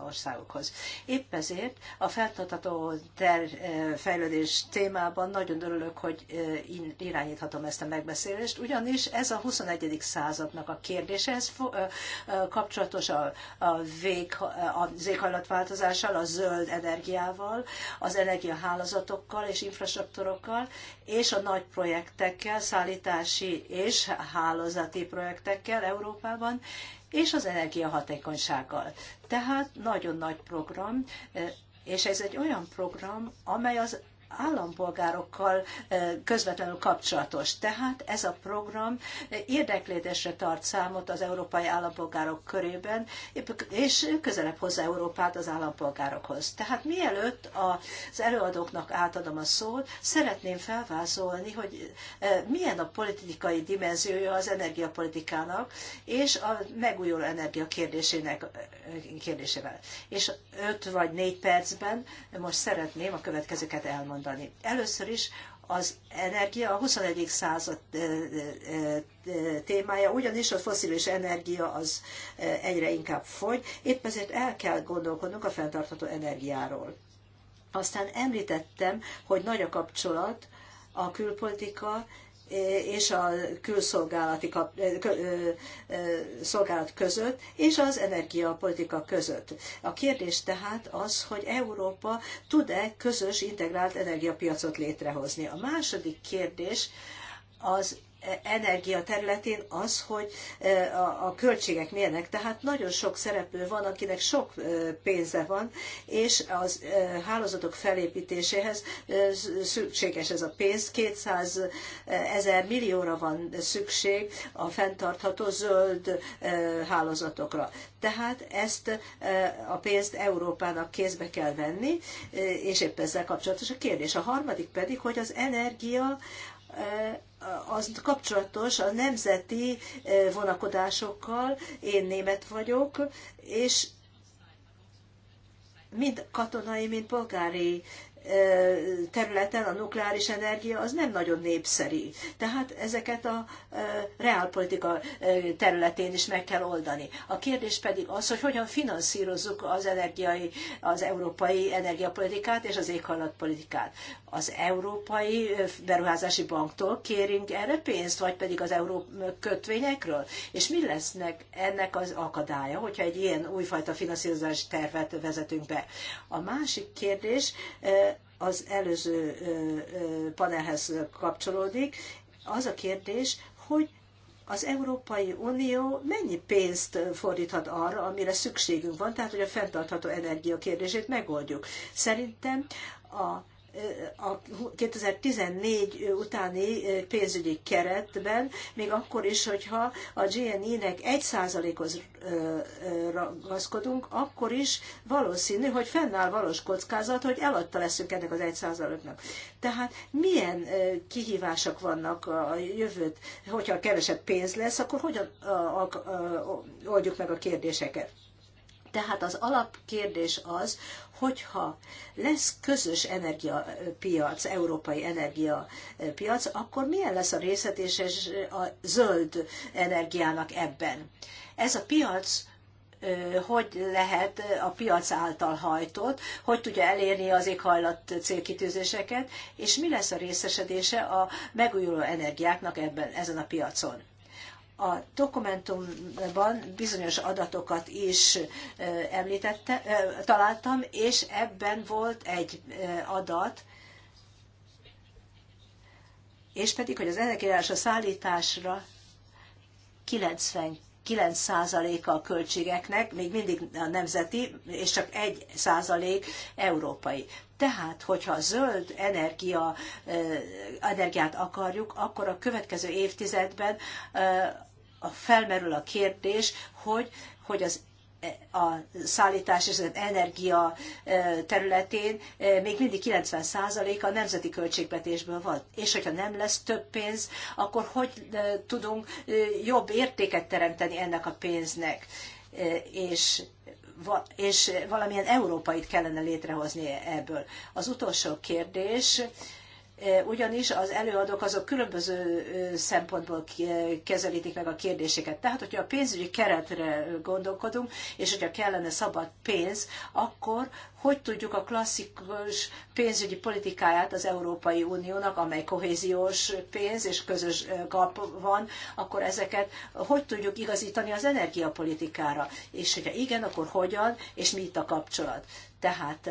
országokhoz. Épp ezért a feltartató fejlődés témában nagyon örülök, hogy irányíthatom ezt a megbeszélést, ugyanis ez a 21. századnak a kérdése, ez kapcsolatos a, a vég, az éghajlatváltozással, a zöld energiával, az energiahálózatokkal és infrastruktúrokkal, és a nagy projektekkel, szállítás kutatási és hálózati projektekkel Európában, és az energiahatékonysággal. Tehát nagyon nagy program, és ez egy olyan program, amely az állampolgárokkal közvetlenül kapcsolatos. Tehát ez a program érdeklődésre tart számot az európai állampolgárok körében, és közelebb hozza Európát az állampolgárokhoz. Tehát mielőtt az előadóknak átadom a szót, szeretném felvázolni, hogy milyen a politikai dimenziója az energiapolitikának és a megújuló energia kérdésének kérdésével. És öt vagy négy percben most szeretném a következőket elmondani mondani. Először is az energia a 21. század témája, ugyanis a foszilis energia az egyre inkább fogy, épp ezért el kell gondolkodnunk a fenntartható energiáról. Aztán említettem, hogy nagy a kapcsolat a külpolitika és a külszolgálati kap, szolgálat között, és az energiapolitika között. A kérdés tehát az, hogy Európa tud-e közös integrált energiapiacot létrehozni. A második kérdés az energia területén az, hogy e, a költségek milyenek. Tehát nagyon sok szereplő van, akinek sok e, pénze van, és az e, hálózatok felépítéséhez szükséges ez a pénz. 200 ezer millióra van szükség a fenntartható zöld hálózatokra. Tehát ezt a pénzt Európának kézbe kell venni, és épp ezzel kapcsolatos a kérdés. A harmadik pedig, hogy az energia Eh, az kapcsolatos a nemzeti eh, vonakodásokkal, én német vagyok, és mind katonai, mind polgári eh, területen a nukleáris energia az nem nagyon népszerű. Tehát ezeket a reálpolitika területén is meg kell oldani. A kérdés pedig az, hogy hogyan finanszírozzuk az energiai, az európai energiapolitikát és az éghajlatpolitikát az Európai Beruházási Banktól kérünk erre pénzt, vagy pedig az euró kötvényekről? És mi lesznek ennek az akadálya, hogyha egy ilyen újfajta finanszírozási tervet vezetünk be? A másik kérdés az előző panelhez kapcsolódik. Az a kérdés, hogy az Európai Unió mennyi pénzt fordíthat arra, amire szükségünk van, tehát hogy a fenntartható energia kérdését megoldjuk. Szerintem a a 2014 utáni pénzügyi keretben, még akkor is, hogyha a GNI-nek 1%-hoz ragaszkodunk, akkor is valószínű, hogy fennáll valós kockázat, hogy eladta leszünk ennek az 1%-nak. Tehát milyen kihívások vannak a jövőt, hogyha kevesebb pénz lesz, akkor hogyan oldjuk meg a kérdéseket? Tehát az alapkérdés az, hogyha lesz közös energiapiac, európai energiapiac, akkor milyen lesz a részletes a zöld energiának ebben? Ez a piac hogy lehet a piac által hajtott, hogy tudja elérni az éghajlat célkitűzéseket, és mi lesz a részesedése a megújuló energiáknak ebben, ezen a piacon. A dokumentumban bizonyos adatokat is említette, találtam, és ebben volt egy adat, és pedig, hogy az a szállításra 99% a költségeknek, még mindig a nemzeti, és csak 1% európai. Tehát, hogyha zöld energia, energiát akarjuk, akkor a következő évtizedben a, felmerül a kérdés, hogy, hogy az a szállítás és az energia e, területén e, még mindig 90% a nemzeti költségvetésből van. És hogyha nem lesz több pénz, akkor hogy e, tudunk jobb értéket teremteni ennek a pénznek? És és valamilyen európait kellene létrehozni ebből. Az utolsó kérdés, ugyanis az előadók azok különböző szempontból kezelítik meg a kérdéseket. Tehát, hogyha a pénzügyi keretre gondolkodunk, és hogyha kellene szabad pénz, akkor hogy tudjuk a klasszikus pénzügyi politikáját az Európai Uniónak, amely kohéziós pénz és közös kap van, akkor ezeket hogy tudjuk igazítani az energiapolitikára? És hogyha igen, akkor hogyan, és mi itt a kapcsolat? Tehát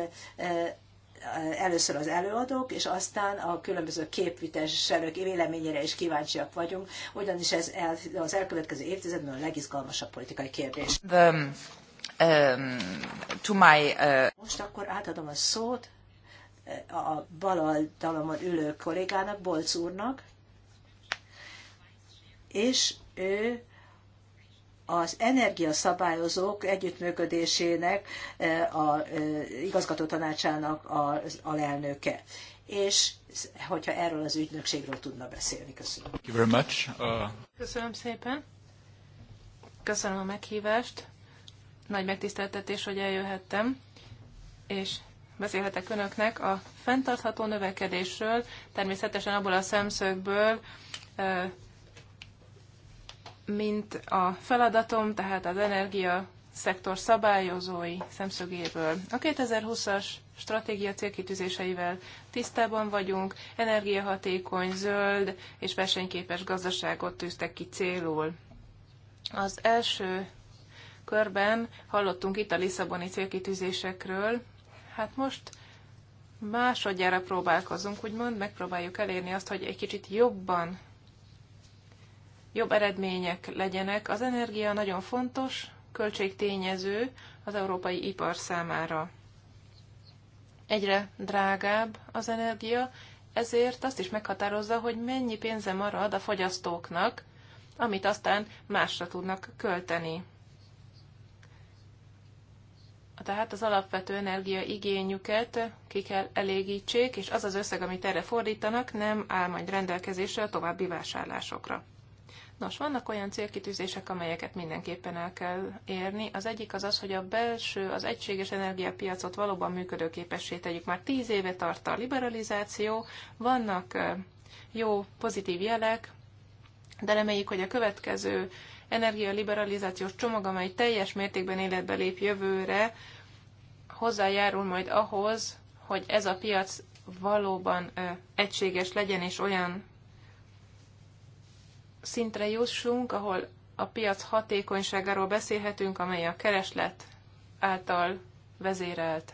először az előadók, és aztán a különböző képviselők véleményére is kíváncsiak vagyunk, ugyanis ez el, az elkövetkező évtizedben a legizgalmasabb politikai kérdés. The, um, um to my, uh... Most akkor átadom a szót uh, a baloldalomon ülő kollégának, Bolc úrnak, és ő az energiaszabályozók együttműködésének e, a e, igazgató tanácsának az alelnöke. És hogyha erről az ügynökségről tudna beszélni. Köszönöm. Thank you very much. Uh... Köszönöm szépen. Köszönöm a meghívást. Nagy megtiszteltetés, hogy eljöhettem. És beszélhetek önöknek a fenntartható növekedésről, természetesen abból a szemszögből, e, mint a feladatom, tehát az energia szektor szabályozói szemszögéből. A 2020-as stratégia célkitűzéseivel tisztában vagyunk, energiahatékony, zöld és versenyképes gazdaságot tűztek ki célul. Az első körben hallottunk itt a Lisszaboni célkitűzésekről, hát most másodjára próbálkozunk, úgymond megpróbáljuk elérni azt, hogy egy kicsit jobban jobb eredmények legyenek. Az energia nagyon fontos költségtényező az európai ipar számára. Egyre drágább az energia, ezért azt is meghatározza, hogy mennyi pénze marad a fogyasztóknak, amit aztán másra tudnak költeni. Tehát az alapvető igényüket ki kell elégítsék, és az az összeg, amit erre fordítanak, nem áll majd rendelkezésre a további vásárlásokra. Nos, vannak olyan célkitűzések, amelyeket mindenképpen el kell érni. Az egyik az az, hogy a belső, az egységes energiapiacot valóban működőképessé tegyük. Már tíz éve tart a liberalizáció, vannak jó, pozitív jelek, de reméljük, hogy a következő energialiberalizációs csomag, amely teljes mértékben életbe lép jövőre, hozzájárul majd ahhoz, hogy ez a piac valóban egységes legyen, és olyan szintre jussunk, ahol a piac hatékonyságáról beszélhetünk, amely a kereslet által vezérelt.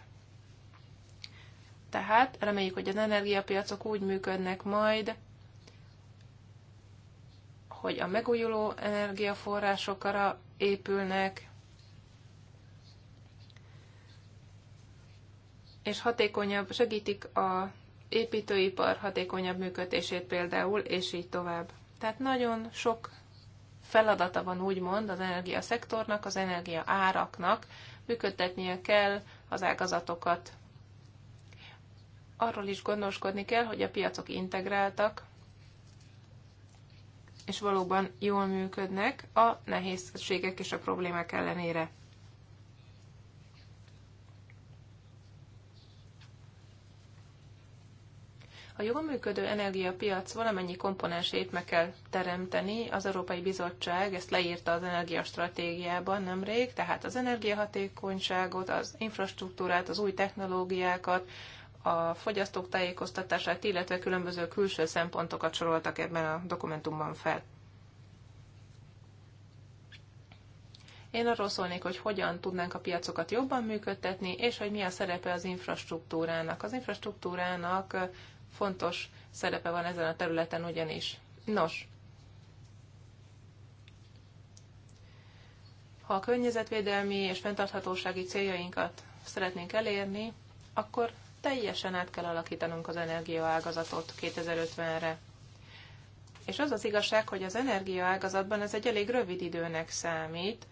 Tehát reméljük, hogy az energiapiacok úgy működnek majd, hogy a megújuló energiaforrásokra épülnek, és hatékonyabb, segítik a építőipar hatékonyabb működését például, és így tovább. Tehát nagyon sok feladata van úgymond az energiaszektornak, az energia áraknak, működtetnie kell az ágazatokat. Arról is gondoskodni kell, hogy a piacok integráltak, és valóban jól működnek a nehézségek és a problémák ellenére. A jól működő energiapiac valamennyi komponensét meg kell teremteni. Az Európai Bizottság ezt leírta az energiastratégiában nemrég, tehát az energiahatékonyságot, az infrastruktúrát, az új technológiákat, a fogyasztók tájékoztatását, illetve különböző külső szempontokat soroltak ebben a dokumentumban fel. Én arról szólnék, hogy hogyan tudnánk a piacokat jobban működtetni, és hogy mi a szerepe az infrastruktúrának. Az infrastruktúrának fontos szerepe van ezen a területen ugyanis. Nos, ha a környezetvédelmi és fenntarthatósági céljainkat szeretnénk elérni, akkor teljesen át kell alakítanunk az energiaágazatot 2050-re. És az az igazság, hogy az energiaágazatban ez egy elég rövid időnek számít.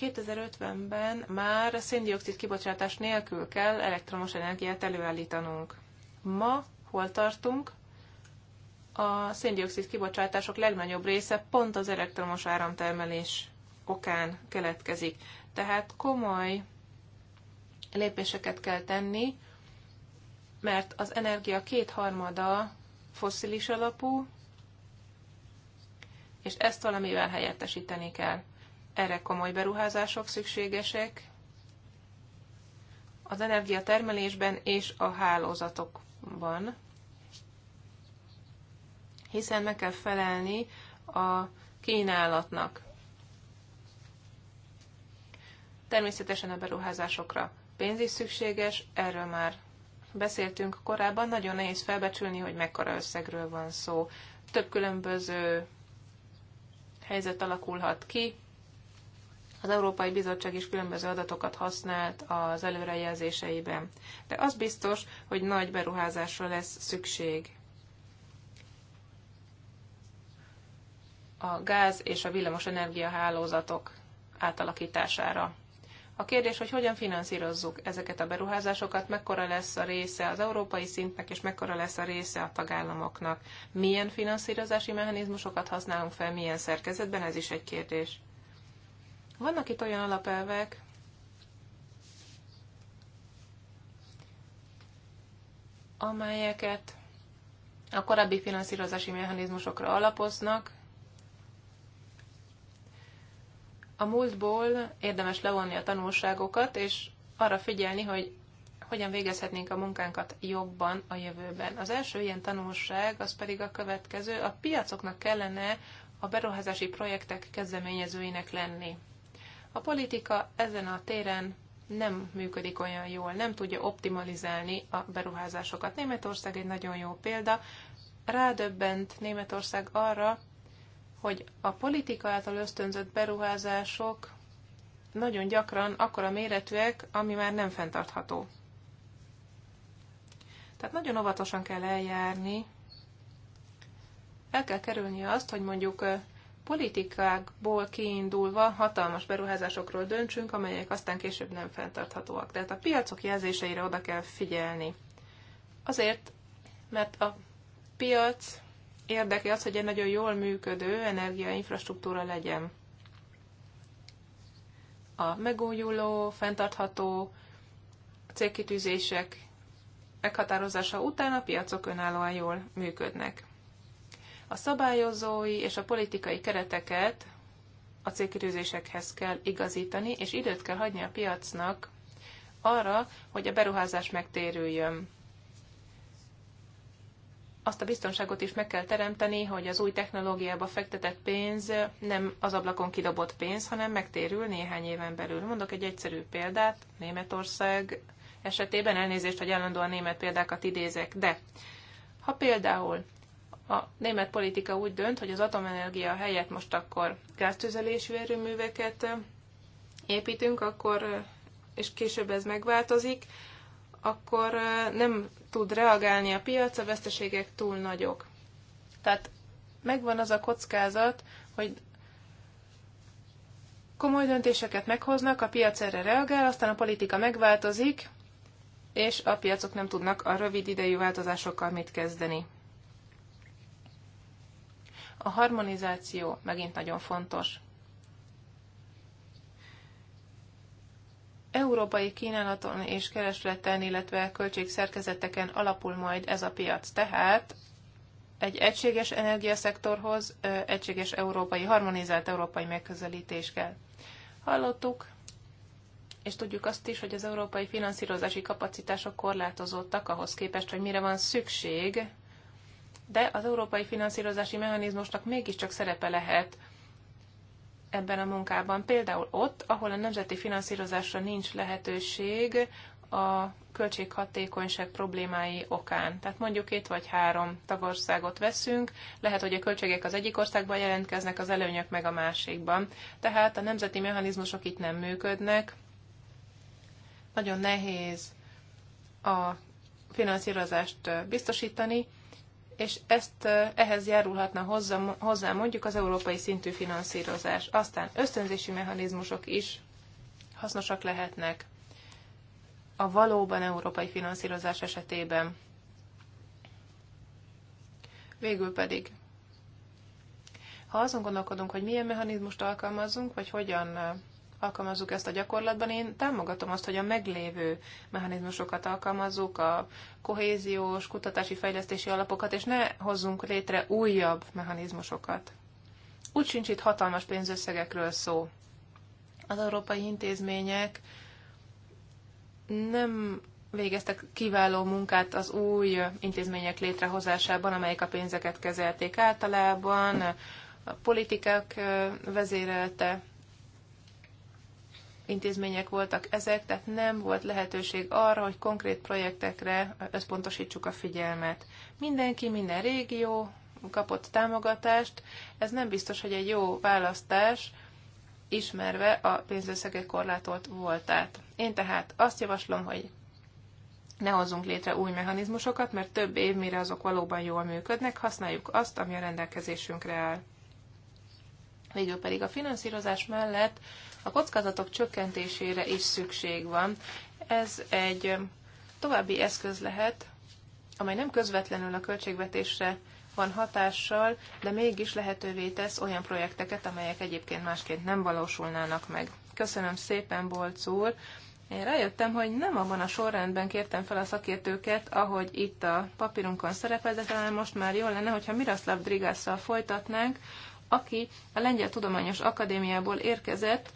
2050-ben már széndiokszid kibocsátás nélkül kell elektromos energiát előállítanunk ma hol tartunk, a széndiokszid kibocsátások legnagyobb része pont az elektromos áramtermelés okán keletkezik. Tehát komoly lépéseket kell tenni, mert az energia kétharmada fosszilis alapú, és ezt valamivel helyettesíteni kell. Erre komoly beruházások szükségesek az energiatermelésben és a hálózatok van, hiszen meg kell felelni a kínálatnak. Természetesen a beruházásokra pénz is szükséges, erről már beszéltünk korábban, nagyon nehéz felbecsülni, hogy mekkora összegről van szó. Több különböző helyzet alakulhat ki, az Európai Bizottság is különböző adatokat használt az előrejelzéseiben. De az biztos, hogy nagy beruházásra lesz szükség. a gáz és a villamos energiahálózatok átalakítására. A kérdés, hogy hogyan finanszírozzuk ezeket a beruházásokat, mekkora lesz a része az európai szintnek, és mekkora lesz a része a tagállamoknak. Milyen finanszírozási mechanizmusokat használunk fel, milyen szerkezetben, ez is egy kérdés. Vannak itt olyan alapelvek, amelyeket a korábbi finanszírozási mechanizmusokra alapoznak. A múltból érdemes levonni a tanulságokat, és arra figyelni, hogy hogyan végezhetnénk a munkánkat jobban a jövőben. Az első ilyen tanulság az pedig a következő, a piacoknak kellene a beruházási projektek kezdeményezőinek lenni. A politika ezen a téren nem működik olyan jól, nem tudja optimalizálni a beruházásokat. Németország egy nagyon jó példa. Rádöbbent Németország arra, hogy a politika által ösztönzött beruházások nagyon gyakran akkora méretűek, ami már nem fenntartható. Tehát nagyon óvatosan kell eljárni. El kell kerülni azt, hogy mondjuk politikákból kiindulva hatalmas beruházásokról döntsünk, amelyek aztán később nem fenntarthatóak. Tehát a piacok jelzéseire oda kell figyelni. Azért, mert a piac érdeke az, hogy egy nagyon jól működő energiainfrastruktúra legyen. A megújuló, fenntartható célkitűzések meghatározása után a piacok önállóan jól működnek. A szabályozói és a politikai kereteket a célkitűzésekhez kell igazítani, és időt kell hagyni a piacnak arra, hogy a beruházás megtérüljön. Azt a biztonságot is meg kell teremteni, hogy az új technológiába fektetett pénz nem az ablakon kidobott pénz, hanem megtérül néhány éven belül. Mondok egy egyszerű példát, Németország esetében elnézést, hogy állandóan német példákat idézek, de ha például a német politika úgy dönt, hogy az atomenergia helyett most akkor gáztüzelésű erőműveket építünk, akkor, és később ez megváltozik, akkor nem tud reagálni a piac, a veszteségek túl nagyok. Tehát megvan az a kockázat, hogy komoly döntéseket meghoznak, a piac erre reagál, aztán a politika megváltozik, és a piacok nem tudnak a rövid idejű változásokkal mit kezdeni. A harmonizáció megint nagyon fontos. Európai kínálaton és keresleten, illetve költségszerkezeteken alapul majd ez a piac. Tehát egy egységes energiaszektorhoz egységes európai, harmonizált európai megközelítés kell. Hallottuk, és tudjuk azt is, hogy az európai finanszírozási kapacitások korlátozottak ahhoz képest, hogy mire van szükség de az európai finanszírozási mechanizmusnak mégiscsak szerepe lehet ebben a munkában. Például ott, ahol a nemzeti finanszírozásra nincs lehetőség a költséghatékonyság problémái okán. Tehát mondjuk két vagy három tagországot veszünk, lehet, hogy a költségek az egyik országban jelentkeznek, az előnyök meg a másikban. Tehát a nemzeti mechanizmusok itt nem működnek. Nagyon nehéz a finanszírozást biztosítani, és ezt ehhez járulhatna hozzá, hozzá mondjuk az európai szintű finanszírozás. Aztán ösztönzési mechanizmusok is hasznosak lehetnek a valóban európai finanszírozás esetében. Végül pedig, ha azon gondolkodunk, hogy milyen mechanizmust alkalmazzunk, vagy hogyan alkalmazzuk ezt a gyakorlatban. Én támogatom azt, hogy a meglévő mechanizmusokat alkalmazzuk, a kohéziós, kutatási, fejlesztési alapokat, és ne hozzunk létre újabb mechanizmusokat. Úgy sincs itt hatalmas pénzösszegekről szó. Az európai intézmények nem végeztek kiváló munkát az új intézmények létrehozásában, amelyek a pénzeket kezelték általában, a politikák vezérelte intézmények voltak ezek, tehát nem volt lehetőség arra, hogy konkrét projektekre összpontosítsuk a figyelmet. Mindenki, minden régió kapott támogatást, ez nem biztos, hogy egy jó választás, ismerve a pénzösszegek korlátolt voltát. Én tehát azt javaslom, hogy ne hozzunk létre új mechanizmusokat, mert több év, mire azok valóban jól működnek, használjuk azt, ami a rendelkezésünkre áll. Végül pedig a finanszírozás mellett a kockázatok csökkentésére is szükség van. Ez egy további eszköz lehet, amely nem közvetlenül a költségvetésre van hatással, de mégis lehetővé tesz olyan projekteket, amelyek egyébként másként nem valósulnának meg. Köszönöm szépen, Bolc úr! Én rájöttem, hogy nem abban a sorrendben kértem fel a szakértőket, ahogy itt a papírunkon szerepel, de talán most már jól lenne, hogyha Miroslav Drigásszal folytatnánk, aki a Lengyel Tudományos Akadémiából érkezett,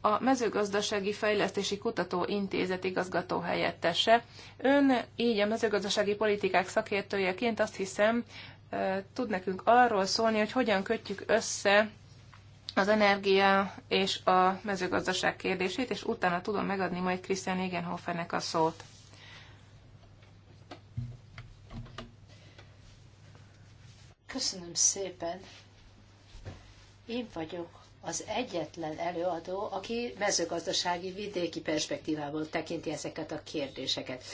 a mezőgazdasági fejlesztési kutató intézet igazgató helyettese. Ön így a mezőgazdasági politikák szakértőjeként azt hiszem tud nekünk arról szólni, hogy hogyan kötjük össze az energia és a mezőgazdaság kérdését, és utána tudom megadni majd Christian Egenhofernek a szót. Köszönöm szépen. Én vagyok az egyetlen előadó, aki mezőgazdasági vidéki perspektívából tekinti ezeket a kérdéseket.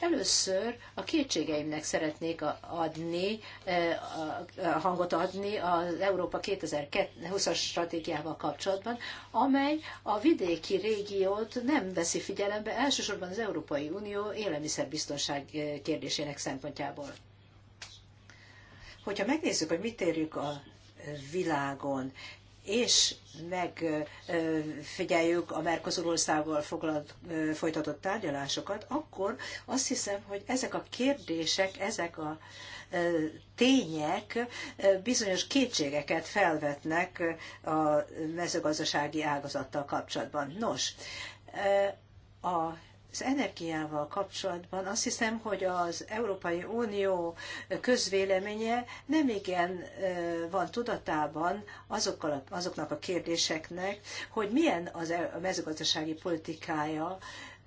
Először a kétségeimnek szeretnék adni, e, hangot adni az Európa 2020-as stratégiával kapcsolatban, amely a vidéki régiót nem veszi figyelembe, elsősorban az Európai Unió élelmiszerbiztonság e, kérdésének szempontjából. Hogyha megnézzük, hogy mit érjük a világon, és megfigyeljük a Merkozor országgal foglalt, folytatott tárgyalásokat, akkor azt hiszem, hogy ezek a kérdések, ezek a tények bizonyos kétségeket felvetnek a mezőgazdasági ágazattal kapcsolatban. Nos, a az energiával kapcsolatban azt hiszem, hogy az Európai Unió közvéleménye nem igen van tudatában azokkal, azoknak a kérdéseknek, hogy milyen az e- a mezőgazdasági politikája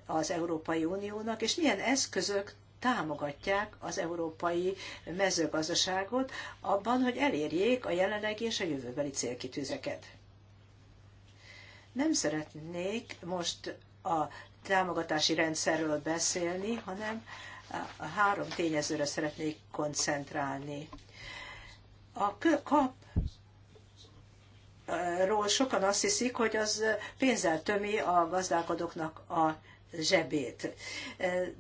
az Európai Uniónak, és milyen eszközök támogatják az európai mezőgazdaságot abban, hogy elérjék a jelenlegi és a jövőbeli célkitűzeket. Nem szeretnék most a támogatási rendszerről beszélni, hanem a három tényezőre szeretnék koncentrálni. A kap ról sokan azt hiszik, hogy az pénzzel tömi a gazdálkodóknak a zsebét.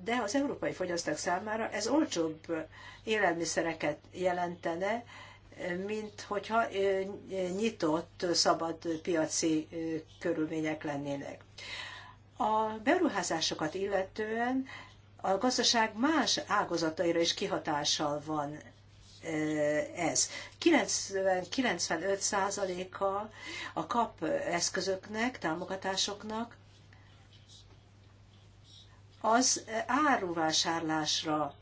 De az európai fogyasztók számára ez olcsóbb élelmiszereket jelentene, mint hogyha nyitott, szabad piaci körülmények lennének. A beruházásokat illetően a gazdaság más ágazataira is kihatással van ez. 90-95%-a a kap eszközöknek, támogatásoknak az áruvásárlásra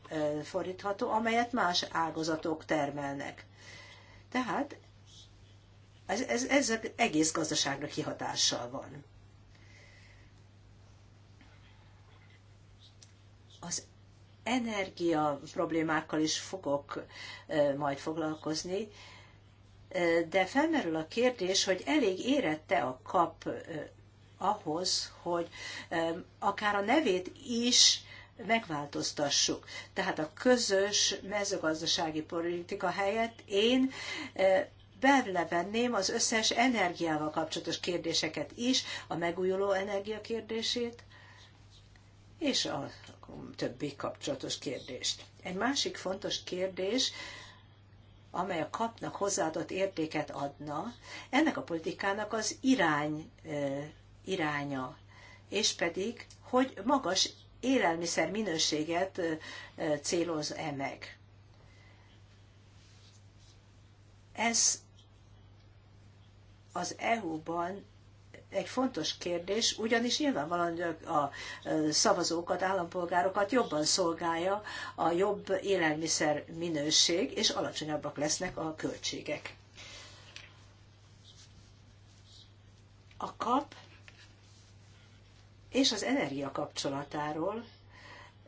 fordítható, amelyet más ágazatok termelnek. Tehát ez, ez, ez egész gazdaságra kihatással van. Az energia problémákkal is fogok majd foglalkozni, de felmerül a kérdés, hogy elég érette a kap ahhoz, hogy akár a nevét is megváltoztassuk. Tehát a közös mezőgazdasági politika helyett én belevenném az összes energiával kapcsolatos kérdéseket is, a megújuló energia kérdését, és a, többi kapcsolatos kérdést. Egy másik fontos kérdés, amely a kapnak hozzáadott értéket adna, ennek a politikának az irány, iránya, és pedig, hogy magas élelmiszer minőséget céloz-e meg. Ez az EU-ban egy fontos kérdés, ugyanis nyilvánvalóan a szavazókat, állampolgárokat jobban szolgálja a jobb élelmiszer minőség, és alacsonyabbak lesznek a költségek. A kap és az energia kapcsolatáról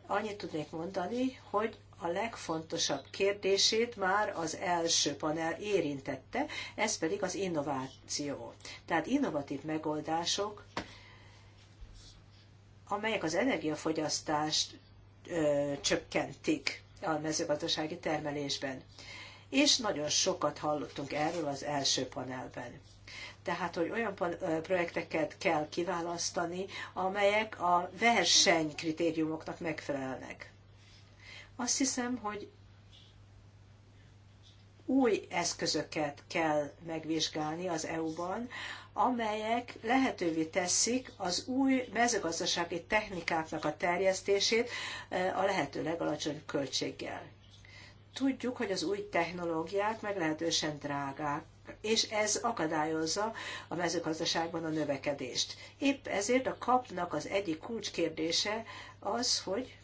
annyit tudnék mondani, hogy a legfontosabb kérdését már az első panel érintette, ez pedig az innováció. Tehát innovatív megoldások, amelyek az energiafogyasztást ö, csökkentik a mezőgazdasági termelésben. És nagyon sokat hallottunk erről az első panelben. Tehát, hogy olyan projekteket kell kiválasztani, amelyek a versenykritériumoknak megfelelnek. Azt hiszem, hogy új eszközöket kell megvizsgálni az EU-ban, amelyek lehetővé teszik az új mezőgazdasági technikáknak a terjesztését e, a lehető legalacsony költséggel. Tudjuk, hogy az új technológiák meglehetősen drágák, és ez akadályozza a mezőgazdaságban a növekedést. Épp ezért a kapnak az egyik kulcskérdése az, hogy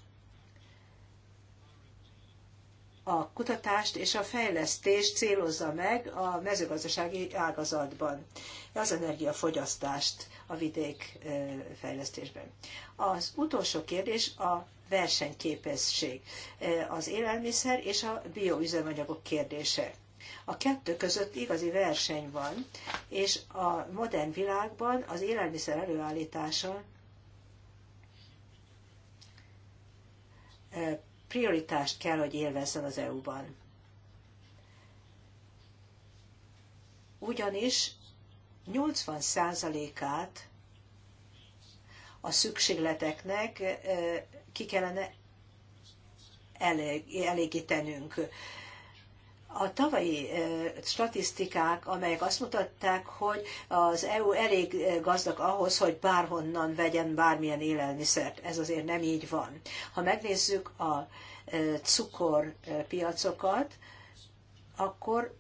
a kutatást és a fejlesztést célozza meg a mezőgazdasági ágazatban, az energiafogyasztást a vidék fejlesztésben. Az utolsó kérdés a versenyképesség, az élelmiszer és a bioüzemanyagok kérdése. A kettő között igazi verseny van, és a modern világban az élelmiszer előállítása prioritást kell, hogy élvezzen az EU-ban. Ugyanis 80%-át a szükségleteknek eh, ki kellene elég, elégítenünk a tavalyi statisztikák, amelyek azt mutatták, hogy az EU elég gazdag ahhoz, hogy bárhonnan vegyen bármilyen élelmiszert. Ez azért nem így van. Ha megnézzük a cukorpiacokat, akkor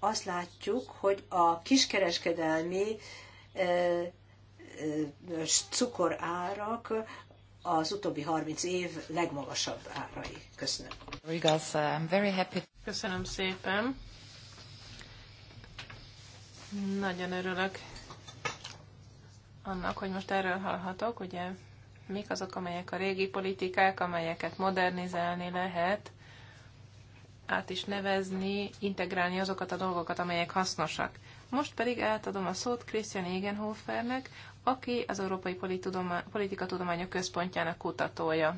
azt látjuk, hogy a kiskereskedelmi cukorárak az utóbbi 30 év legmagasabb árai. Köszönöm. Uh, Köszönöm szépen. Nagyon örülök annak, hogy most erről hallhatok, ugye mik azok, amelyek a régi politikák, amelyeket modernizálni lehet, át is nevezni, integrálni azokat a dolgokat, amelyek hasznosak. Most pedig átadom a szót Christian Egenhofernek, aki az Európai Tudományok Központjának kutatója.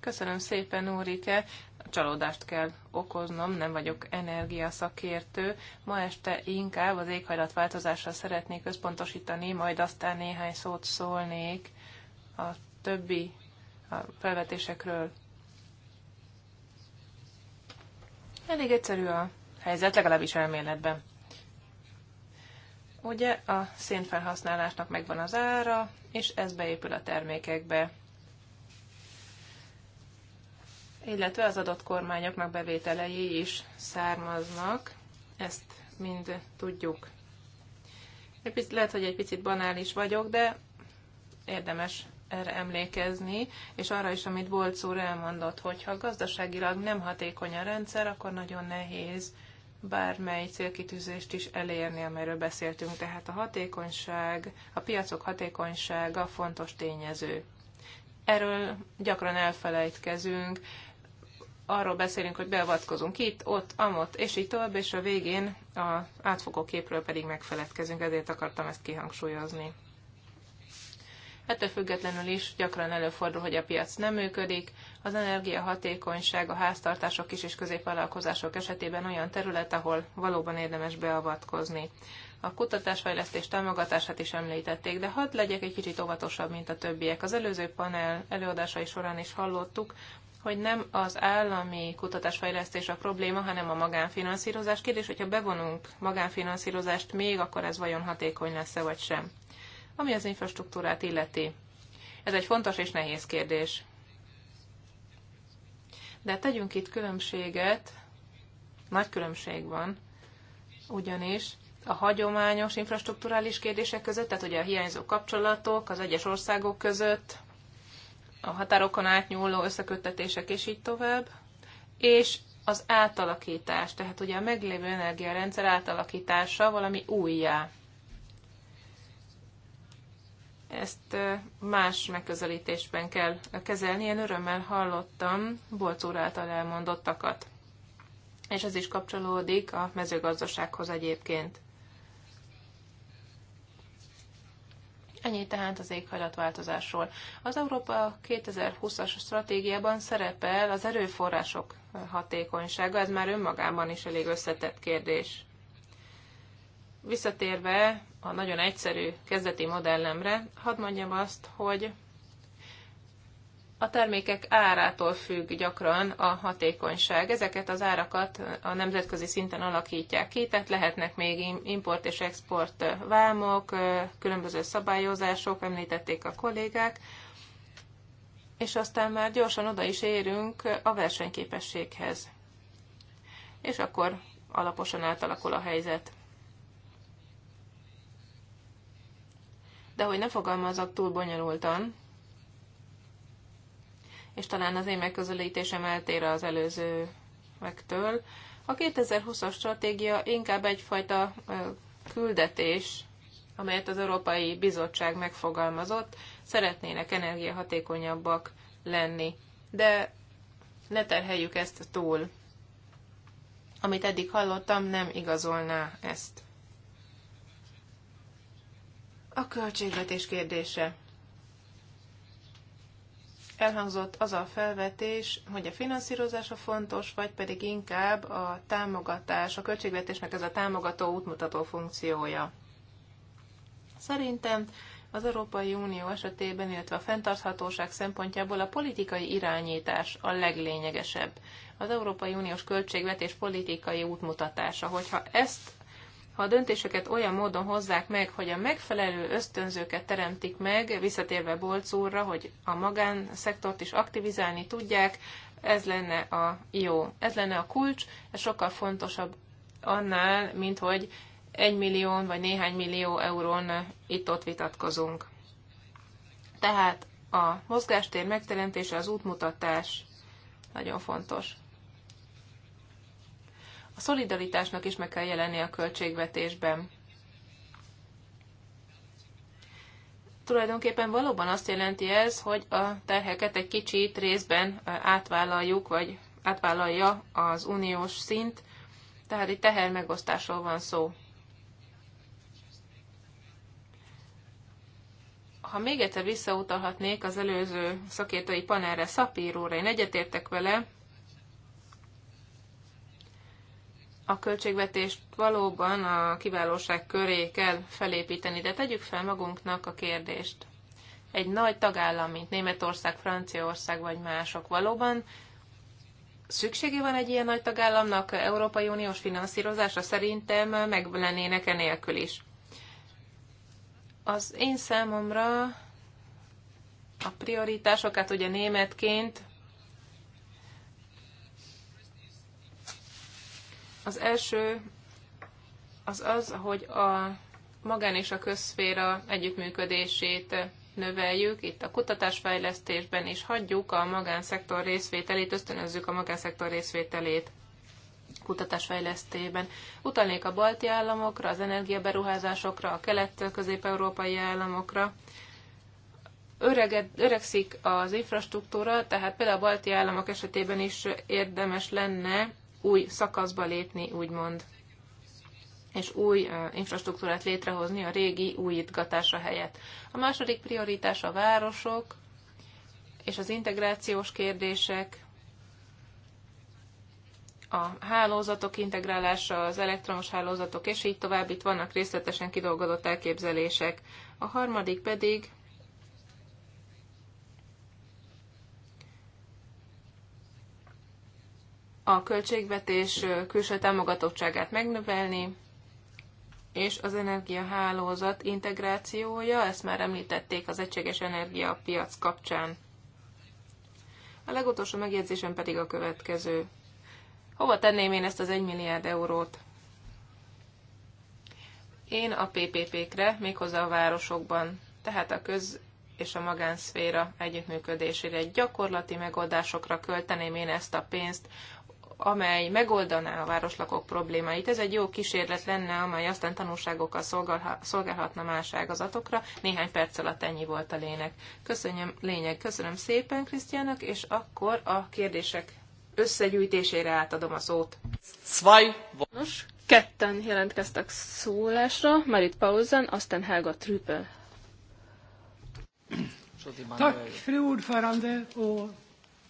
Köszönöm szépen, Úrike. Csalódást kell okoznom, nem vagyok energiaszakértő. Ma este inkább az éghajlatváltozásra szeretnék összpontosítani, majd aztán néhány szót szólnék a többi a felvetésekről. Elég egyszerű a helyzet, legalábbis elméletben. Ugye a szénfelhasználásnak megvan az ára, és ez beépül a termékekbe. Illetve az adott kormányoknak bevételei is származnak, ezt mind tudjuk. lehet, hogy egy picit banális vagyok, de érdemes erre emlékezni, és arra is, amit volt úr elmondott, hogy ha gazdaságilag nem hatékony a rendszer, akkor nagyon nehéz bármely célkitűzést is elérni, amelyről beszéltünk. Tehát a hatékonyság, a piacok hatékonysága fontos tényező. Erről gyakran elfelejtkezünk, arról beszélünk, hogy beavatkozunk itt, ott, amott, és így tovább, és a végén az átfogó képről pedig megfeledkezünk, ezért akartam ezt kihangsúlyozni. Ettől függetlenül is gyakran előfordul, hogy a piac nem működik. Az energiahatékonyság a háztartások kis és középvállalkozások esetében olyan terület, ahol valóban érdemes beavatkozni. A kutatásfejlesztés támogatását is említették, de hadd legyek egy kicsit óvatosabb, mint a többiek. Az előző panel előadásai során is hallottuk, hogy nem az állami kutatásfejlesztés a probléma, hanem a magánfinanszírozás. Kérdés, hogyha bevonunk magánfinanszírozást még, akkor ez vajon hatékony lesz-e vagy sem ami az infrastruktúrát illeti. Ez egy fontos és nehéz kérdés. De tegyünk itt különbséget, nagy különbség van, ugyanis a hagyományos infrastruktúrális kérdések között, tehát ugye a hiányzó kapcsolatok az egyes országok között, a határokon átnyúló összeköttetések és így tovább, és az átalakítás, tehát ugye a meglévő energiarendszer átalakítása valami újjá ezt más megközelítésben kell kezelni. Én örömmel hallottam Bolc úr által elmondottakat. És ez is kapcsolódik a mezőgazdasághoz egyébként. Ennyi tehát az éghajlatváltozásról. Az Európa 2020-as stratégiában szerepel az erőforrások hatékonysága, ez már önmagában is elég összetett kérdés. Visszatérve a nagyon egyszerű kezdeti modellemre, hadd mondjam azt, hogy a termékek árától függ gyakran a hatékonyság. Ezeket az árakat a nemzetközi szinten alakítják ki, tehát lehetnek még import és export vámok, különböző szabályozások, említették a kollégák, és aztán már gyorsan oda is érünk a versenyképességhez. És akkor alaposan átalakul a helyzet. de hogy ne fogalmazok túl bonyolultan, és talán az én megközelítésem eltér az előzőektől, a 2020-as stratégia inkább egyfajta küldetés, amelyet az Európai Bizottság megfogalmazott, szeretnének energiahatékonyabbak lenni. De ne terheljük ezt túl. Amit eddig hallottam, nem igazolná ezt. A költségvetés kérdése. Elhangzott az a felvetés, hogy a finanszírozása fontos, vagy pedig inkább a támogatás, a költségvetésnek ez a támogató útmutató funkciója. Szerintem az Európai Unió esetében, illetve a fenntarthatóság szempontjából a politikai irányítás a leglényegesebb. Az Európai Uniós költségvetés politikai útmutatása. Hogyha ezt ha a döntéseket olyan módon hozzák meg, hogy a megfelelő ösztönzőket teremtik meg, visszatérve Bolc úrra, hogy a magánszektort is aktivizálni tudják, ez lenne a jó, ez lenne a kulcs, ez sokkal fontosabb annál, mint hogy egy millión vagy néhány millió eurón itt-ott vitatkozunk. Tehát a mozgástér megteremtése, az útmutatás nagyon fontos. A szolidaritásnak is meg kell jelenni a költségvetésben. Tulajdonképpen valóban azt jelenti ez, hogy a terheket egy kicsit részben átvállaljuk, vagy átvállalja az uniós szint, tehát itt teher megosztásról van szó. ha még egyszer visszautalhatnék az előző szakértői panelre, Szapíróra, én egyetértek vele, a költségvetést valóban a kiválóság köré kell felépíteni, de tegyük fel magunknak a kérdést. Egy nagy tagállam, mint Németország, Franciaország vagy mások valóban szüksége van egy ilyen nagy tagállamnak Európai Uniós finanszírozása? Szerintem meg lennének enélkül is. Az én számomra a prioritásokat hát ugye németként Az első az az, hogy a magán és a közszféra együttműködését növeljük itt a kutatásfejlesztésben, és hagyjuk a magánszektor részvételét, ösztönözzük a magánszektor részvételét kutatásfejlesztében. Utalnék a balti államokra, az energiaberuházásokra, a kelet-közép-európai államokra. Öreged, öregszik az infrastruktúra, tehát például a balti államok esetében is érdemes lenne új szakaszba lépni, úgymond, és új infrastruktúrát létrehozni a régi újítgatása helyett. A második prioritás a városok és az integrációs kérdések, a hálózatok integrálása, az elektromos hálózatok, és így tovább itt vannak részletesen kidolgozott elképzelések. A harmadik pedig a költségvetés külső támogatottságát megnövelni, és az energiahálózat integrációja, ezt már említették az egységes energiapiac kapcsán. A legutolsó megjegyzésem pedig a következő. Hova tenném én ezt az 1 milliárd eurót? Én a PPP-kre, méghozzá a városokban, tehát a köz és a magánszféra együttműködésére, gyakorlati megoldásokra költeném én ezt a pénzt, amely megoldaná a városlakók problémáit. Ez egy jó kísérlet lenne, amely aztán tanulságokkal szolgálhatna más ágazatokra. Néhány perc alatt ennyi volt a lényeg. Köszönöm, lényeg. Köszönöm szépen Krisztiának, és akkor a kérdések összegyűjtésére átadom a szót. Zwei. Nos, ketten jelentkeztek szólásra, Marit Pausen, aztán Helga Trüppel. Tack, fru ordförande, och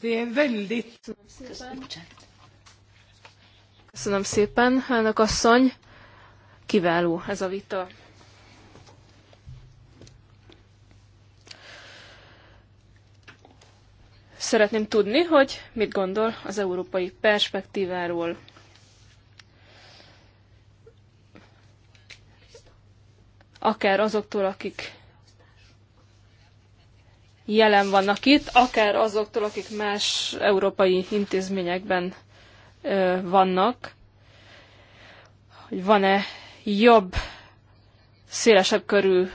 det är väldigt... Köszönöm szépen. Köszönöm szépen, elnök asszony. Kiváló ez a vita. Szeretném tudni, hogy mit gondol az európai perspektíváról. Akár azoktól, akik jelen vannak itt, akár azoktól, akik más európai intézményekben vannak, hogy van-e jobb, szélesebb körű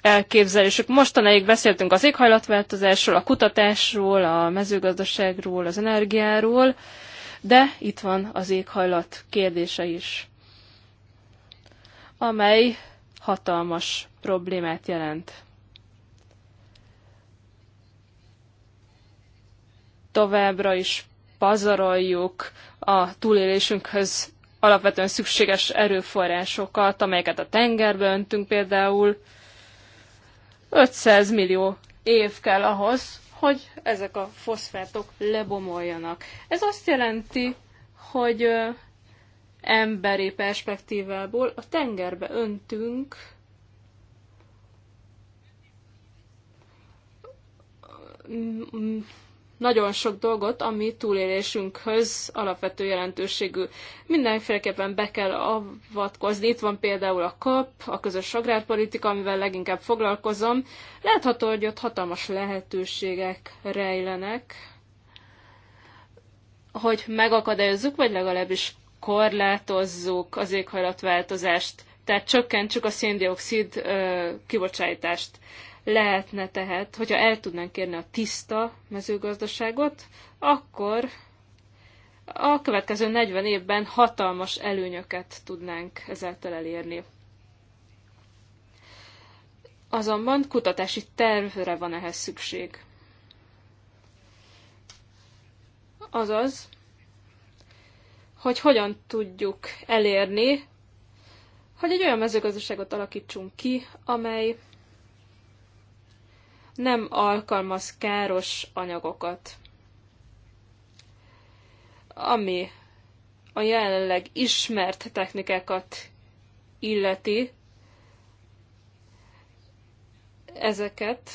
elképzelésük. Mostanáig beszéltünk az éghajlatváltozásról, a kutatásról, a mezőgazdaságról, az energiáról, de itt van az éghajlat kérdése is, amely hatalmas problémát jelent. Továbbra is pazaroljuk a túlélésünkhöz alapvetően szükséges erőforrásokat, amelyeket a tengerbe öntünk például. 500 millió év kell ahhoz, hogy ezek a foszfátok lebomoljanak. Ez azt jelenti, hogy emberi perspektívából a tengerbe öntünk nagyon sok dolgot, ami túlélésünkhöz alapvető jelentőségű. Mindenféleképpen be kell avatkozni. Itt van például a KAP, a közös agrárpolitika, amivel leginkább foglalkozom. Látható, hogy ott hatalmas lehetőségek rejlenek, hogy megakadályozzuk, vagy legalábbis korlátozzuk az éghajlatváltozást, tehát csökkentsük a széndiokszid kibocsátást. Lehetne tehát, hogyha el tudnánk kérni a tiszta mezőgazdaságot, akkor a következő 40 évben hatalmas előnyöket tudnánk ezáltal elérni. Azonban kutatási tervre van ehhez szükség. Azaz, hogy hogyan tudjuk elérni, hogy egy olyan mezőgazdaságot alakítsunk ki, amely nem alkalmaz káros anyagokat. Ami a jelenleg ismert technikákat illeti, ezeket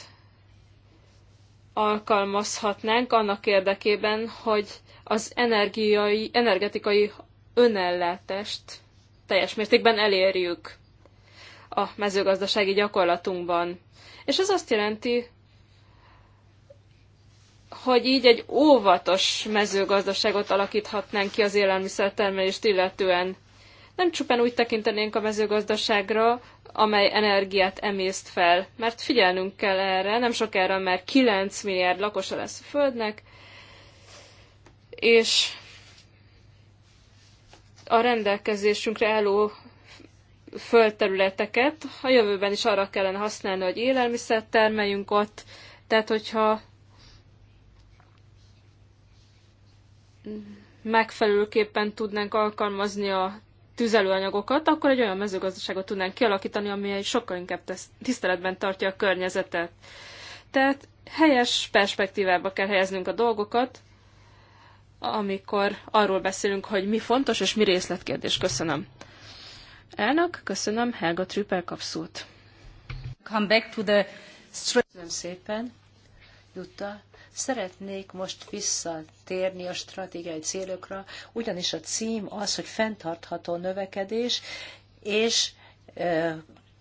alkalmazhatnánk annak érdekében, hogy az energiai, energetikai önellátást teljes mértékben elérjük a mezőgazdasági gyakorlatunkban. És ez azt jelenti, hogy így egy óvatos mezőgazdaságot alakíthatnánk ki az élelmiszertermelést illetően. Nem csupán úgy tekintenénk a mezőgazdaságra, amely energiát emészt fel, mert figyelnünk kell erre, nem sokára már 9 milliárd lakosa lesz a Földnek, és a rendelkezésünkre álló földterületeket a jövőben is arra kellene használni, hogy élelmiszert termeljünk ott. Tehát, hogyha megfelelőképpen tudnánk alkalmazni a tüzelőanyagokat, akkor egy olyan mezőgazdaságot tudnánk kialakítani, ami sokkal inkább tiszteletben tartja a környezetet. Tehát helyes perspektívába kell helyeznünk a dolgokat, amikor arról beszélünk, hogy mi fontos és mi részletkérdés. Köszönöm. Elnök, köszönöm, Helga Trüppel kapszót. Come back to the... Köszönöm szépen, Jutta. Szeretnék most visszatérni a stratégiai célokra, ugyanis a cím az, hogy fenntartható növekedés, és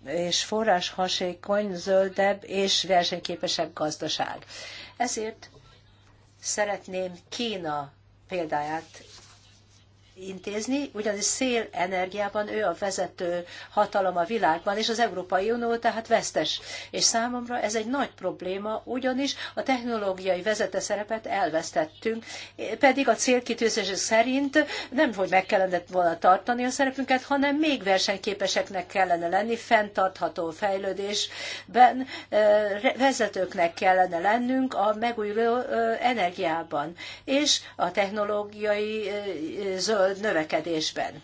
és forráshasékony, zöldebb és versenyképesebb gazdaság. Ezért szeretném Kína példáját intézni, ugyanis energiában ő a vezető hatalom a világban, és az Európai Unió tehát vesztes. És számomra ez egy nagy probléma, ugyanis a technológiai vezető szerepet elvesztettünk, pedig a célkitűzés szerint nem, hogy meg kellene volna tartani a szerepünket, hanem még versenyképeseknek kellene lenni, fenntartható fejlődésben vezetőknek kellene lennünk a megújuló energiában. És a technológiai zöld növekedésben.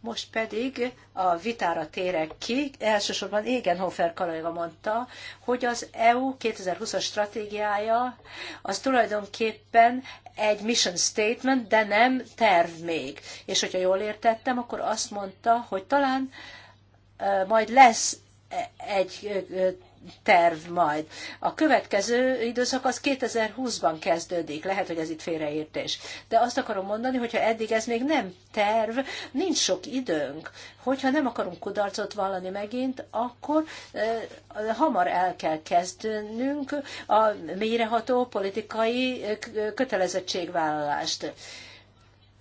Most pedig a vitára térek ki. Elsősorban Égenhofer kollega mondta, hogy az EU 2020-as stratégiája az tulajdonképpen egy mission statement, de nem terv még. És hogyha jól értettem, akkor azt mondta, hogy talán majd lesz e- egy terv majd. A következő időszak az 2020-ban kezdődik, lehet, hogy ez itt félreértés. De azt akarom mondani, hogyha eddig ez még nem terv, nincs sok időnk. Hogyha nem akarunk kudarcot vallani megint, akkor eh, hamar el kell kezdenünk a mélyreható politikai kötelezettségvállalást.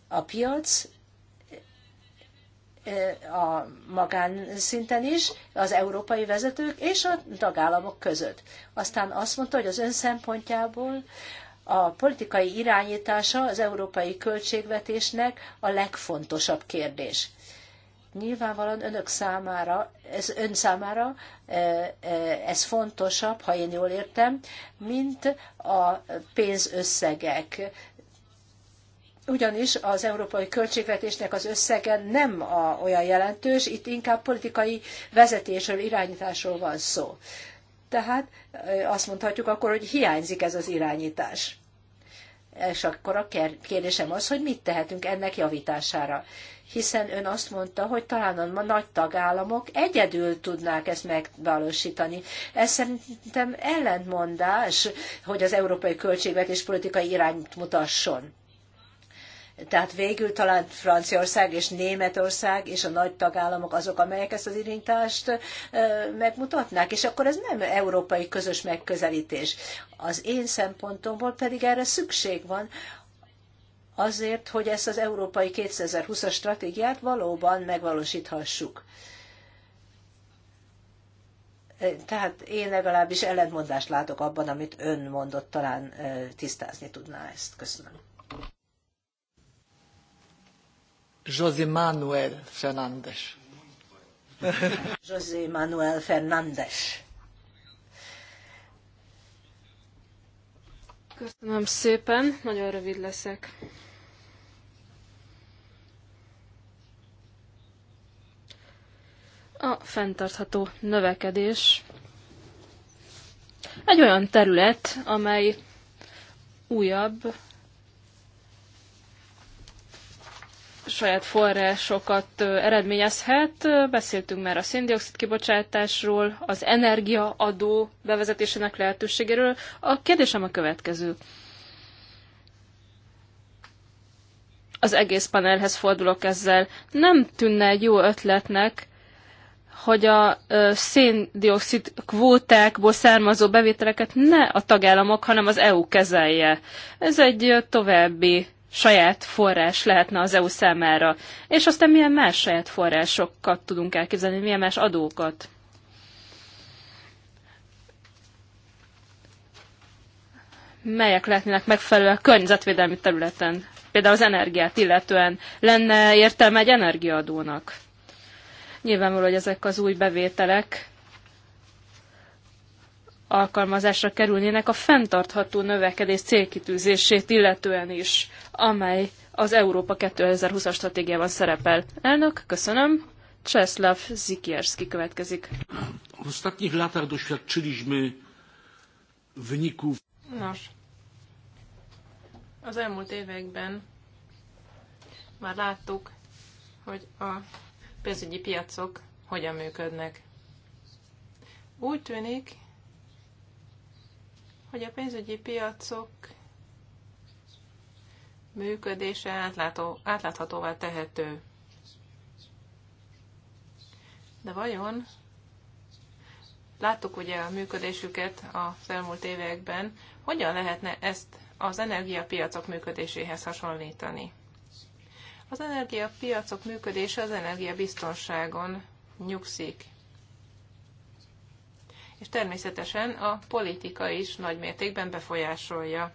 A piac a magánszinten is, az európai vezetők és a tagállamok között. Aztán azt mondta, hogy az ön szempontjából a politikai irányítása az európai költségvetésnek a legfontosabb kérdés. Nyilvánvalóan önök számára, ez ön számára e, e, ez fontosabb, ha én jól értem, mint a pénzösszegek ugyanis az európai költségvetésnek az összege nem a, olyan jelentős, itt inkább politikai vezetésről, irányításról van szó. Tehát azt mondhatjuk akkor, hogy hiányzik ez az irányítás. És akkor a kérdésem az, hogy mit tehetünk ennek javítására. Hiszen ön azt mondta, hogy talán a nagy tagállamok egyedül tudnák ezt megvalósítani. Ez szerintem ellentmondás, hogy az európai költségvetés politikai irányt mutasson. Tehát végül talán Franciaország és Németország és a nagy tagállamok azok, amelyek ezt az irintást megmutatnák, és akkor ez nem európai közös megközelítés. Az én szempontomból pedig erre szükség van, azért, hogy ezt az európai 2020-as stratégiát valóban megvalósíthassuk. Tehát én legalábbis ellentmondást látok abban, amit ön mondott, talán tisztázni tudná ezt. Köszönöm. José Manuel Fernández. José Manuel Fernández. Köszönöm szépen, nagyon rövid leszek. A fenntartható növekedés egy olyan terület, amely újabb saját forrásokat eredményezhet. Beszéltünk már a széndiokszid kibocsátásról, az energiaadó bevezetésének lehetőségéről. A kérdésem a következő. Az egész panelhez fordulok ezzel. Nem tűnne egy jó ötletnek, hogy a széndiokszid kvótákból származó bevételeket ne a tagállamok, hanem az EU kezelje. Ez egy további saját forrás lehetne az EU számára, és aztán milyen más saját forrásokat tudunk elképzelni, milyen más adókat. melyek lehetnének megfelelő a környezetvédelmi területen, például az energiát illetően lenne értelme egy energiaadónak. Nyilvánvaló, hogy ezek az új bevételek alkalmazásra kerülnének a fenntartható növekedés célkitűzését illetően is, amely az Európa 2020-as stratégiában szerepel. Elnök, köszönöm. Czeslaw Zikierski következik. Nos. Az elmúlt években már láttuk, hogy a pénzügyi piacok hogyan működnek. Úgy tűnik, hogy a pénzügyi piacok működése átlátó, átláthatóvá tehető. De vajon láttuk ugye a működésüket az elmúlt években, hogyan lehetne ezt az energiapiacok működéséhez hasonlítani? Az energiapiacok működése az energiabiztonságon nyugszik és természetesen a politika is nagy mértékben befolyásolja.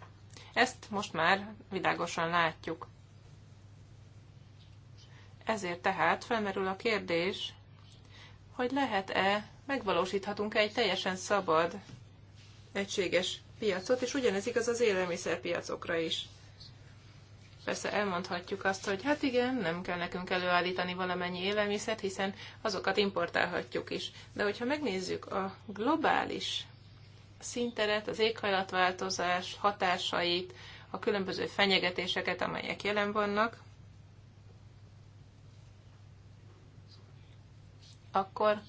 Ezt most már világosan látjuk. Ezért tehát felmerül a kérdés, hogy lehet-e, megvalósíthatunk-e egy teljesen szabad, egységes piacot, és ugyanez igaz az élelmiszerpiacokra is persze elmondhatjuk azt, hogy hát igen, nem kell nekünk előállítani valamennyi élelmiszert, hiszen azokat importálhatjuk is. De hogyha megnézzük a globális szinteret, az éghajlatváltozás hatásait, a különböző fenyegetéseket, amelyek jelen vannak, akkor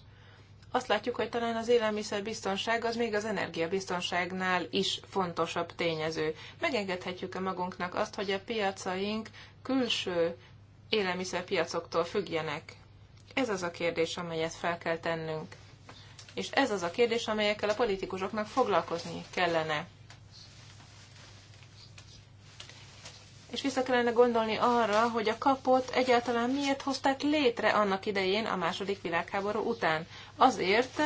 azt látjuk, hogy talán az élelmiszerbiztonság az még az energiabiztonságnál is fontosabb tényező. Megengedhetjük-e magunknak azt, hogy a piacaink külső élelmiszerpiacoktól függjenek? Ez az a kérdés, amelyet fel kell tennünk. És ez az a kérdés, amelyekkel a politikusoknak foglalkozni kellene. és vissza kellene gondolni arra, hogy a kapot egyáltalán miért hozták létre annak idején a második világháború után. Azért,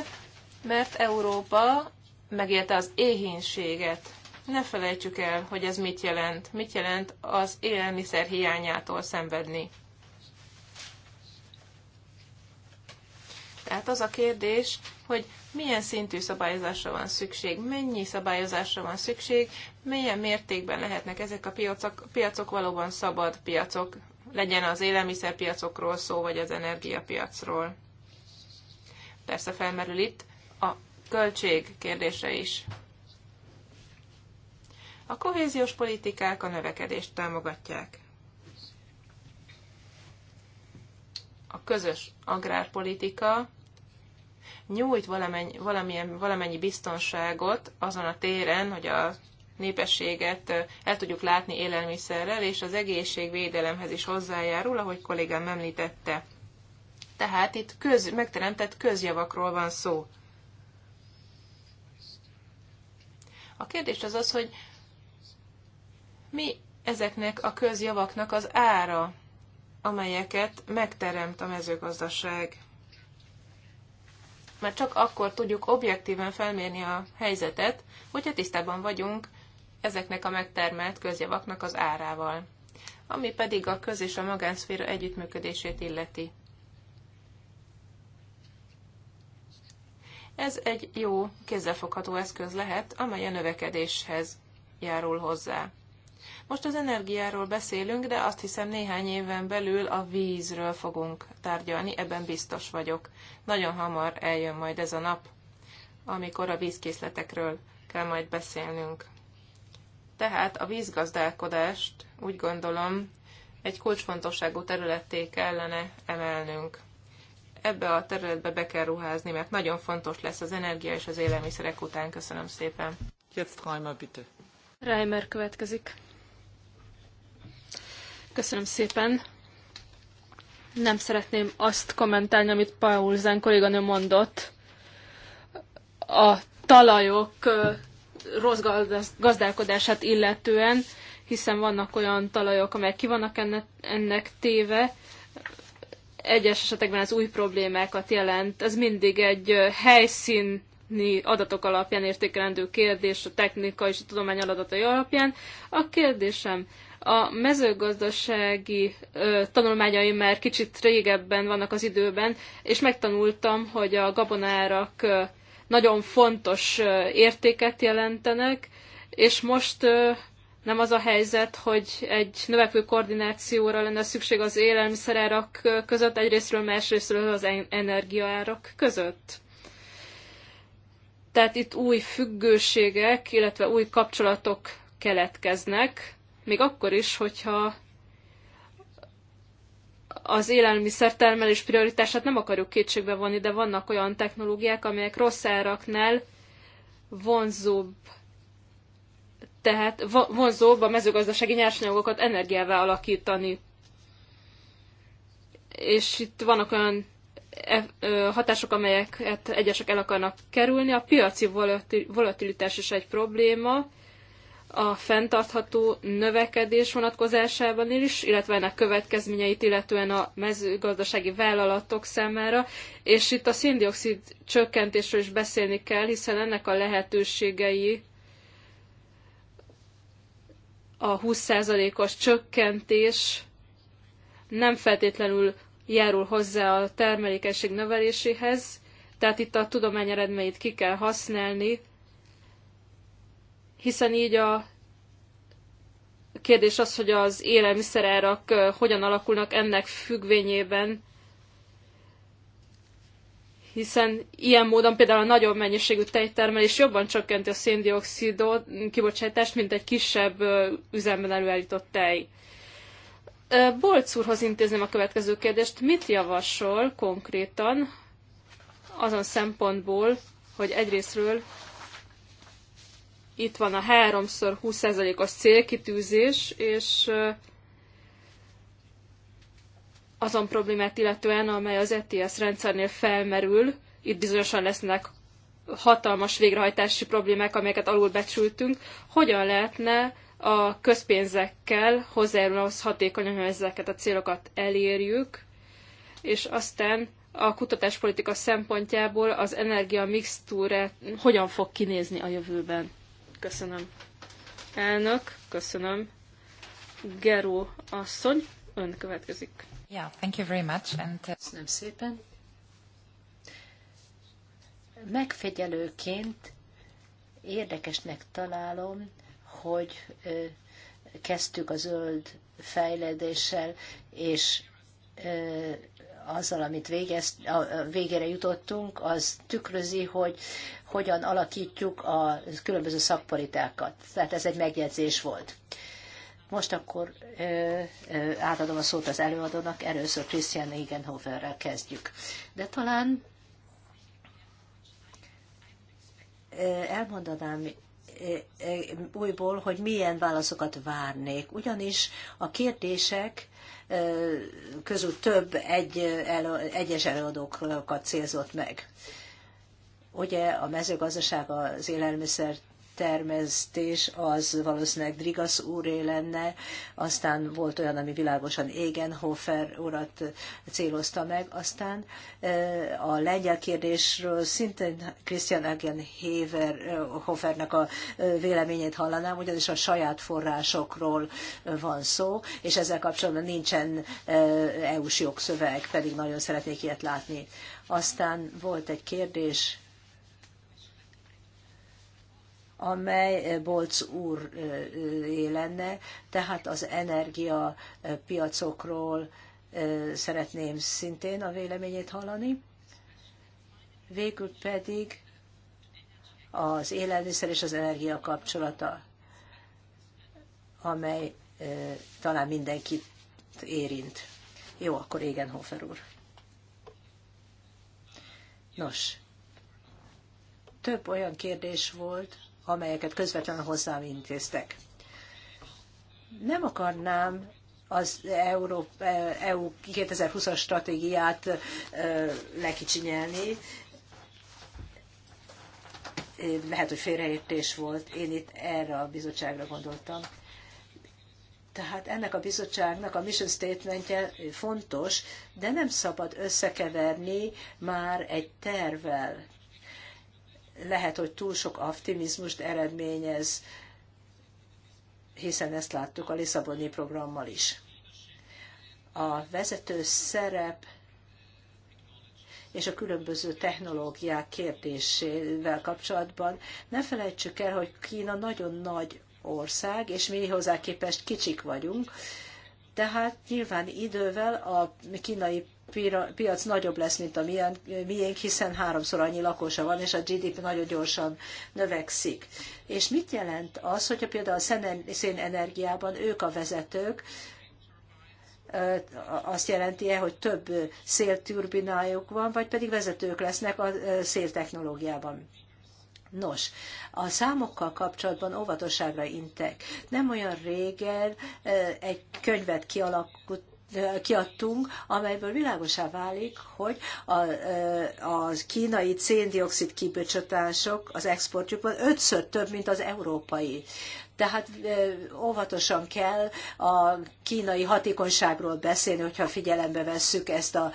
mert Európa megélte az éhénységet. Ne felejtsük el, hogy ez mit jelent. Mit jelent az élelmiszer hiányától szenvedni. Tehát az a kérdés, hogy milyen szintű szabályozásra van szükség, mennyi szabályozásra van szükség, milyen mértékben lehetnek ezek a piacok, piacok valóban szabad piacok, legyen az élelmiszerpiacokról szó, vagy az energiapiacról. Persze felmerül itt a költség kérdése is. A kohéziós politikák a növekedést támogatják. A közös agrárpolitika nyújt valamennyi, valamilyen, valamennyi biztonságot azon a téren, hogy a népességet eh, el tudjuk látni élelmiszerrel, és az egészségvédelemhez is hozzájárul, ahogy kollégám említette. Tehát itt köz, megteremtett közjavakról van szó. A kérdés az az, hogy mi ezeknek a közjavaknak az ára, amelyeket megteremt a mezőgazdaság mert csak akkor tudjuk objektíven felmérni a helyzetet, hogyha tisztában vagyunk ezeknek a megtermelt közjavaknak az árával, ami pedig a köz és a magánszféra együttműködését illeti. Ez egy jó, kézzelfogható eszköz lehet, amely a növekedéshez járul hozzá. Most az energiáról beszélünk, de azt hiszem néhány éven belül a vízről fogunk tárgyalni, ebben biztos vagyok. Nagyon hamar eljön majd ez a nap, amikor a vízkészletekről kell majd beszélnünk. Tehát a vízgazdálkodást úgy gondolom egy kulcsfontosságú területté kellene emelnünk. Ebbe a területbe be kell ruházni, mert nagyon fontos lesz az energia és az élelmiszerek után. Köszönöm szépen. Jetzt Reimer, bitte. Reimer következik. Köszönöm szépen. Nem szeretném azt kommentálni, amit Paul Zán kolléganő mondott. A talajok rossz gazdálkodását illetően, hiszen vannak olyan talajok, amelyek ki vannak ennek, téve, egyes esetekben ez új problémákat jelent. Ez mindig egy helyszíni adatok alapján értékelendő kérdés, a technika és a tudomány adatai alapján. A kérdésem, a mezőgazdasági ö, tanulmányaim már kicsit régebben vannak az időben, és megtanultam, hogy a gabonárak ö, nagyon fontos ö, értéket jelentenek, és most ö, nem az a helyzet, hogy egy növekvő koordinációra lenne szükség az élelmiszerárak között, egyrésztről, másrésztről az energiaárak között. Tehát itt új függőségek, illetve új kapcsolatok keletkeznek, még akkor is, hogyha az élelmiszertermelés prioritását nem akarjuk kétségbe vonni, de vannak olyan technológiák, amelyek rossz áraknál vonzóbb tehát vonzóbb a mezőgazdasági nyersanyagokat energiává alakítani. És itt vannak olyan e- hatások, amelyeket egyesek el akarnak kerülni. A piaci volatilitás is egy probléma, a fenntartható növekedés vonatkozásában is, illetve ennek következményeit, illetően a mezőgazdasági vállalatok számára. És itt a széndiokszid csökkentésről is beszélni kell, hiszen ennek a lehetőségei a 20%-os csökkentés nem feltétlenül járul hozzá a termelékenység növeléséhez, tehát itt a tudomány eredményét ki kell használni, hiszen így a kérdés az, hogy az élelmiszerárak hogyan alakulnak ennek függvényében, hiszen ilyen módon például a nagyobb mennyiségű tejtermelés jobban csökkenti a széndiokszid kibocsátást, mint egy kisebb üzemben előállított tej. Bolc úrhoz intézném a következő kérdést. Mit javasol konkrétan azon szempontból, hogy egyrésztről itt van a 3x 20%-os célkitűzés, és azon problémát illetően, amely az ETS rendszernél felmerül, itt bizonyosan lesznek hatalmas végrehajtási problémák, amelyeket becsültünk. hogyan lehetne a közpénzekkel hozzájárulni ahhoz hatékonyan, hogy ezeket a célokat elérjük, és aztán a kutatáspolitika szempontjából az energia mixtúra hogyan fog kinézni a jövőben. Köszönöm. Elnök, köszönöm. Geró asszony, ön következik. Yeah, thank you very much. And, uh... Köszönöm szépen. Megfigyelőként érdekesnek találom, hogy ö, kezdtük a zöld fejledéssel, és ö, azzal, amit végez, a végére jutottunk, az tükrözi, hogy hogyan alakítjuk a különböző szakpolitákat. Tehát ez egy megjegyzés volt. Most akkor ö, ö, átadom a szót az előadónak, először Christian Egenhoferrel kezdjük. De talán ö, elmondanám újból, hogy milyen válaszokat várnék. Ugyanis a kérdések közül több egy, el, egyes előadókat célzott meg. Ugye a mezőgazdaság, az élelmiszert termesztés az valószínűleg Drigas úré lenne, aztán volt olyan, ami világosan Egenhofer urat célozta meg, aztán a lengyel kérdésről szintén Christian Egenhofernek a véleményét hallanám, ugyanis a saját forrásokról van szó, és ezzel kapcsolatban nincsen EU-s jogszöveg, pedig nagyon szeretnék ilyet látni. Aztán volt egy kérdés, amely eh, Bolc úr eh, eh, lenne, tehát az energiapiacokról szeretném szintén a véleményét hallani. Végül pedig az élelmiszer és az energia kapcsolata, amely talán mindenkit érint. Jó, akkor igen, Hofer úr. Nos, több olyan kérdés volt, amelyeket közvetlenül hozzám intéztek. Nem akarnám az EU 2020-as stratégiát lekicsinyelni. Lehet, hogy félreértés volt. Én itt erre a bizottságra gondoltam. Tehát ennek a bizottságnak a mission statementje fontos, de nem szabad összekeverni már egy tervvel lehet, hogy túl sok optimizmust eredményez, hiszen ezt láttuk a Lisszaboni programmal is. A vezető szerep és a különböző technológiák kérdésével kapcsolatban ne felejtsük el, hogy Kína nagyon nagy ország, és mi hozzá képest kicsik vagyunk, tehát nyilván idővel a kínai piac nagyobb lesz, mint a miénk, hiszen háromszor annyi lakosa van, és a GDP nagyon gyorsan növekszik. És mit jelent az, hogyha például a szénenergiában ők a vezetők, azt jelenti-e, hogy több szélturbinájuk van, vagy pedig vezetők lesznek a széltechnológiában? Nos, a számokkal kapcsolatban óvatosságra intek. Nem olyan régen egy könyvet kialakult kiadtunk, amelyből világosá válik, hogy a, a kínai széndiokszid kibocsátások az exportjukban ötször több, mint az európai. Tehát óvatosan kell a kínai hatékonyságról beszélni, hogyha figyelembe vesszük ezt a,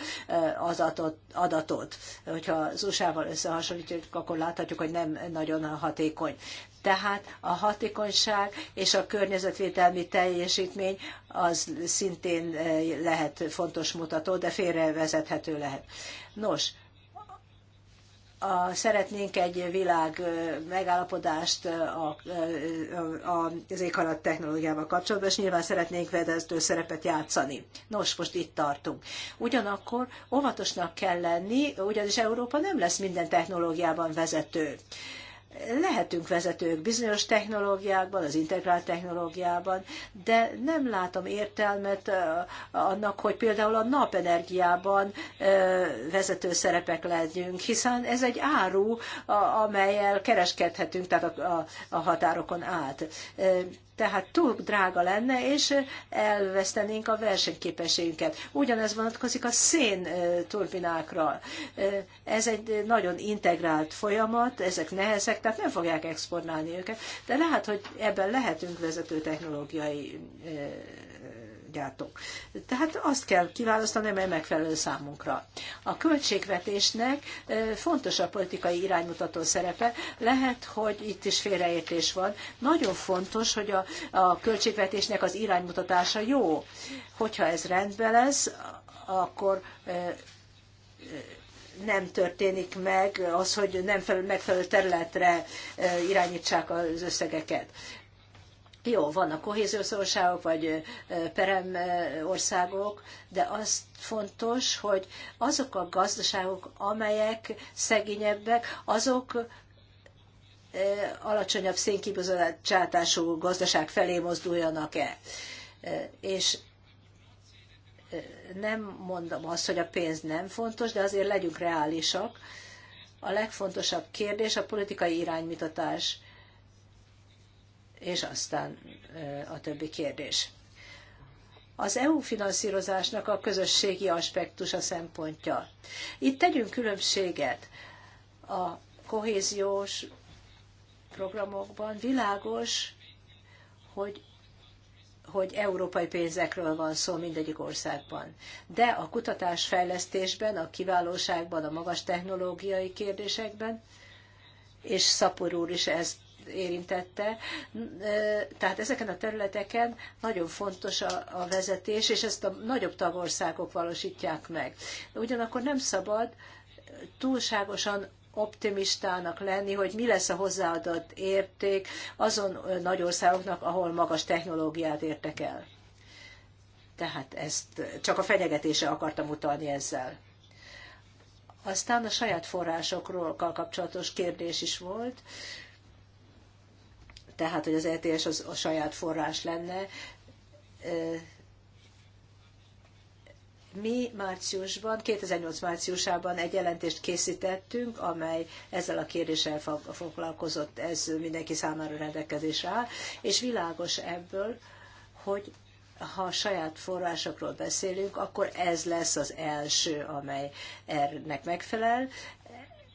az adatot, adatot. Hogyha az USA-val összehasonlítjuk, akkor láthatjuk, hogy nem nagyon hatékony. Tehát a hatékonyság és a környezetvédelmi teljesítmény az szintén eh, lehet fontos mutató, de félrevezethető lehet. Nos, a, szeretnénk egy világ eh, megállapodást eh, a, a, az éghajlat technológiával kapcsolatban, és nyilván szeretnénk vedező szerepet játszani. Nos, most itt tartunk. Ugyanakkor óvatosnak kell lenni, ugyanis Európa nem lesz minden technológiában vezető lehetünk vezetők bizonyos technológiákban, az integrált technológiában, de nem látom értelmet annak, hogy például a napenergiában vezető szerepek legyünk, hiszen ez egy áru, amelyel kereskedhetünk, tehát a határokon át tehát túl drága lenne, és elvesztenénk a versenyképességünket. Ugyanez vonatkozik a szén turbinákra. Ez egy nagyon integrált folyamat, ezek nehezek, tehát nem fogják exportálni őket, de lehet, hogy ebben lehetünk vezető technológiai tudjátok. Tehát azt kell kiválasztani, amely megfelelő számunkra. A költségvetésnek fontos a politikai iránymutató szerepe. Lehet, hogy itt is félreértés van. Nagyon fontos, hogy a, a költségvetésnek az iránymutatása jó. Hogyha ez rendben lesz, akkor nem történik meg az, hogy nem megfelelő területre irányítsák az összegeket. Jó, vannak kohéziós országok, vagy perem országok, de az fontos, hogy azok a gazdaságok, amelyek szegényebbek, azok alacsonyabb szénkibocsátású gazdaság felé mozduljanak-e. És nem mondom azt, hogy a pénz nem fontos, de azért legyünk reálisak. A legfontosabb kérdés a politikai iránymutatás és aztán a többi kérdés. Az EU finanszírozásnak a közösségi aspektus a szempontja. Itt tegyünk különbséget a kohéziós programokban. Világos, hogy hogy európai pénzekről van szó mindegyik országban. De a kutatás fejlesztésben, a kiválóságban, a magas technológiai kérdésekben, és Szapor úr is ezt érintette. Tehát ezeken a területeken nagyon fontos a, vezetés, és ezt a nagyobb tagországok valósítják meg. Ugyanakkor nem szabad túlságosan optimistának lenni, hogy mi lesz a hozzáadott érték azon nagy országoknak, ahol magas technológiát értek el. Tehát ezt csak a fenyegetése akartam utalni ezzel. Aztán a saját forrásokról kapcsolatos kérdés is volt tehát hogy az ETS az a saját forrás lenne. Mi márciusban, 2008 márciusában egy jelentést készítettünk, amely ezzel a kérdéssel foglalkozott, ez mindenki számára rendelkezésre áll, és világos ebből, hogy ha saját forrásokról beszélünk, akkor ez lesz az első, amely ennek megfelel,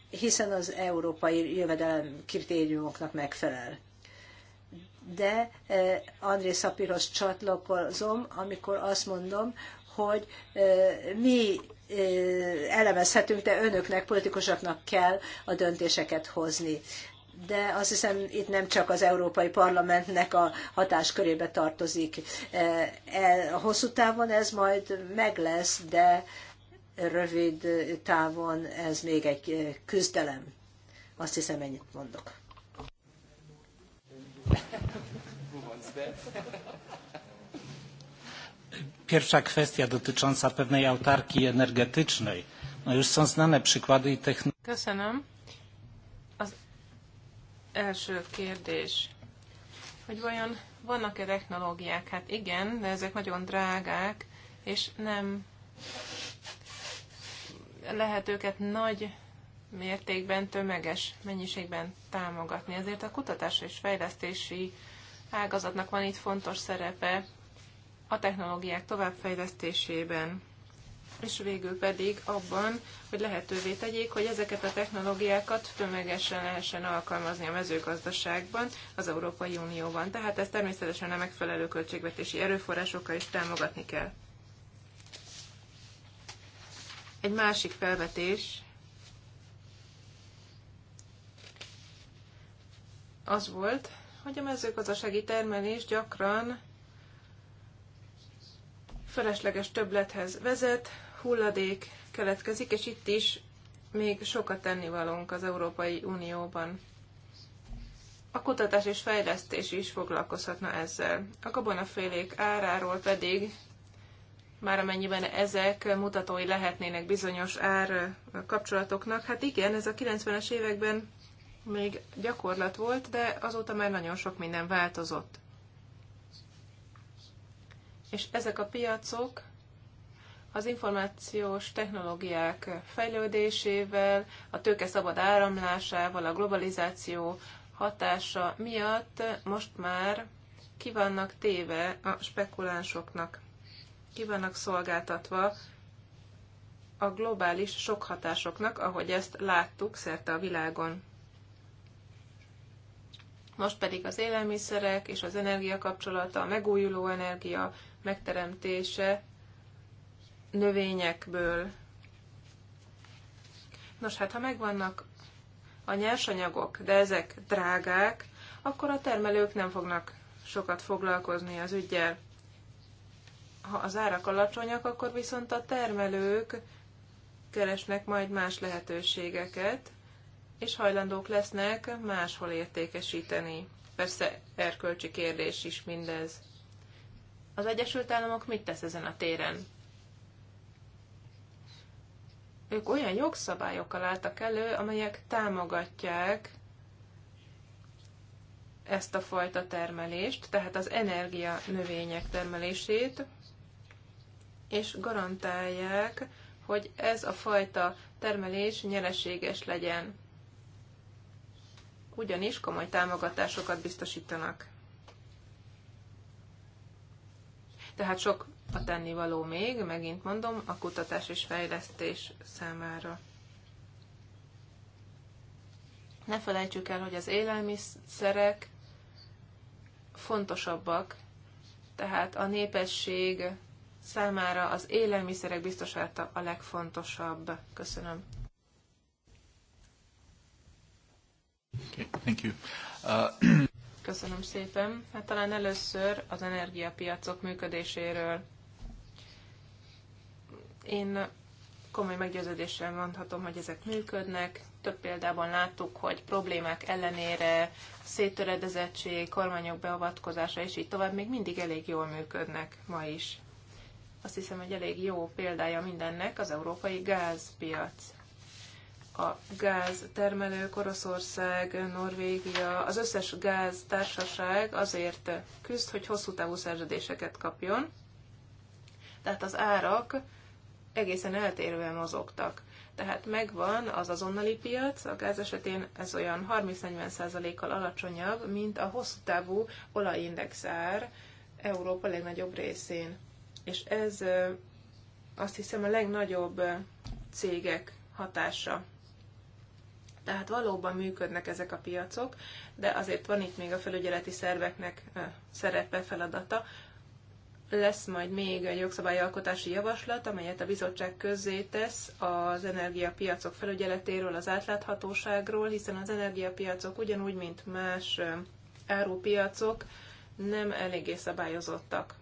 hiszen az európai jövedelem kritériumoknak megfelel de eh, André Szapirhoz csatlakozom, amikor azt mondom, hogy eh, mi eh, elemezhetünk, de önöknek, politikusoknak kell a döntéseket hozni. De azt hiszem, itt nem csak az Európai Parlamentnek a hatáskörébe tartozik. A hosszú távon ez majd meg lesz, de rövid távon ez még egy küzdelem. Azt hiszem, ennyit mondok. Pierwsza kwestia dotycząca pewnej autarki energetycznej. No już są znane przykłady i technologie. Köszönöm. Az első kérdés, hogy vajon vannak-e technológiák? Hát igen, de ezek nagyon drágák, és nem lehet őket nagy mértékben, tömeges mennyiségben támogatni. Ezért a kutatás és fejlesztési ágazatnak van itt fontos szerepe a technológiák továbbfejlesztésében, és végül pedig abban, hogy lehetővé tegyék, hogy ezeket a technológiákat tömegesen lehessen alkalmazni a mezőgazdaságban, az Európai Unióban. Tehát ezt természetesen a megfelelő költségvetési erőforrásokkal is támogatni kell. Egy másik felvetés, az volt, hogy a mezőgazdasági termelés gyakran felesleges töblethez vezet, hulladék keletkezik, és itt is még sokat tennivalónk az Európai Unióban. A kutatás és fejlesztés is foglalkozhatna ezzel. A gabonafélék áráról pedig, már amennyiben ezek mutatói lehetnének bizonyos ár kapcsolatoknak, hát igen, ez a 90-es években még gyakorlat volt, de azóta már nagyon sok minden változott. És ezek a piacok az információs technológiák fejlődésével, a tőke szabad áramlásával, a globalizáció hatása miatt most már ki vannak téve a spekulánsoknak, ki vannak szolgáltatva a globális sok hatásoknak, ahogy ezt láttuk szerte a világon. Most pedig az élelmiszerek és az energia kapcsolata, a megújuló energia megteremtése növényekből. Nos, hát ha megvannak a nyersanyagok, de ezek drágák, akkor a termelők nem fognak sokat foglalkozni az ügyel. Ha az árak alacsonyak, akkor viszont a termelők keresnek majd más lehetőségeket, és hajlandók lesznek máshol értékesíteni. Persze erkölcsi kérdés is mindez. Az Egyesült Államok mit tesz ezen a téren? Ők olyan jogszabályokkal álltak elő, amelyek támogatják ezt a fajta termelést, tehát az energia növények termelését, és garantálják, hogy ez a fajta termelés nyereséges legyen ugyanis komoly támogatásokat biztosítanak. Tehát sok a tennivaló még, megint mondom, a kutatás és fejlesztés számára. Ne felejtsük el, hogy az élelmiszerek fontosabbak, tehát a népesség számára az élelmiszerek biztosítása a legfontosabb. Köszönöm. Okay, thank you. Uh... Köszönöm szépen. Hát talán először az energiapiacok működéséről. Én komoly meggyőződéssel mondhatom, hogy ezek működnek. Több példában láttuk, hogy problémák ellenére széttöredezettség, kormányok beavatkozása és így tovább még mindig elég jól működnek ma is. Azt hiszem, hogy elég jó példája mindennek az európai gázpiac a gáz termelők, Oroszország, Norvégia, az összes gáz társaság azért küzd, hogy hosszú távú szerződéseket kapjon. Tehát az árak egészen eltérően mozogtak. Tehát megvan az azonnali piac, a gáz esetén ez olyan 30-40%-kal alacsonyabb, mint a hosszú távú olajindex ár Európa legnagyobb részén. És ez azt hiszem a legnagyobb cégek hatása tehát valóban működnek ezek a piacok, de azért van itt még a felügyeleti szerveknek szerepe, feladata. Lesz majd még egy jogszabályalkotási javaslat, amelyet a bizottság közzé tesz az energiapiacok felügyeletéről, az átláthatóságról, hiszen az energiapiacok ugyanúgy, mint más árupiacok nem eléggé szabályozottak.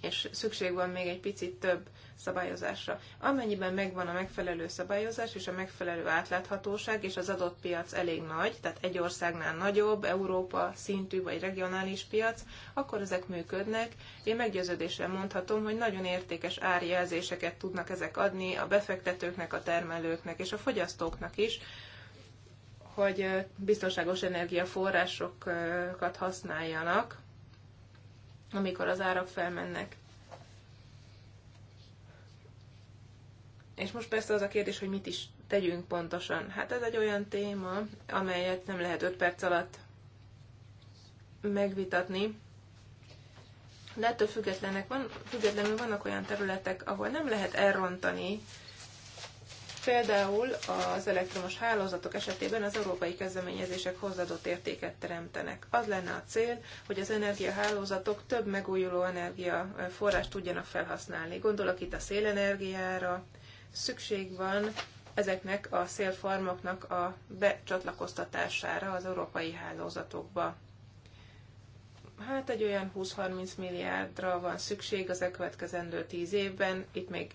És szükség van még egy picit több szabályozásra. Amennyiben megvan a megfelelő szabályozás és a megfelelő átláthatóság, és az adott piac elég nagy, tehát egy országnál nagyobb, Európa szintű vagy regionális piac, akkor ezek működnek. Én meggyőződéssel mondhatom, hogy nagyon értékes árjelzéseket tudnak ezek adni a befektetőknek, a termelőknek és a fogyasztóknak is, hogy biztonságos energiaforrásokat használjanak, amikor az árak felmennek. És most persze az a kérdés, hogy mit is tegyünk pontosan. Hát ez egy olyan téma, amelyet nem lehet 5 perc alatt megvitatni, de ettől függetlenek van, függetlenül vannak olyan területek, ahol nem lehet elrontani, például az elektromos hálózatok esetében az európai kezdeményezések hozzáadott értéket teremtenek. Az lenne a cél, hogy az energiahálózatok több megújuló energiaforrást tudjanak felhasználni. Gondolok itt a szélenergiára, szükség van ezeknek a szélfarmoknak a becsatlakoztatására az európai hálózatokba. Hát egy olyan 20-30 milliárdra van szükség az elkövetkezendő 10 évben, itt még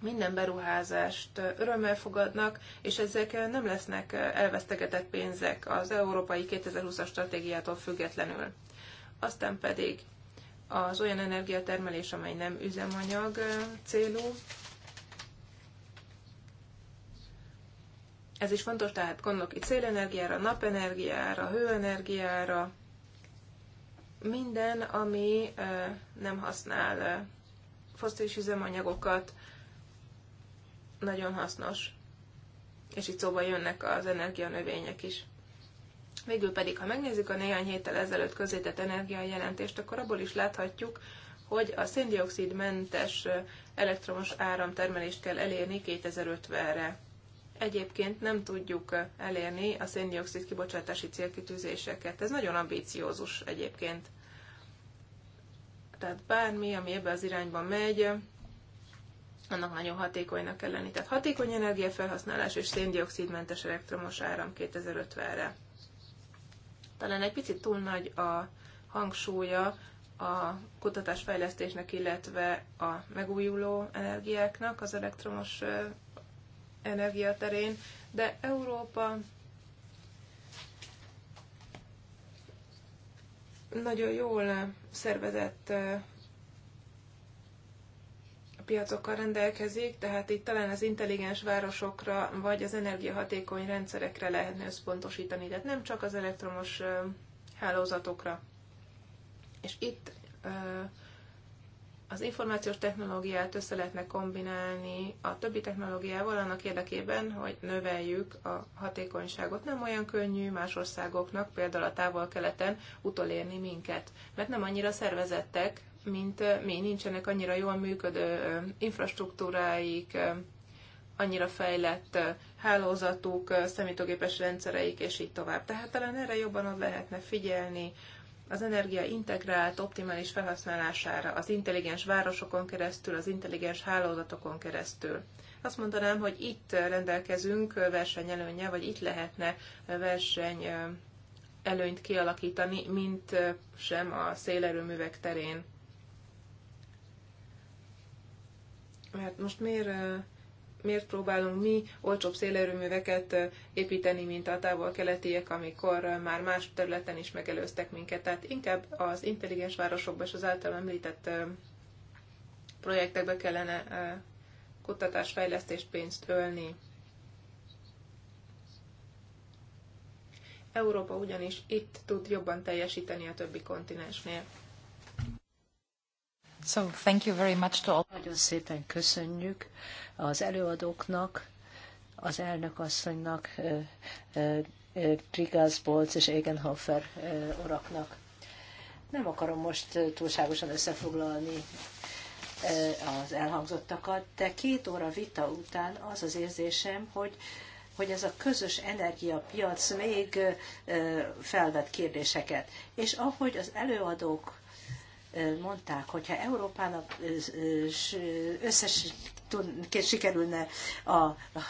minden beruházást örömmel fogadnak, és ezek nem lesznek elvesztegetett pénzek az európai 2020-as stratégiától függetlenül. Aztán pedig az olyan energiatermelés, amely nem üzemanyag célú, Ez is fontos, tehát gondolok itt szélenergiára, napenergiára, hőenergiára, minden, ami nem használ fosztilis üzemanyagokat, nagyon hasznos. És itt szóba jönnek az energianövények is. Végül pedig, ha megnézzük a néhány héttel ezelőtt közzétett energiajelentést, akkor abból is láthatjuk, hogy a széndiokszidmentes elektromos áramtermelést kell elérni 2050-re egyébként nem tudjuk elérni a széndiokszid kibocsátási célkitűzéseket. Ez nagyon ambíciózus egyébként. Tehát bármi, ami ebbe az irányba megy, annak nagyon hatékonynak kell lenni. Tehát hatékony energiafelhasználás és széndiokszidmentes elektromos áram 2050-re. Talán egy picit túl nagy a hangsúlya a kutatásfejlesztésnek, illetve a megújuló energiáknak az elektromos energiaterén, de Európa nagyon jól szervezett piacokkal rendelkezik, tehát itt talán az intelligens városokra vagy az energiahatékony rendszerekre lehetne összpontosítani, tehát nem csak az elektromos hálózatokra. És itt az információs technológiát össze lehetne kombinálni a többi technológiával annak érdekében, hogy növeljük a hatékonyságot. Nem olyan könnyű más országoknak, például a távol-keleten utolérni minket, mert nem annyira szervezettek, mint eh, mi, nincsenek annyira jól működő eh, infrastruktúráik, eh, annyira fejlett hálózatuk, számítógépes rendszereik, és így tovább. Tehát talán erre jobban ott lehetne figyelni, az energia integrált, optimális felhasználására, az intelligens városokon keresztül, az intelligens hálózatokon keresztül. Azt mondanám, hogy itt rendelkezünk versenyelőnye, vagy itt lehetne verseny előnyt kialakítani, mint sem a szélerőművek terén. Mert most miért miért próbálunk mi olcsóbb szélerőműveket építeni, mint a távol-keletiek, amikor már más területen is megelőztek minket. Tehát inkább az intelligens városokba és az által említett projektekbe kellene kutatásfejlesztés pénzt ölni. Európa ugyanis itt tud jobban teljesíteni a többi kontinensnél. So, thank you very much to all. Nagyon szépen köszönjük az előadóknak, az elnök asszonynak, Trigász Bolc és Egenhofer uraknak. Nem akarom most túlságosan összefoglalni az elhangzottakat, de két óra vita után az az érzésem, hogy hogy ez a közös energiapiac még felvet kérdéseket. És ahogy az előadók mondták, hogyha Európának összes sikerülne a,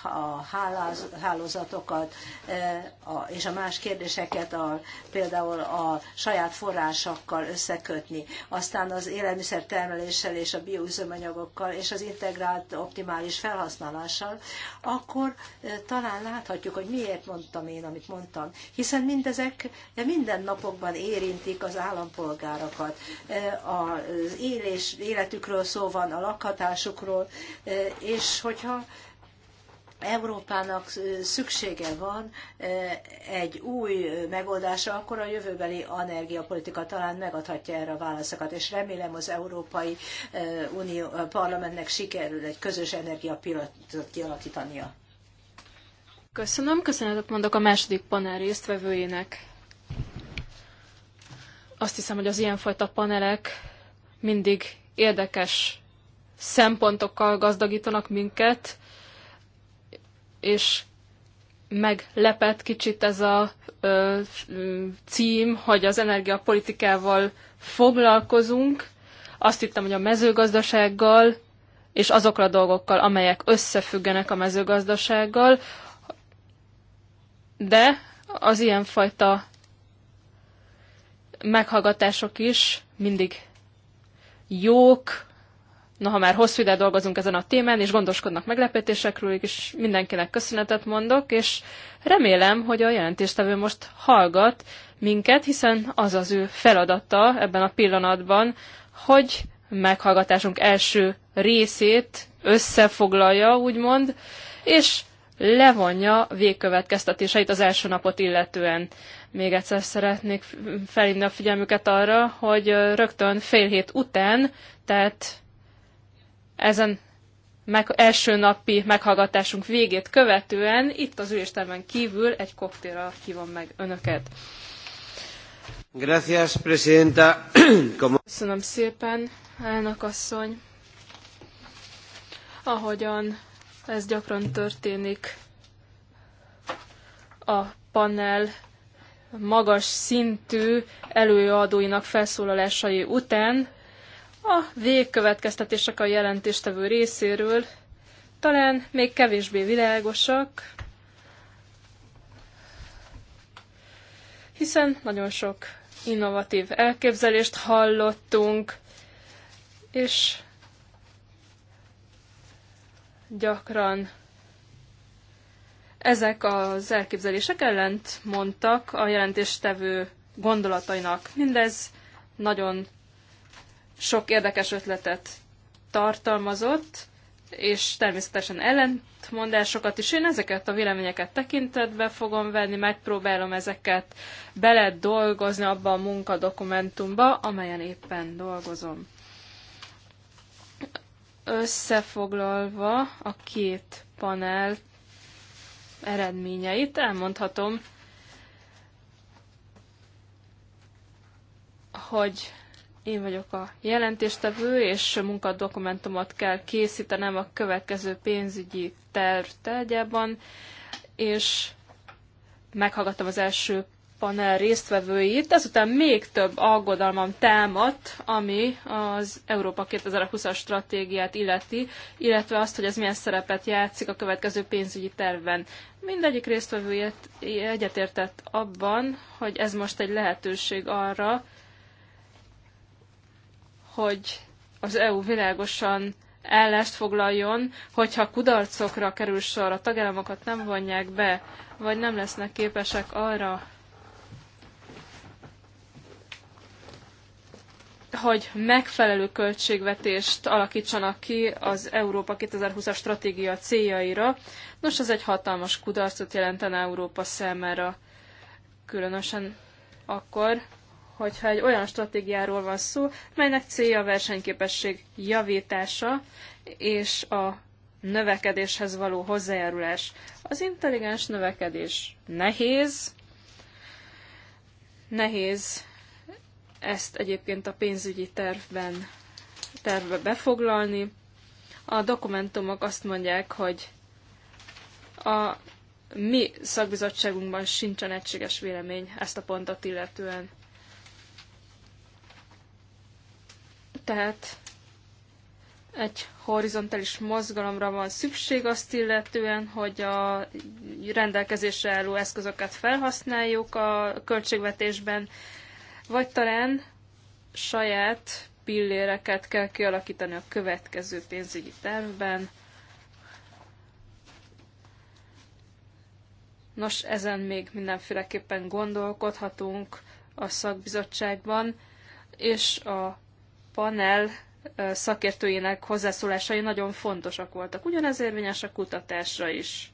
a háláz, hálózatokat e, a, és a más kérdéseket a, például a saját forrásokkal összekötni. Aztán az termeléssel és a bioüzemanyagokkal és az integrált optimális felhasználással, akkor e, talán láthatjuk, hogy miért mondtam én, amit mondtam. Hiszen mindezek e, minden napokban érintik az állampolgárokat. Az élés, életükről szó van, a lakhatásukról, és hogyha Európának szüksége van egy új megoldásra, akkor a jövőbeli energiapolitika talán megadhatja erre a válaszokat, és remélem az Európai Unió Parlamentnek sikerül egy közös energiapilotot kialakítania. Köszönöm, köszönetet mondok a második panel résztvevőjének. Azt hiszem, hogy az ilyenfajta panelek mindig érdekes szempontokkal gazdagítanak minket, és meglepett kicsit ez a ö, cím, hogy az energiapolitikával foglalkozunk. Azt hittem, hogy a mezőgazdasággal és azokra a dolgokkal, amelyek összefüggenek a mezőgazdasággal, de az ilyenfajta meghallgatások is mindig jók, Noha már hosszú ide dolgozunk ezen a témán, és gondoskodnak meglepetésekről, és mindenkinek köszönetet mondok, és remélem, hogy a jelentéstevő most hallgat minket, hiszen az az ő feladata ebben a pillanatban, hogy meghallgatásunk első részét összefoglalja, úgymond, és levonja végkövetkeztetéseit az első napot illetően. Még egyszer szeretnék felhívni a figyelmüket arra, hogy rögtön fél hét után, tehát ezen meg, első napi meghallgatásunk végét követően itt az üléstermen kívül egy koktélra hívom meg önöket. Gracias, presidenta. Köszönöm szépen, elnök asszony. Ahogyan ez gyakran történik, a panel magas szintű előadóinak felszólalásai után a végkövetkeztetések a jelentéstevő részéről talán még kevésbé világosak, hiszen nagyon sok innovatív elképzelést hallottunk, és gyakran ezek az elképzelések ellent mondtak a jelentéstevő gondolatainak. Mindez nagyon sok érdekes ötletet tartalmazott, és természetesen ellentmondásokat is. Én ezeket a véleményeket tekintetbe fogom venni, megpróbálom ezeket bele dolgozni abba a munkadokumentumba, amelyen éppen dolgozom. Összefoglalva a két panel eredményeit elmondhatom, hogy én vagyok a jelentéstevő, és munkadokumentumot kell készítenem a következő pénzügyi terv tárgyában, és meghallgattam az első panel résztvevőit, ezután még több aggodalmam támadt, ami az Európa 2020-as stratégiát illeti, illetve azt, hogy ez milyen szerepet játszik a következő pénzügyi tervben. Mindegyik résztvevő egyetértett abban, hogy ez most egy lehetőség arra, hogy az EU világosan ellest foglaljon, hogyha kudarcokra kerül sor, a tagállamokat nem vonják be, vagy nem lesznek képesek arra, hogy megfelelő költségvetést alakítsanak ki az Európa 2020-as stratégia céljaira. Nos, ez egy hatalmas kudarcot jelentene Európa számára, különösen akkor, hogyha egy olyan stratégiáról van szó, melynek célja a versenyképesség javítása és a növekedéshez való hozzájárulás. Az intelligens növekedés nehéz, nehéz ezt egyébként a pénzügyi tervben tervbe befoglalni. A dokumentumok azt mondják, hogy a mi szakbizottságunkban sincsen egységes vélemény ezt a pontot illetően. tehát egy horizontális mozgalomra van szükség azt illetően, hogy a rendelkezésre álló eszközöket felhasználjuk a költségvetésben, vagy talán saját pilléreket kell kialakítani a következő pénzügyi tervben. Nos, ezen még mindenféleképpen gondolkodhatunk a szakbizottságban, és a panel szakértőinek hozzászólásai nagyon fontosak voltak. Ugyanez érvényes a kutatásra is.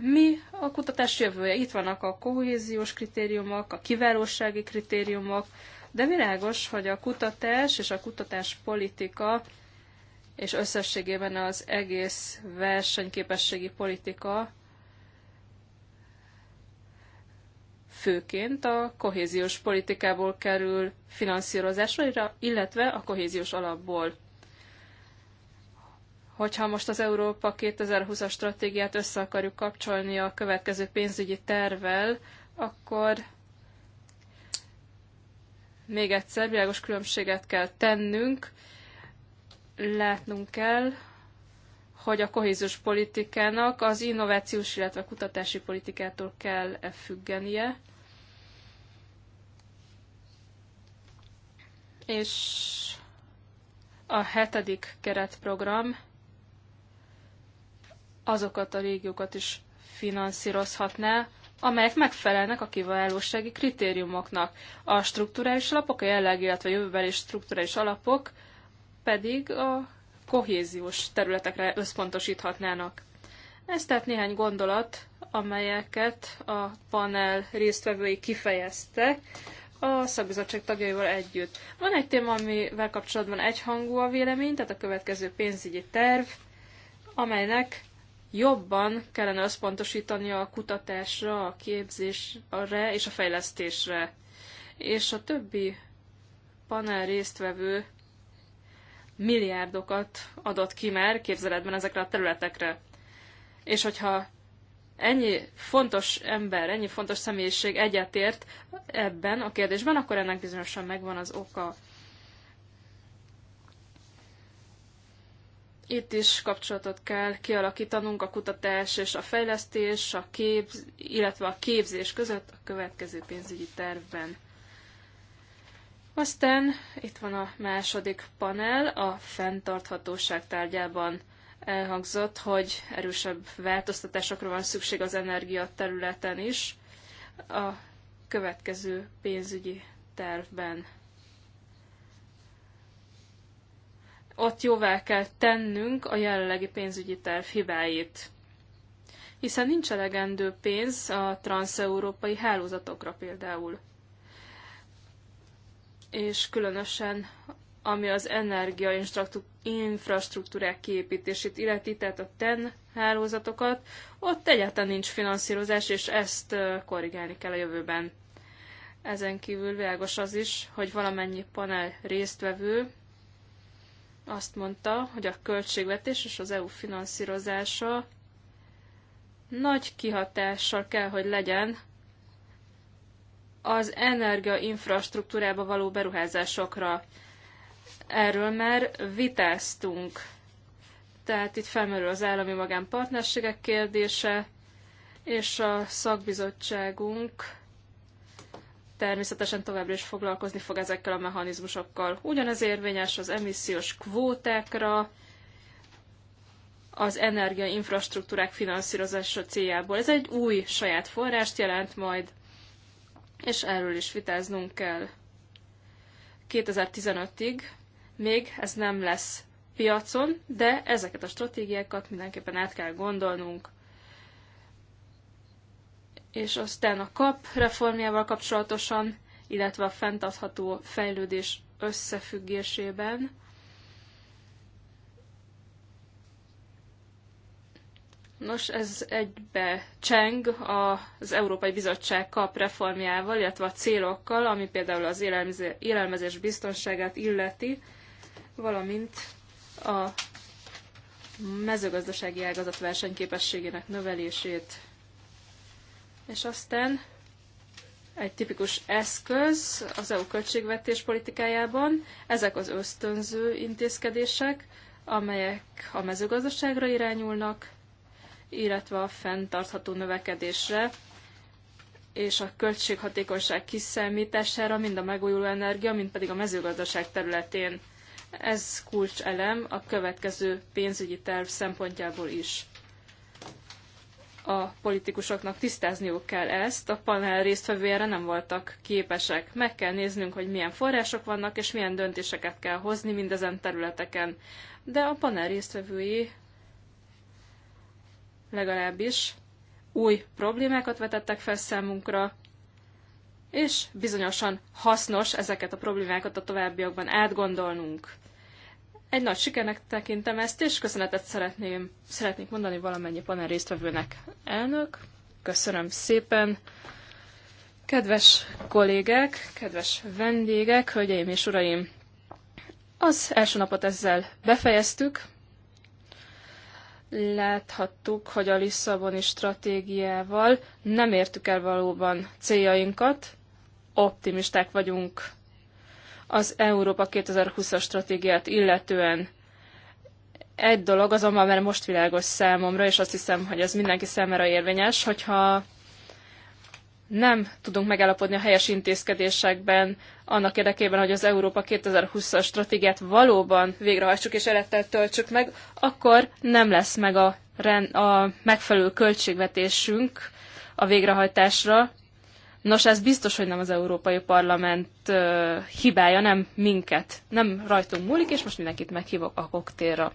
mi a kutatás jövője. Itt vannak a kohéziós kritériumok, a kiválósági kritériumok, de világos, hogy a kutatás és a kutatás politika és összességében az egész versenyképességi politika főként a kohéziós politikából kerül finanszírozásra, illetve a kohéziós alapból. Hogyha most az Európa 2020-as stratégiát össze akarjuk kapcsolni a következő pénzügyi tervvel, akkor még egyszer világos különbséget kell tennünk, látnunk kell, hogy a kohéziós politikának az innovációs, illetve kutatási politikától kell függenie, és a hetedik keretprogram azokat a régiókat is finanszírozhatná, amelyek megfelelnek a kiválósági kritériumoknak. A strukturális alapok, a jelleg, illetve jövőbeli strukturális alapok pedig a kohéziós területekre összpontosíthatnának. Ez tehát néhány gondolat, amelyeket a panel résztvevői kifejeztek a szakbizottság tagjaival együtt. Van egy téma, amivel kapcsolatban egyhangú a vélemény, tehát a következő pénzügyi terv, amelynek jobban kellene összpontosítani a kutatásra, a képzésre és a fejlesztésre. És a többi panel résztvevő milliárdokat adott ki már képzeletben ezekre a területekre. És hogyha ennyi fontos ember, ennyi fontos személyiség egyetért ebben a kérdésben, akkor ennek bizonyosan megvan az oka. Itt is kapcsolatot kell kialakítanunk a kutatás és a fejlesztés, a képz, illetve a képzés között a következő pénzügyi tervben. Aztán itt van a második panel a fenntarthatóság tárgyában elhangzott, hogy erősebb változtatásokra van szükség az energia területen is a következő pénzügyi tervben. Ott jóvá kell tennünk a jelenlegi pénzügyi terv hibáit, hiszen nincs elegendő pénz a transeurópai hálózatokra például. És különösen ami az energia infrastruktúrák kiépítését illeti, tehát a TEN hálózatokat, ott egyáltalán nincs finanszírozás, és ezt korrigálni kell a jövőben. Ezen kívül világos az is, hogy valamennyi panel résztvevő azt mondta, hogy a költségvetés és az EU finanszírozása nagy kihatással kell, hogy legyen az energiainfrastruktúrába való beruházásokra erről már vitáztunk. Tehát itt felmerül az állami magánpartnerségek kérdése, és a szakbizottságunk természetesen továbbra is foglalkozni fog ezekkel a mechanizmusokkal. Ugyanez érvényes az emissziós kvótákra, az energiainfrastruktúrák finanszírozása céljából. Ez egy új saját forrást jelent majd, és erről is vitáznunk kell 2015-ig, még ez nem lesz piacon, de ezeket a stratégiákat mindenképpen át kell gondolnunk. És aztán a KAP reformjával kapcsolatosan, illetve a fenntartható fejlődés összefüggésében Nos, ez egybe cseng az Európai Bizottság kap reformjával, illetve a célokkal, ami például az élelmezés biztonságát illeti, valamint a mezőgazdasági ágazat versenyképességének növelését. És aztán egy tipikus eszköz az EU költségvetés politikájában, ezek az ösztönző intézkedések, amelyek a mezőgazdaságra irányulnak, illetve a fenntartható növekedésre és a költséghatékonyság kiszámítására, mind a megújuló energia, mind pedig a mezőgazdaság területén. Ez kulcselem a következő pénzügyi terv szempontjából is. A politikusoknak tisztázniuk kell ezt, a panel résztvevői erre nem voltak képesek. Meg kell néznünk, hogy milyen források vannak, és milyen döntéseket kell hozni mindezen területeken. De a panel résztvevői legalábbis új problémákat vetettek fel számunkra, és bizonyosan hasznos ezeket a problémákat a továbbiakban átgondolnunk. Egy nagy sikernek tekintem ezt, és köszönetet szeretném, szeretnék mondani valamennyi panel résztvevőnek. Elnök, köszönöm szépen. Kedves kollégek, kedves vendégek, hölgyeim és uraim! Az első napot ezzel befejeztük. Láthattuk, hogy a Lisszaboni stratégiával nem értük el valóban céljainkat, optimisták vagyunk az Európa 2020-as stratégiát illetően. Egy dolog azonban már most világos számomra, és azt hiszem, hogy ez mindenki számára érvényes, hogyha nem tudunk megállapodni a helyes intézkedésekben annak érdekében, hogy az Európa 2020-as stratégiát valóban végrehajtsuk és elettel töltsük meg, akkor nem lesz meg a, a megfelelő költségvetésünk a végrehajtásra, Nos, ez biztos, hogy nem az Európai Parlament hibája, nem minket. Nem rajtunk múlik, és most mindenkit meghívok a koktélra.